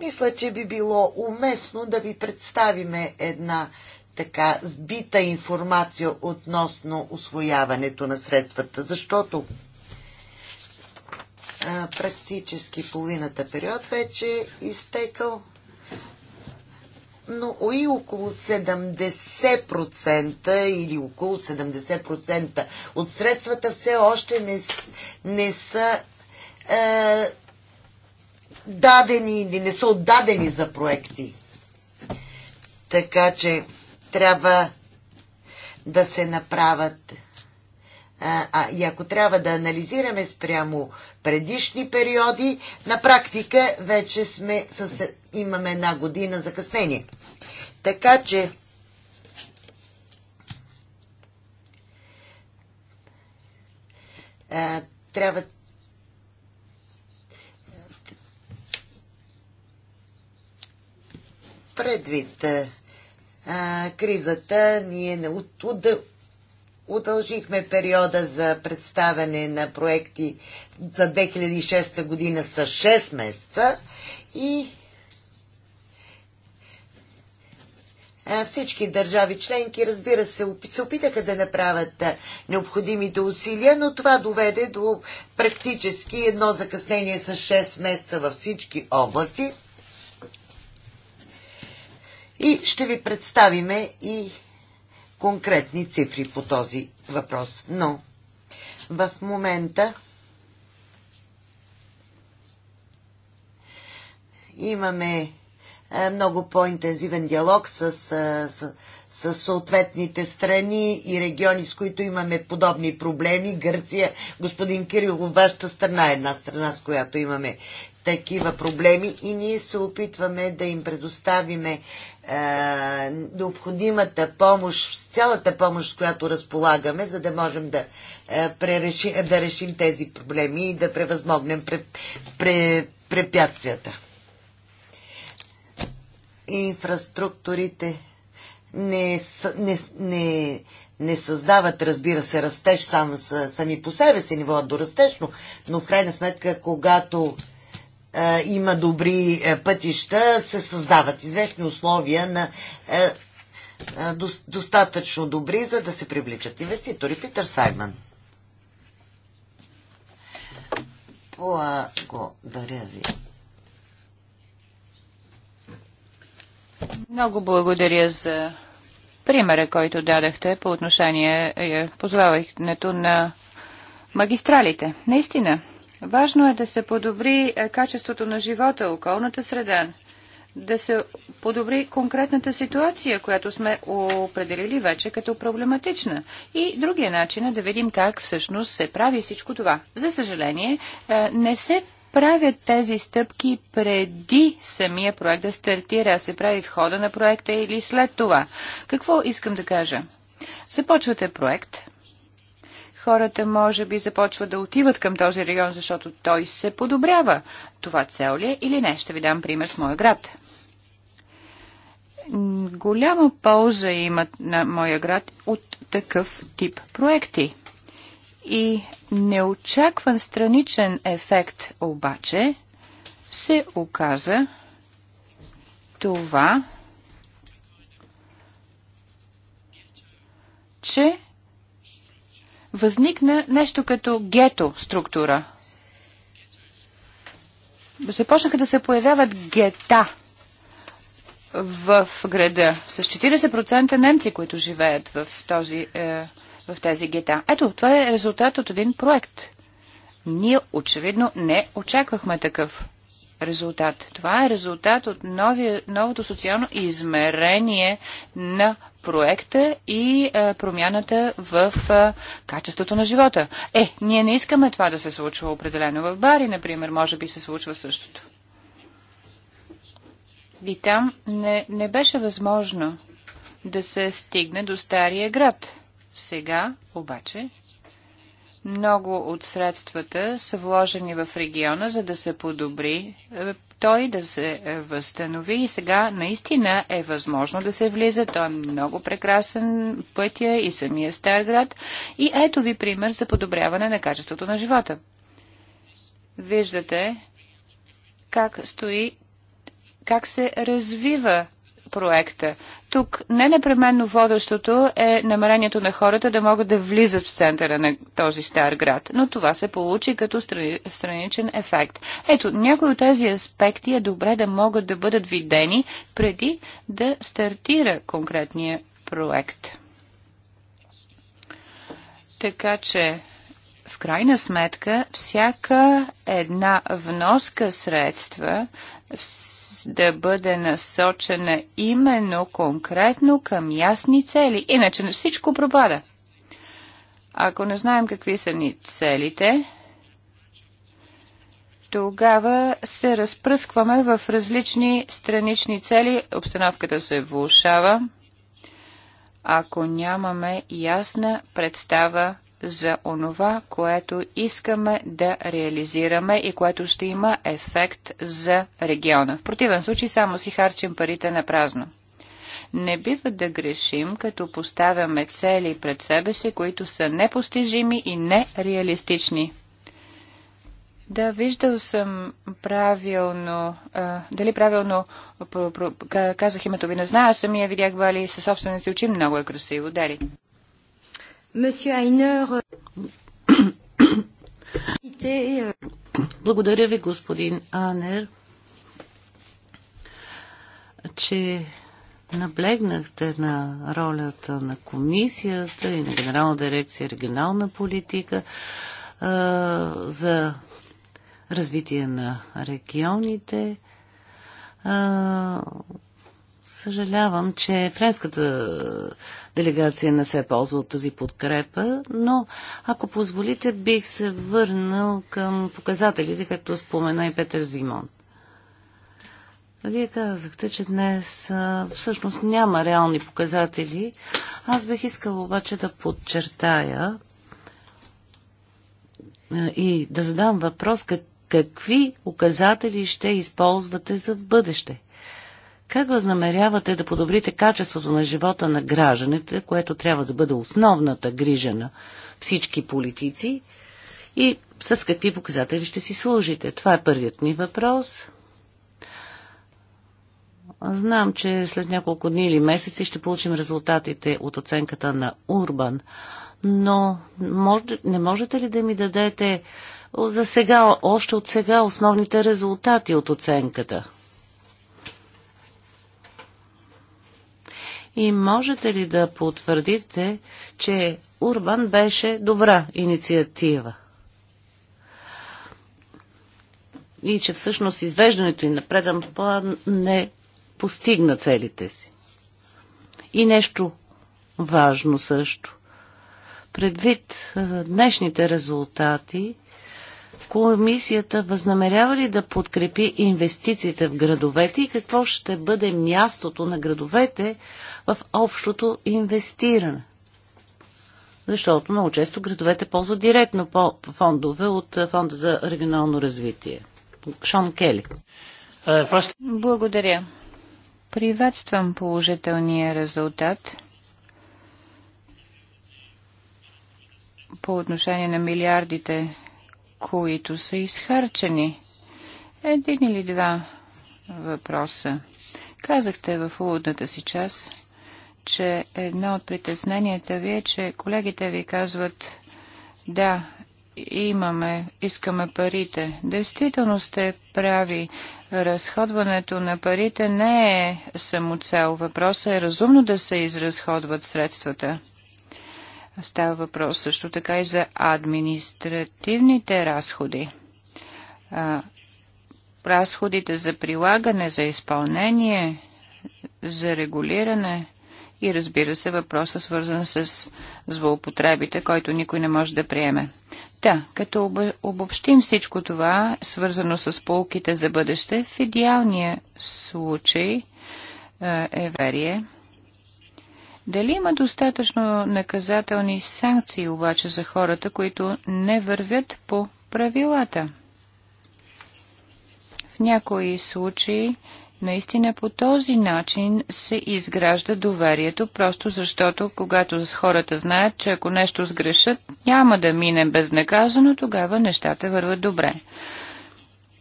мисля, че би било уместно да ви представиме една така сбита информация относно освояването на средствата, защото а, практически половината период вече е изтекал, но и около 70% или около 70% от средствата все още не, не са е, дадени или не са отдадени за проекти. Така че трябва да се направят. А, е, а, и ако трябва да анализираме спрямо предишни периоди, на практика вече сме с, имаме една година закъснение. Така че а, е, трябва Предвид а, кризата, ние от, от, удължихме периода за представяне на проекти за 2006 година с 6 месеца и всички държави членки, разбира се, се опитаха да направят необходимите усилия, но това доведе до практически едно закъснение с 6 месеца във всички области – и ще ви представиме и конкретни цифри по този въпрос. Но в момента имаме е, много по-интензивен диалог е, с, с, с съответните страни и региони, с които имаме подобни проблеми. Гърция, господин Кирилов, вашата страна е една страна, с която имаме такива проблеми и ние се опитваме да им предоставиме е, необходимата помощ, цялата помощ, която разполагаме, за да можем да, е, пререши, да решим тези проблеми и да превъзмогнем преп, пре, препятствията. Инфраструктурите не, не, не, не създават, разбира се, растеж сам, сами по себе си, ниво до растеж, но, но в крайна сметка, когато е, има добри е, пътища, се създават известни условия на е, достатъчно добри, за да се привличат инвеститори. Питър Саймън. Благодаря ви. Много благодаря за примера, който дадахте по отношение е, на магистралите. Наистина, Важно е да се подобри е, качеството на живота, околната среда, да се подобри конкретната ситуация, която сме определили вече като проблематична. И другия е начин е да видим как всъщност се прави всичко това. За съжаление, е, не се правят тези стъпки преди самия проект да стартира, а се прави в хода на проекта или след това. Какво искам да кажа? Започвате проект – хората може би започват да отиват към този регион, защото той се подобрява. Това цел ли е или не? Ще ви дам пример с моя град. Голяма полза имат на моя град от такъв тип проекти. И неочакван страничен ефект обаче се оказа това, че възникна нещо като гето структура. Започнаха да се появяват гета в града с 40% немци, които живеят в, този, е, в тези гета. Ето, това е резултат от един проект. Ние очевидно не очаквахме такъв резултат. Това е резултат от новия, новото социално измерение на проекта и е, промяната в е, качеството на живота. Е, ние не искаме това да се случва определено в бари, например, може би се случва същото. И там не, не беше възможно да се стигне до стария град. Сега обаче много от средствата са вложени в региона, за да се подобри е, той да се възстанови и сега наистина е възможно да се влиза. Той е много прекрасен пътя и самия Старград. И ето ви пример за подобряване на качеството на живота. Виждате как стои, как се развива проекта. Тук не непременно водещото е намерението на хората да могат да влизат в центъра на този стар град, но това се получи като страничен ефект. Ето, някои от тези аспекти е добре да могат да бъдат видени преди да стартира конкретния проект. Така че в крайна сметка всяка една вноска средства, да бъде насочена именно конкретно към ясни цели. Иначе на всичко пропада. Ако не знаем какви са ни целите, тогава се разпръскваме в различни странични цели, обстановката се влушава, ако нямаме ясна представа за онова, което искаме да реализираме и което ще има ефект за региона. В противен случай само си харчим парите на празно. Не бива да грешим, като поставяме цели пред себе си, които са непостижими и нереалистични. Да, виждал съм правилно, а, дали правилно казах името ви, не знам, аз самия видях Бали със собствените очи, много е красиво, Дали. Euh, *coughs* Благодаря ви, господин Анер, че наблегнахте на ролята на комисията и на Генерална дирекция регионална политика а, за развитие на регионите. А, съжалявам, че френската делегация не се ползва от тази подкрепа, но ако позволите, бих се върнал към показателите, както спомена и Петър Зимон. Вие казахте, че днес всъщност няма реални показатели. Аз бих искала обаче да подчертая и да задам въпрос как, какви указатели ще използвате за в бъдеще. Как възнамерявате да подобрите качеството на живота на гражданите, което трябва да бъде основната грижа на всички политици и с какви показатели ще си служите? Това е първият ми въпрос. Знам, че след няколко дни или месеци ще получим резултатите от оценката на Урбан, но може, не можете ли да ми дадете за сега, още от сега, основните резултати от оценката? И можете ли да потвърдите, че Урбан беше добра инициатива? И че всъщност извеждането и на план не постигна целите си. И нещо важно също. Предвид днешните резултати, Комисията възнамерява ли да подкрепи инвестициите в градовете и какво ще бъде мястото на градовете в общото инвестиране? Защото много често градовете ползват директно по фондове от е, Фонда за регионално развитие. Шон Кели. Е, Благодаря. Приветствам положителния резултат по отношение на милиардите които са изхарчени. Един или два въпроса. Казахте в уводната си част, че едно от притесненията ви е, че колегите ви казват да, имаме, искаме парите. Действително сте прави. Разходването на парите не е самоцел. Въпросът е разумно да се изразходват средствата. Става въпрос също така и за административните разходи. Разходите за прилагане, за изпълнение, за регулиране и разбира се въпроса свързан с злоупотребите, който никой не може да приеме. Да, като обобщим всичко това, свързано с полките за бъдеще, в идеалния случай е верие – дали има достатъчно наказателни санкции обаче за хората, които не вървят по правилата? В някои случаи наистина по този начин се изгражда доверието, просто защото когато хората знаят, че ако нещо сгрешат, няма да мине безнаказано, тогава нещата върват добре.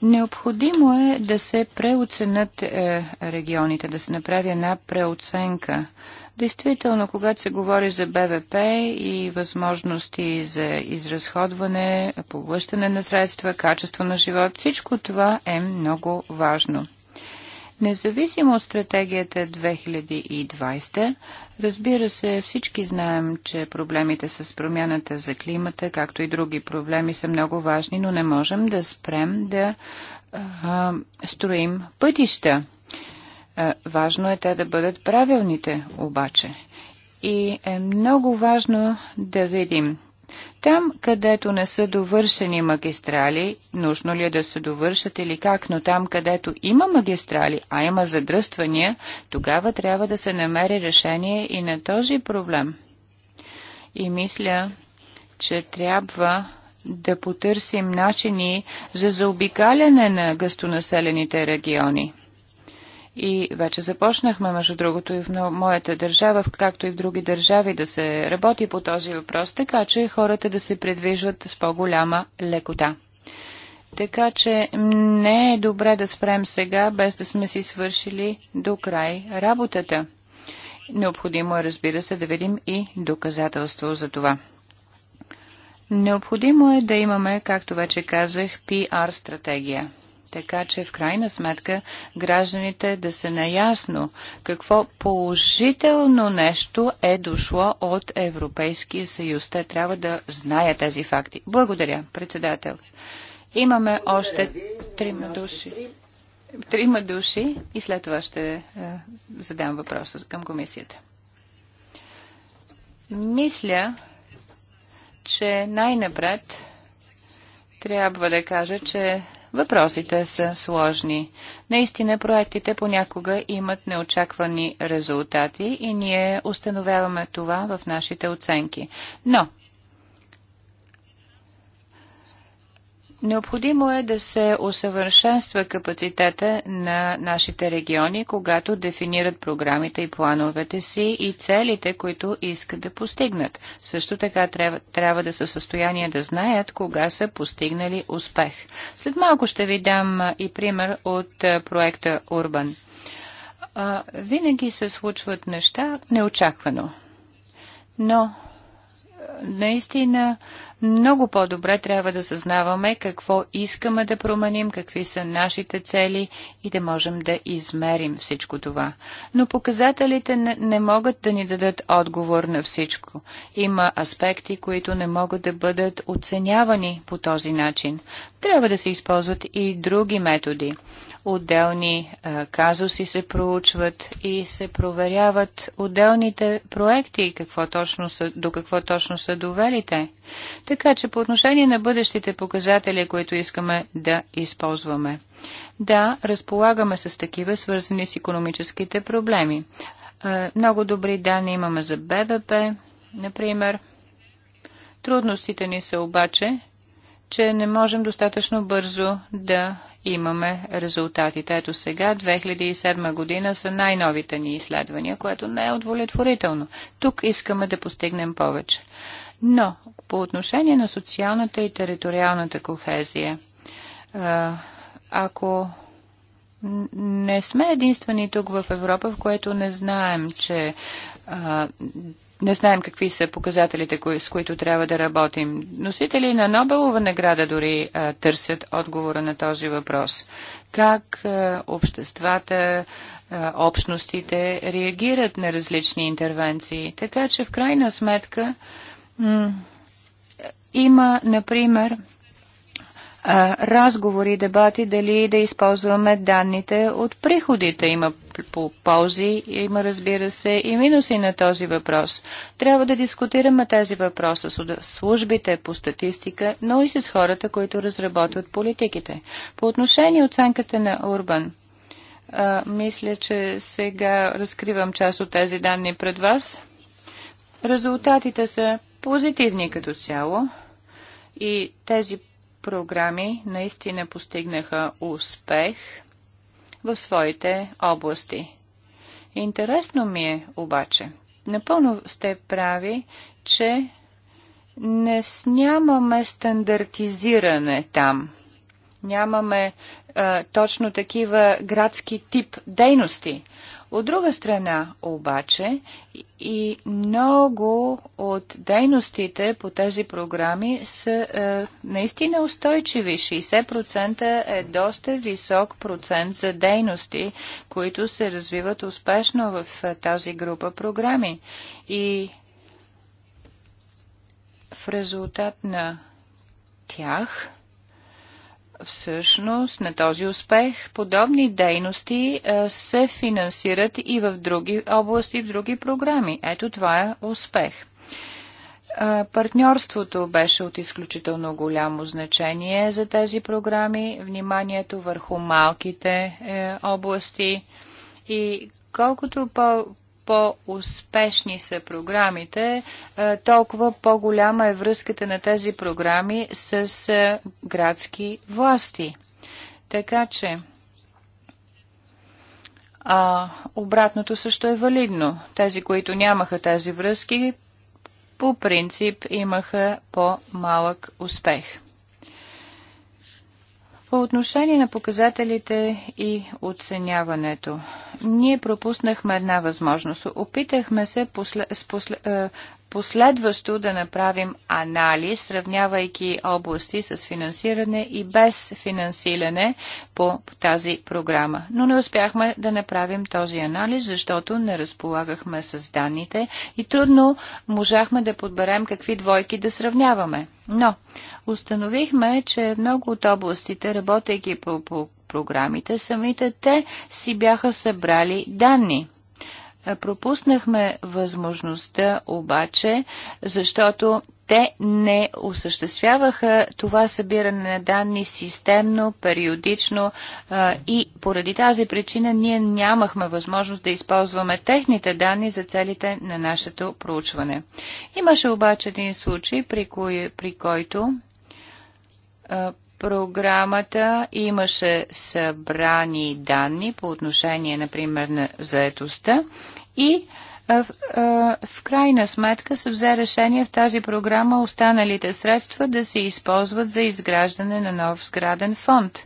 Необходимо е да се преоценят е, регионите, да се направи една преоценка – Действително, когато се говори за БВП и възможности за изразходване, поглъщане на средства, качество на живот, всичко това е много важно. Независимо от стратегията 2020, разбира се, всички знаем, че проблемите с промяната за климата, както и други проблеми, са много важни, но не можем да спрем да а, строим пътища е, важно е те да бъдат правилните обаче. И е много важно да видим там, където не са довършени магистрали, нужно ли е да се довършат или как, но там, където има магистрали, а има задръствания, тогава трябва да се намери решение и на този проблем. И мисля, че трябва да потърсим начини за заобикаляне на гъстонаселените региони. И вече започнахме, между другото, и в моята държава, както и в други държави, да се работи по този въпрос, така че хората да се предвижват с по-голяма лекота. Така че не е добре да спрем сега, без да сме си свършили до край работата. Необходимо е, разбира се, да видим и доказателство за това. Необходимо е да имаме, както вече казах, PR стратегия така че в крайна сметка гражданите да са наясно какво положително нещо е дошло от Европейския съюз. Те трябва да знаят тези факти. Благодаря, председател. Имаме още трима души. Трима души и след това ще е, задам въпроса към комисията. Мисля, че най-напред трябва да кажа, че Въпросите са сложни. Наистина проектите понякога имат неочаквани резултати и ние установяваме това в нашите оценки. Но Необходимо е да се усъвършенства капацитета на нашите региони, когато дефинират програмите и плановете си и целите, които искат да постигнат. Също така трябва, трябва да са в състояние да знаят кога са постигнали успех. След малко ще ви дам и пример от проекта Урбан. Винаги се случват неща неочаквано. Но наистина много по-добре трябва да съзнаваме какво искаме да променим, какви са нашите цели и да можем да измерим всичко това. Но показателите не, не могат да ни дадат отговор на всичко. Има аспекти, които не могат да бъдат оценявани по този начин. Трябва да се използват и други методи отделни а, казуси се проучват и се проверяват отделните проекти, какво точно са, до какво точно са довелите. Така че по отношение на бъдещите показатели, които искаме да използваме. Да, разполагаме с такива, свързани с економическите проблеми. Много добри данни имаме за БВП, например. Трудностите ни са обаче, че не можем достатъчно бързо да имаме резултатите. Ето сега, 2007 година са най-новите ни изследвания, което не е удовлетворително. Тук искаме да постигнем повече. Но по отношение на социалната и териториалната кохезия, ако не сме единствени тук в Европа, в което не знаем, че не знаем какви са показателите, с които трябва да работим. Носители на Нобелова награда дори а, търсят отговора на този въпрос. Как а, обществата, а, общностите реагират на различни интервенции. Така че в крайна сметка а, има, например, разговори, дебати, дали да използваме данните от приходите. Има по ползи, има разбира се и минуси на този въпрос. Трябва да дискутираме тези въпроса с службите по статистика, но и с хората, които разработват политиките. По отношение оценката на Урбан, мисля, че сега разкривам част от тези данни пред вас. Резултатите са позитивни като цяло и тези програми наистина постигнаха успех в своите области. Интересно ми е обаче, напълно сте прави, че не нямаме стандартизиране там – нямаме а, е, точно такива градски тип дейности. От друга страна, обаче, и много от дейностите по тези програми са е, наистина устойчиви. 60% е доста висок процент за дейности, които се развиват успешно в е, тази група програми. И в резултат на тях всъщност на този успех подобни дейности е, се финансират и в други области, в други програми. Ето това е успех. Е, партньорството беше от изключително голямо значение за тези програми, вниманието върху малките е, области и колкото по по-успешни са програмите, е, толкова по-голяма е връзката на тези програми с е, градски власти. Така че, а, обратното също е валидно. Тези, които нямаха тези връзки, по принцип имаха по-малък успех. По отношение на показателите и оценяването, ние пропуснахме една възможност. Опитахме се после, после, е, последващо да направим анализ, сравнявайки области с финансиране и без финансиране по тази програма. Но не успяхме да направим този анализ, защото не разполагахме с данните и трудно можахме да подберем какви двойки да сравняваме. Но установихме, че много от областите, работейки по, по програмите, самите те си бяха събрали данни – Пропуснахме възможността обаче, защото те не осъществяваха това събиране на данни системно, периодично и поради тази причина ние нямахме възможност да използваме техните данни за целите на нашето проучване. Имаше обаче един случай, при, кой, при който програмата имаше събрани данни по отношение, например, на заетостта и в крайна сметка се взе решение в тази програма останалите средства да се използват за изграждане на нов сграден фонд.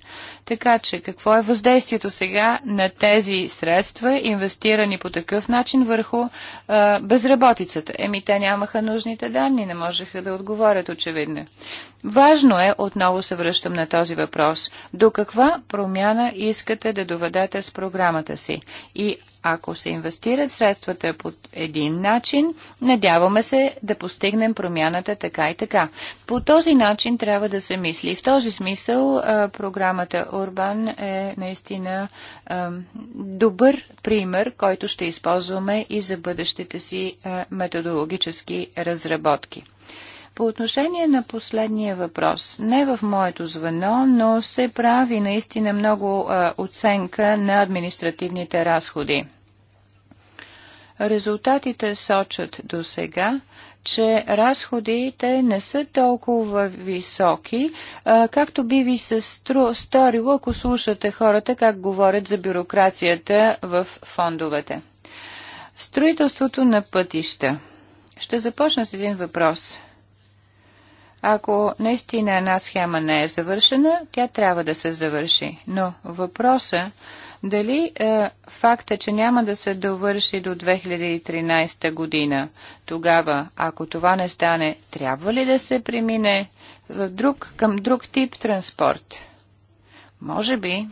Така че какво е въздействието сега на тези средства, инвестирани по такъв начин върху а, безработицата? Еми те нямаха нужните данни, не можеха да отговорят очевидно. Важно е, отново се връщам на този въпрос, до каква промяна искате да доведете с програмата си? И ако се инвестират средствата по един начин, надяваме се да постигнем промяната така и така. По този начин трябва да се мисли. В този смисъл програмата Урбан е наистина добър пример, който ще използваме и за бъдещите си методологически разработки. По отношение на последния въпрос, не в моето звено, но се прави наистина много а, оценка на административните разходи. Резултатите сочат до сега, че разходите не са толкова високи, а, както би ви се стру, сторило, ако слушате хората как говорят за бюрокрацията в фондовете. Строителството на пътища. Ще започна с един въпрос – ако наистина една схема не е завършена, тя трябва да се завърши. Но въпроса дали е, факта, че няма да се довърши до 2013 година, тогава, ако това не стане, трябва ли да се премине в друг, към друг тип транспорт? Може би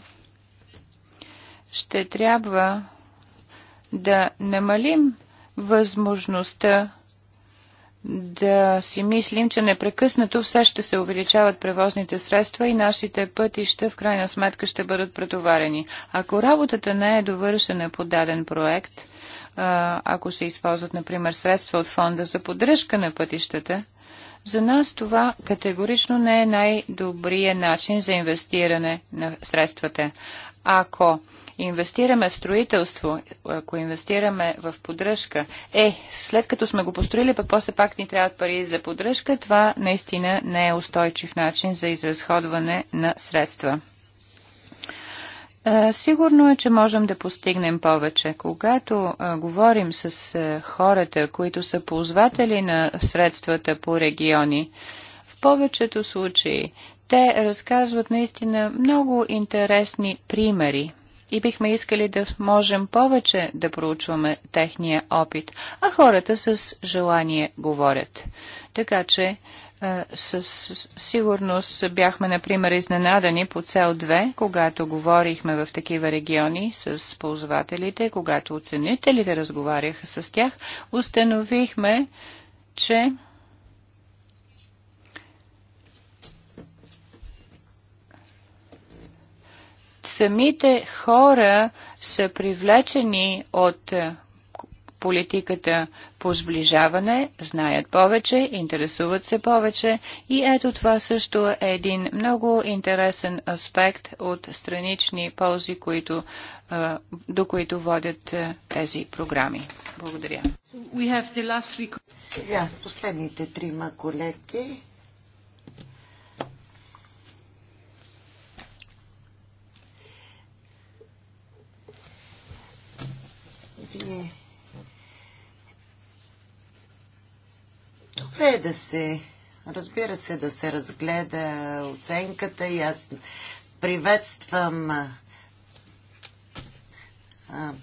ще трябва да намалим възможността да си мислим, че непрекъснато все ще се увеличават превозните средства и нашите пътища в крайна сметка ще бъдат претоварени. Ако работата не е довършена по даден проект, ако се използват, например, средства от фонда за поддръжка на пътищата, за нас това категорично не е най-добрият начин за инвестиране на средствата. Ако инвестираме в строителство, ако инвестираме в поддръжка, е, след като сме го построили, пък после пак ни трябват пари за поддръжка, това наистина не е устойчив начин за изразходване на средства. Е, сигурно е, че можем да постигнем повече. Когато а, е, говорим с а, е, хората, които са ползватели на средствата по региони, в повечето случаи те разказват наистина много интересни примери – и бихме искали да можем повече да проучваме техния опит, а хората с желание говорят. Така че е, със сигурност бяхме, например, изненадани по цел 2, когато говорихме в такива региони с ползвателите, когато оценителите разговаряха с тях, установихме, че самите хора са привлечени от е, политиката по сближаване, знаят повече, интересуват се повече и ето това също е един много интересен аспект от странични ползи, които, е, до които водят е, тези програми. Благодаря. Сега последните трима колеги Добре е да се, разбира се, да се разгледа оценката и аз приветствам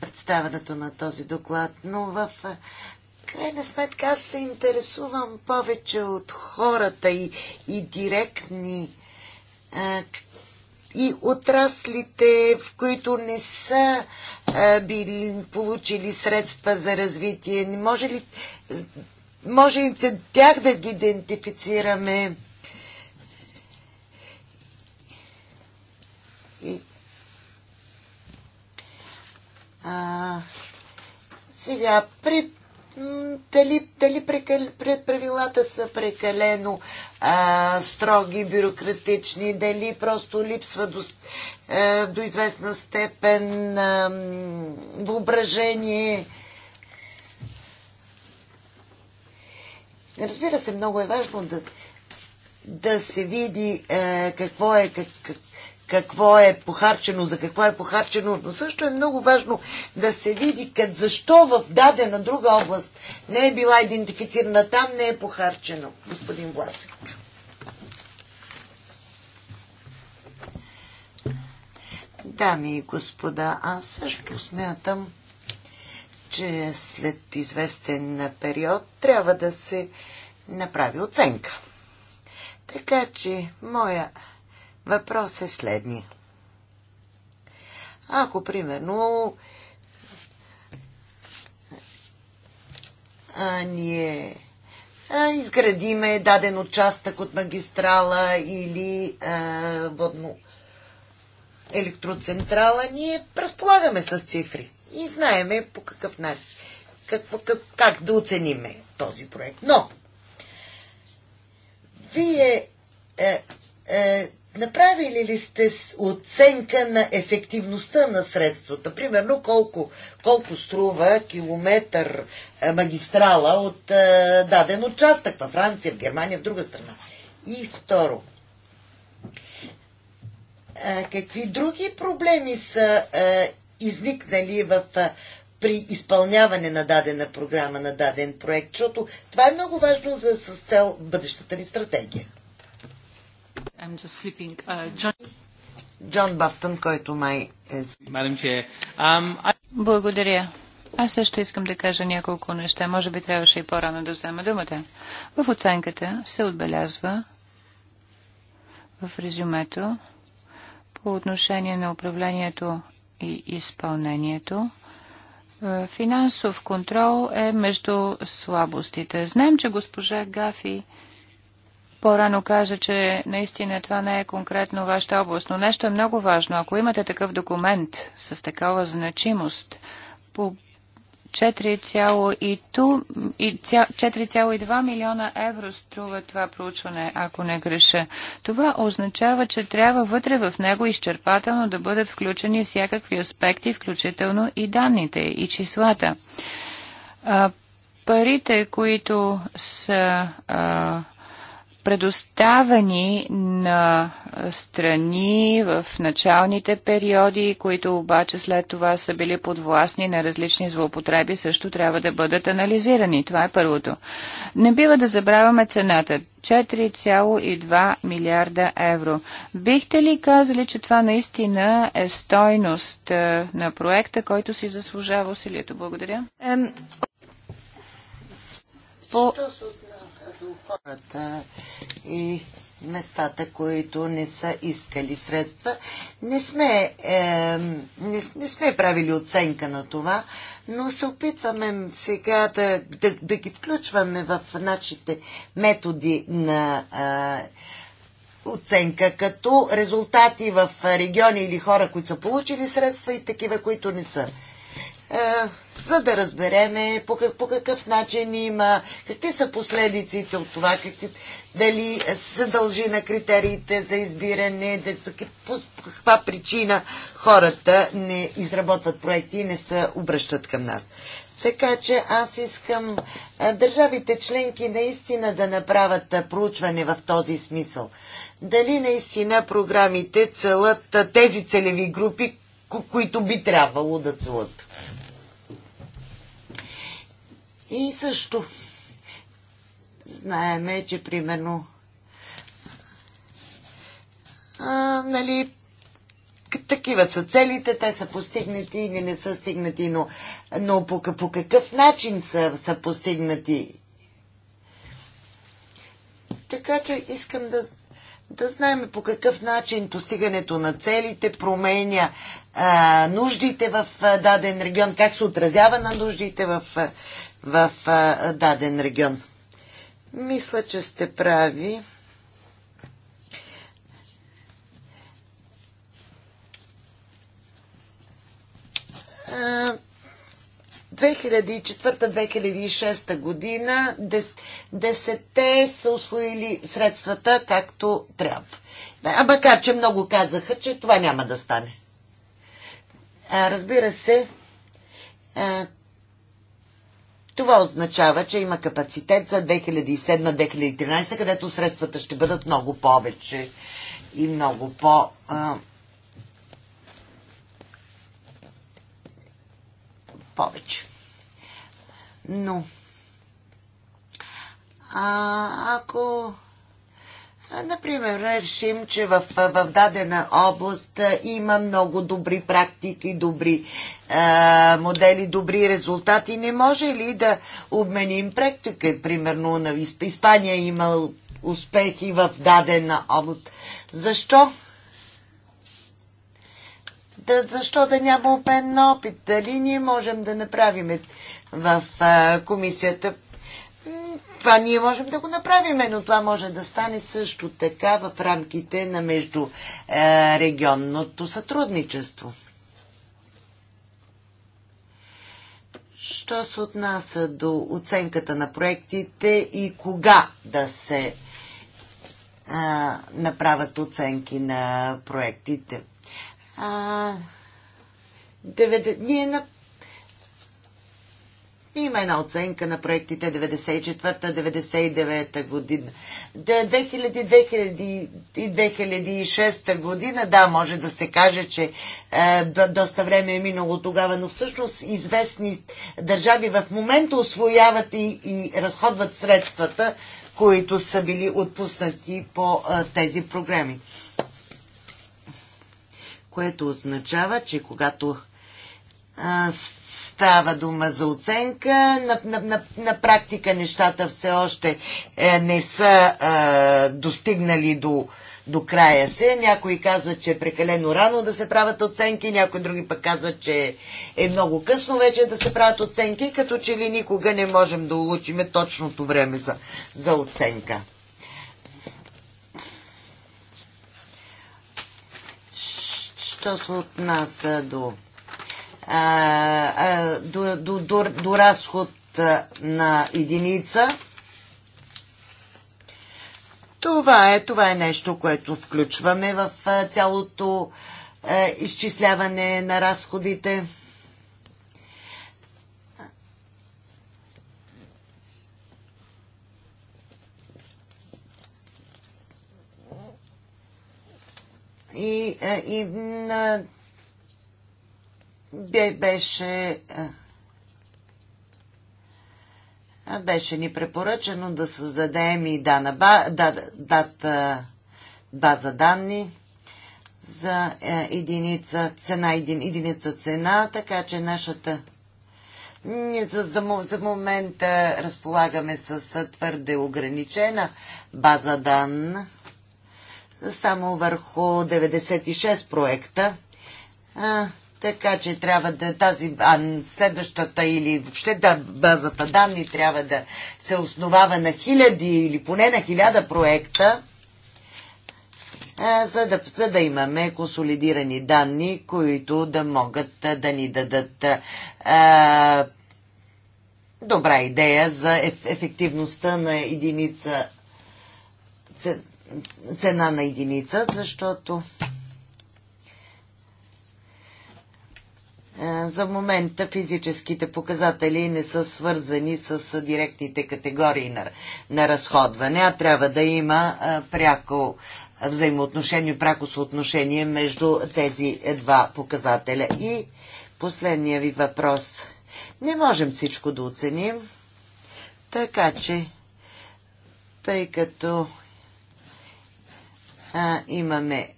представянето на този доклад, но в крайна сметка аз се интересувам повече от хората и, и директни и отраслите, в които не са а, били, получили средства за развитие. Не може ли може и тях да ги идентифицираме? И, а, сега, при дали, дали прекал, пред правилата са прекалено а, строги, бюрократични, дали просто липсва до, а, е, до известна степен а, въображение. Разбира се, много е важно да, да се види а, е, какво е, как, какво е похарчено, за какво е похарчено, но също е много важно да се види кът, защо в дадена друга област не е била идентифицирана, там не е похарчено, господин Власик. Дами и господа, аз също смятам, че след известен период трябва да се направи оценка. Така че моя Въпрос е следния. Ако, примерно, а, ние а, изградиме даден участък от магистрала или а, водно електроцентрала, ние разполагаме с цифри и знаеме по какъв начин, как, как, как да оцениме този проект. Но, вие е, е, Направили ли сте оценка на ефективността на средствата? Примерно колко, колко струва километър е, магистрала от е, даден участък във Франция, в Германия, в друга страна? И второ, е, какви други проблеми са е, изникнали в, е, при изпълняване на дадена програма, на даден проект? Защото това е много важно за, с цел бъдещата ни стратегия. Uh, Джон Бафтън, който май е... Um, Благодаря. Аз също искам да кажа няколко неща. Може би трябваше и по-рано да взема думата. В оценката се отбелязва в резюмето по отношение на управлението и изпълнението. Е, финансов контрол е между слабостите. Знаем, че госпожа Гафи по-рано каза, че наистина това не е конкретно вашата област, но нещо е много важно. Ако имате такъв документ с такава значимост, по 4,2 милиона евро струва това проучване, ако не греша. Това означава, че трябва вътре в него изчерпателно да бъдат включени всякакви аспекти, включително и данните и числата. парите, които са а, предоставени на страни в началните периоди, които обаче след това са били подвластни на различни злоупотреби, също трябва да бъдат анализирани. Това е първото. Не бива да забравяме цената. 4,2 милиарда евро. Бихте ли казали, че това наистина е стойност е, на проекта, който си заслужава усилието? Благодаря. По между хората и местата, които не са искали средства. Не сме, е, не, не сме правили оценка на това, но се опитваме сега да, да, да ги включваме в нашите методи на е, оценка, като резултати в региони или хора, които са получили средства и такива, които не са. Е, за да разбереме по, как, по какъв начин има, какви са последиците от това, какви, дали се дължи на критериите за избиране, деца, по каква причина хората не изработват проекти и не се обръщат към нас. Така че аз искам а, държавите членки наистина да направят а, проучване в този смисъл. Дали наистина програмите целат а, тези целеви групи, ко които би трябвало да целат. И също знаеме, че примерно а, нали, такива са целите, те са постигнати или не са стигнати, но, но по, по какъв начин са, са постигнати. Така че искам да, да знаем по какъв начин постигането на целите променя а, нуждите в а, даден регион, как се отразява на нуждите в а, в даден регион. Мисля, че сте прави. А, 2004-2006 година десете са освоили средствата както трябва. А макар, че много казаха, че това няма да стане. А, разбира се, а, това означава, че има капацитет за 2007-2013, където средствата ще бъдат много повече и много по... А, повече. Но... А, ако Например, решим, че в, в дадена област има много добри практики, добри е, модели, добри резултати. Не може ли да обменим практика? Примерно на Испания има успехи в дадена област. Защо? Да, защо да няма обмен на опит? Дали ние можем да направим в е, комисията това ние можем да го направим, но това може да стане също така в рамките на междурегионното е, сътрудничество. Що се отнася до оценката на проектите и кога да се а, е, направят оценки на проектите? А, 9, ние на има една оценка на проектите 94-99 година. 2000, 2006 година, да, може да се каже, че е, доста време е минало тогава, но всъщност известни държави в момента освояват и, и разходват средствата, които са били отпуснати по е, тези програми. Което означава, че когато Става дума за оценка. На, на, на, на практика нещата все още е, не са е, достигнали до, до края се. Някои казват, че е прекалено рано да се правят оценки, някои други пък казват, че е много късно вече да се правят оценки, като че ли никога не можем да улучиме точното време за, за оценка. Що се отнася до а, до, до, до, до разход на единица. Това е, това е нещо, което включваме в цялото е, изчисляване на разходите. И, и беше беше ни препоръчено да създадем и дана, да, дата, база данни за е, единица цена, един, единица цена, така че нашата за, за, за момента разполагаме с твърде ограничена база дан само върху 96 проекта. Така че трябва да тази а, следващата или въобще да, базата данни трябва да се основава на хиляди или поне на хиляда проекта, а, за, да, за да имаме консолидирани данни, които да могат а, да ни дадат а, добра идея за еф, ефективността на единица, цена на единица, защото Е, за момента физическите показатели не са свързани с директните категории на, на разходване, а трябва да има пряко взаимоотношение, пряко съотношение между тези е, два показателя. И последния ви въпрос. Не можем всичко да оценим, така че, тъй като а, имаме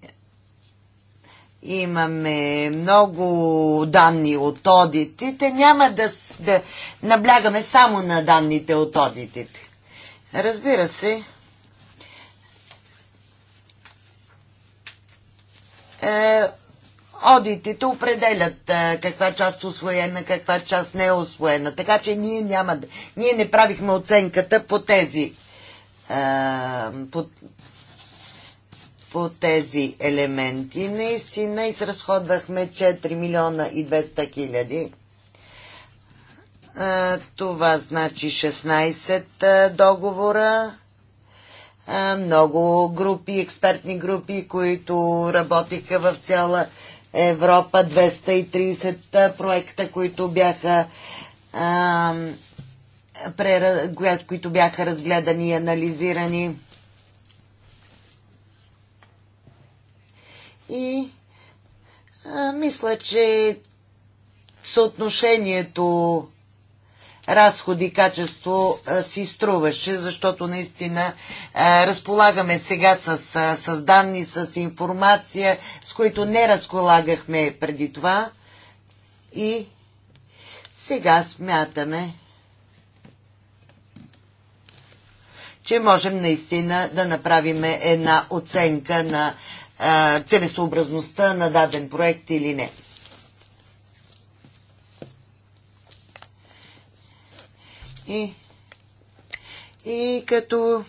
имаме много данни от одитите, няма да, да наблягаме само на данните от одитите. Разбира се, е, одитите определят е, каква част освоена, каква част не е освоена. Така че ние, няма, ние не правихме оценката по тези, е, по, по тези елементи. Наистина изразходвахме 4 милиона и 200 хиляди. Това значи 16 договора. Много групи, експертни групи, които работиха в цяла Европа, 230 проекта, които бяха които бяха разгледани и анализирани. И а, мисля, че съотношението разходи-качество си струваше, защото наистина а, разполагаме сега с, с данни, с информация, с които не разполагахме преди това. И сега смятаме, че можем наистина да направим една оценка на целесообразността на даден проект или не. И, и като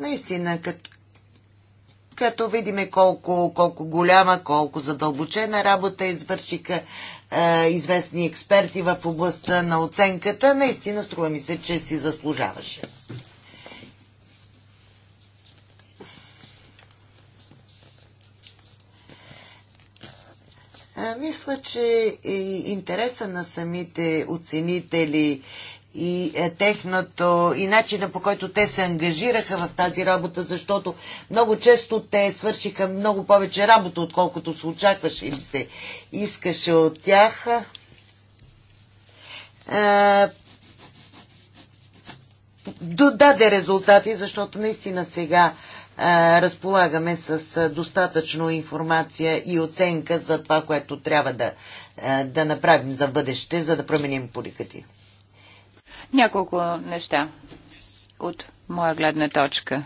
наистина, като, като видиме колко, колко голяма, колко задълбочена работа извършиха е, известни експерти в областта на оценката, наистина струва ми се, че си заслужаваше. Мисля, че интереса на самите оценители и е, техното, и начина по който те се ангажираха в тази работа, защото много често те свършиха много повече работа, отколкото се очакваше или се искаше от тях. Додаде резултати, защото наистина сега разполагаме с достатъчно информация и оценка за това, което трябва да, да направим за бъдеще, за да променим политиката. Няколко неща от моя гледна точка.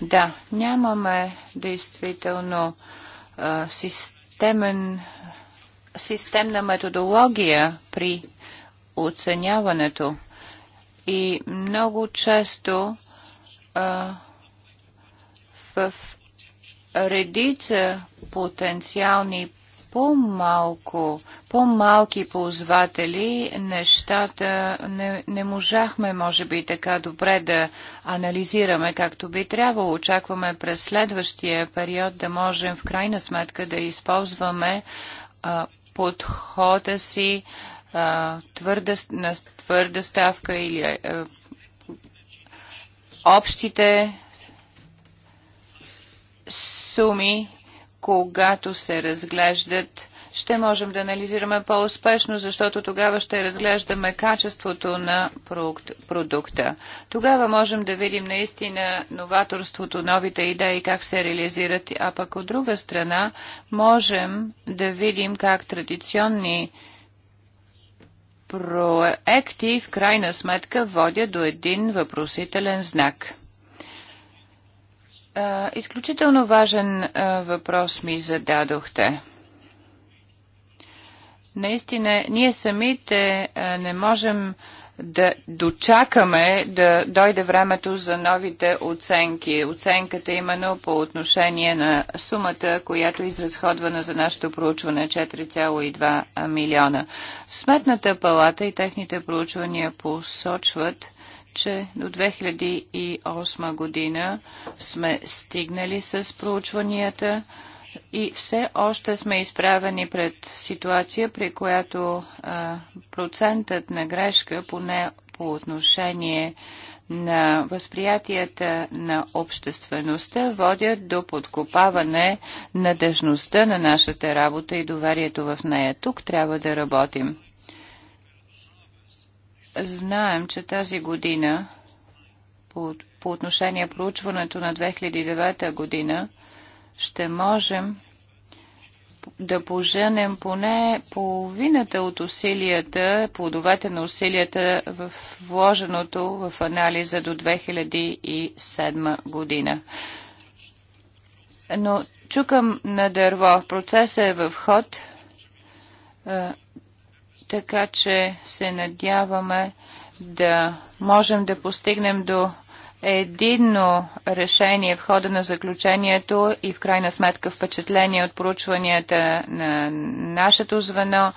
Да, нямаме действително а, системен, системна методология при оценяването. И много често а, в редица потенциални по-малко, по-малки ползватели, нещата не, не можахме, може би, така добре да анализираме, както би трябвало. Очакваме през следващия период да можем в крайна сметка да използваме а, подхода си а, твърда, на твърда ставка или а, общите суми, когато се разглеждат, ще можем да анализираме по-успешно, защото тогава ще разглеждаме качеството на продукта. Тогава можем да видим наистина новаторството, новите идеи, как се реализират, а пък от друга страна можем да видим как традиционни проекти в крайна сметка водят до един въпросителен знак – Изключително важен въпрос ми зададохте. Наистина, ние самите не можем да дочакаме да дойде времето за новите оценки. Оценката именно по отношение на сумата, която е изразходвана за нашето проучване 4,2 милиона. Сметната палата и техните проучвания посочват, че до 2008 година сме стигнали с проучванията и все още сме изправени пред ситуация, при която процентът на грешка, поне по отношение на възприятията на обществеността водят до подкопаване надежността на нашата работа и доверието в нея. Тук трябва да работим. Знаем, че тази година по, по отношение проучването на 2009 година ще можем да поженем поне половината от усилията, плодовете на усилията в вложеното в анализа до 2007 година. Но чукам на дърво. Процесът е в ход. Е, така че се надяваме да можем да постигнем до единно решение в хода на заключението и в крайна сметка впечатление от проучванията на нашето звено,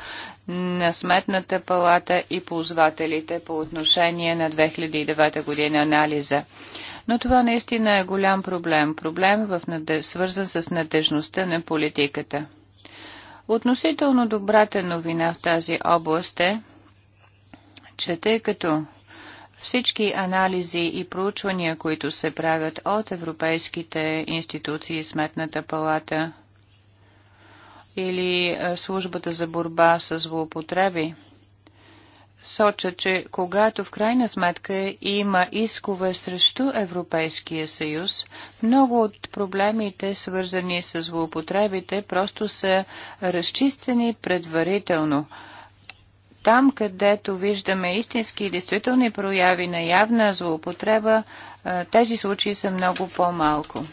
на Сметната палата и ползвателите по отношение на 2009 година анализа. Но това наистина е голям проблем. Проблем в надеж... свързан с надежността на политиката. Относително добрата новина в тази област е, че тъй като всички анализи и проучвания, които се правят от европейските институции, Сметната палата или е, службата за борба с злоупотреби, соча, че когато в крайна сметка има искове срещу Европейския съюз, много от проблемите, свързани с злоупотребите, просто са разчистени предварително. Там, където виждаме истински и действителни прояви на явна злоупотреба, тези случаи са много по-малко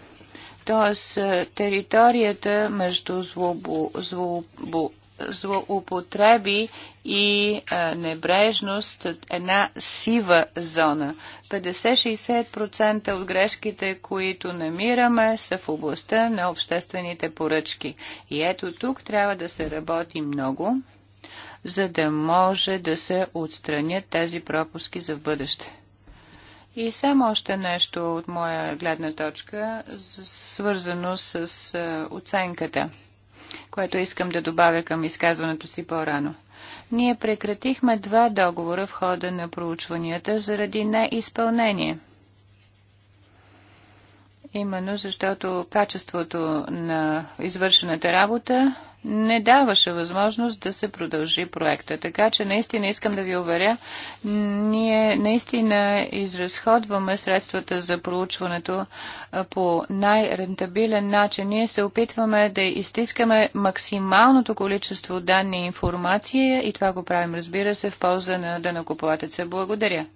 Тоест, територията между злобо, злобо, злоупотреби и а, небрежност една сива зона. 50-60% от грешките, които намираме, са в областта на обществените поръчки. И ето тук трябва да се работи много, за да може да се отстранят тези пропуски за бъдеще. И само още нещо от моя гледна точка, свързано с оценката – което искам да добавя към изказването си по-рано. Ние прекратихме два договора в хода на проучванията заради неизпълнение – Именно защото качеството на извършената работа не даваше възможност да се продължи проекта. Така че наистина искам да ви уверя, ние наистина изразходваме средствата за проучването по най-рентабилен начин. Ние се опитваме да изтискаме максималното количество данни и информация и това го правим, разбира се, в полза на данакоплатеца. Благодаря.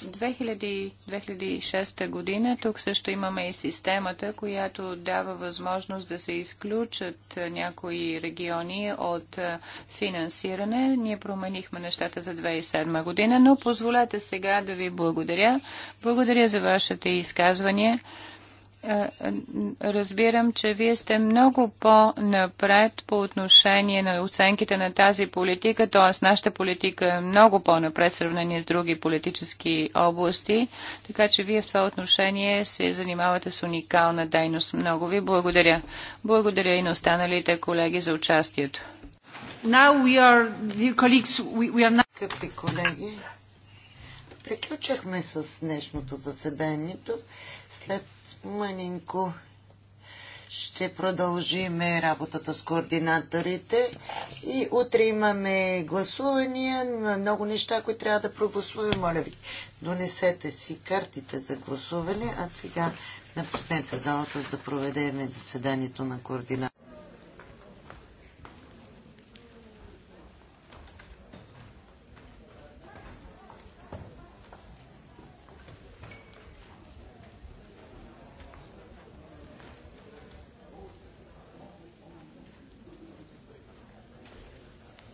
2000-2006 година тук също имаме и системата, която дава възможност да се изключат някои региони от финансиране. Ние променихме нещата за 2007 година, но позволете сега да ви благодаря. Благодаря за вашите изказвания. Е, е, разбирам, че вие сте много по-напред по отношение на оценките на тази политика, т.е. нашата политика е много по-напред в сравнение с други политически области, така че вие в това отношение се занимавате с уникална дейност. Много ви благодаря. Благодаря и на останалите колеги за участието. Now we are, dear colleagues, we, we are not... колеги, приключахме с днешното заседанието. След Манинко, ще продължиме работата с координаторите и утре имаме гласувания, имаме много неща, които трябва да прогласуваме. Моля ви, донесете си картите за гласуване, а сега напуснете залата, за да проведем заседанието на координаторите.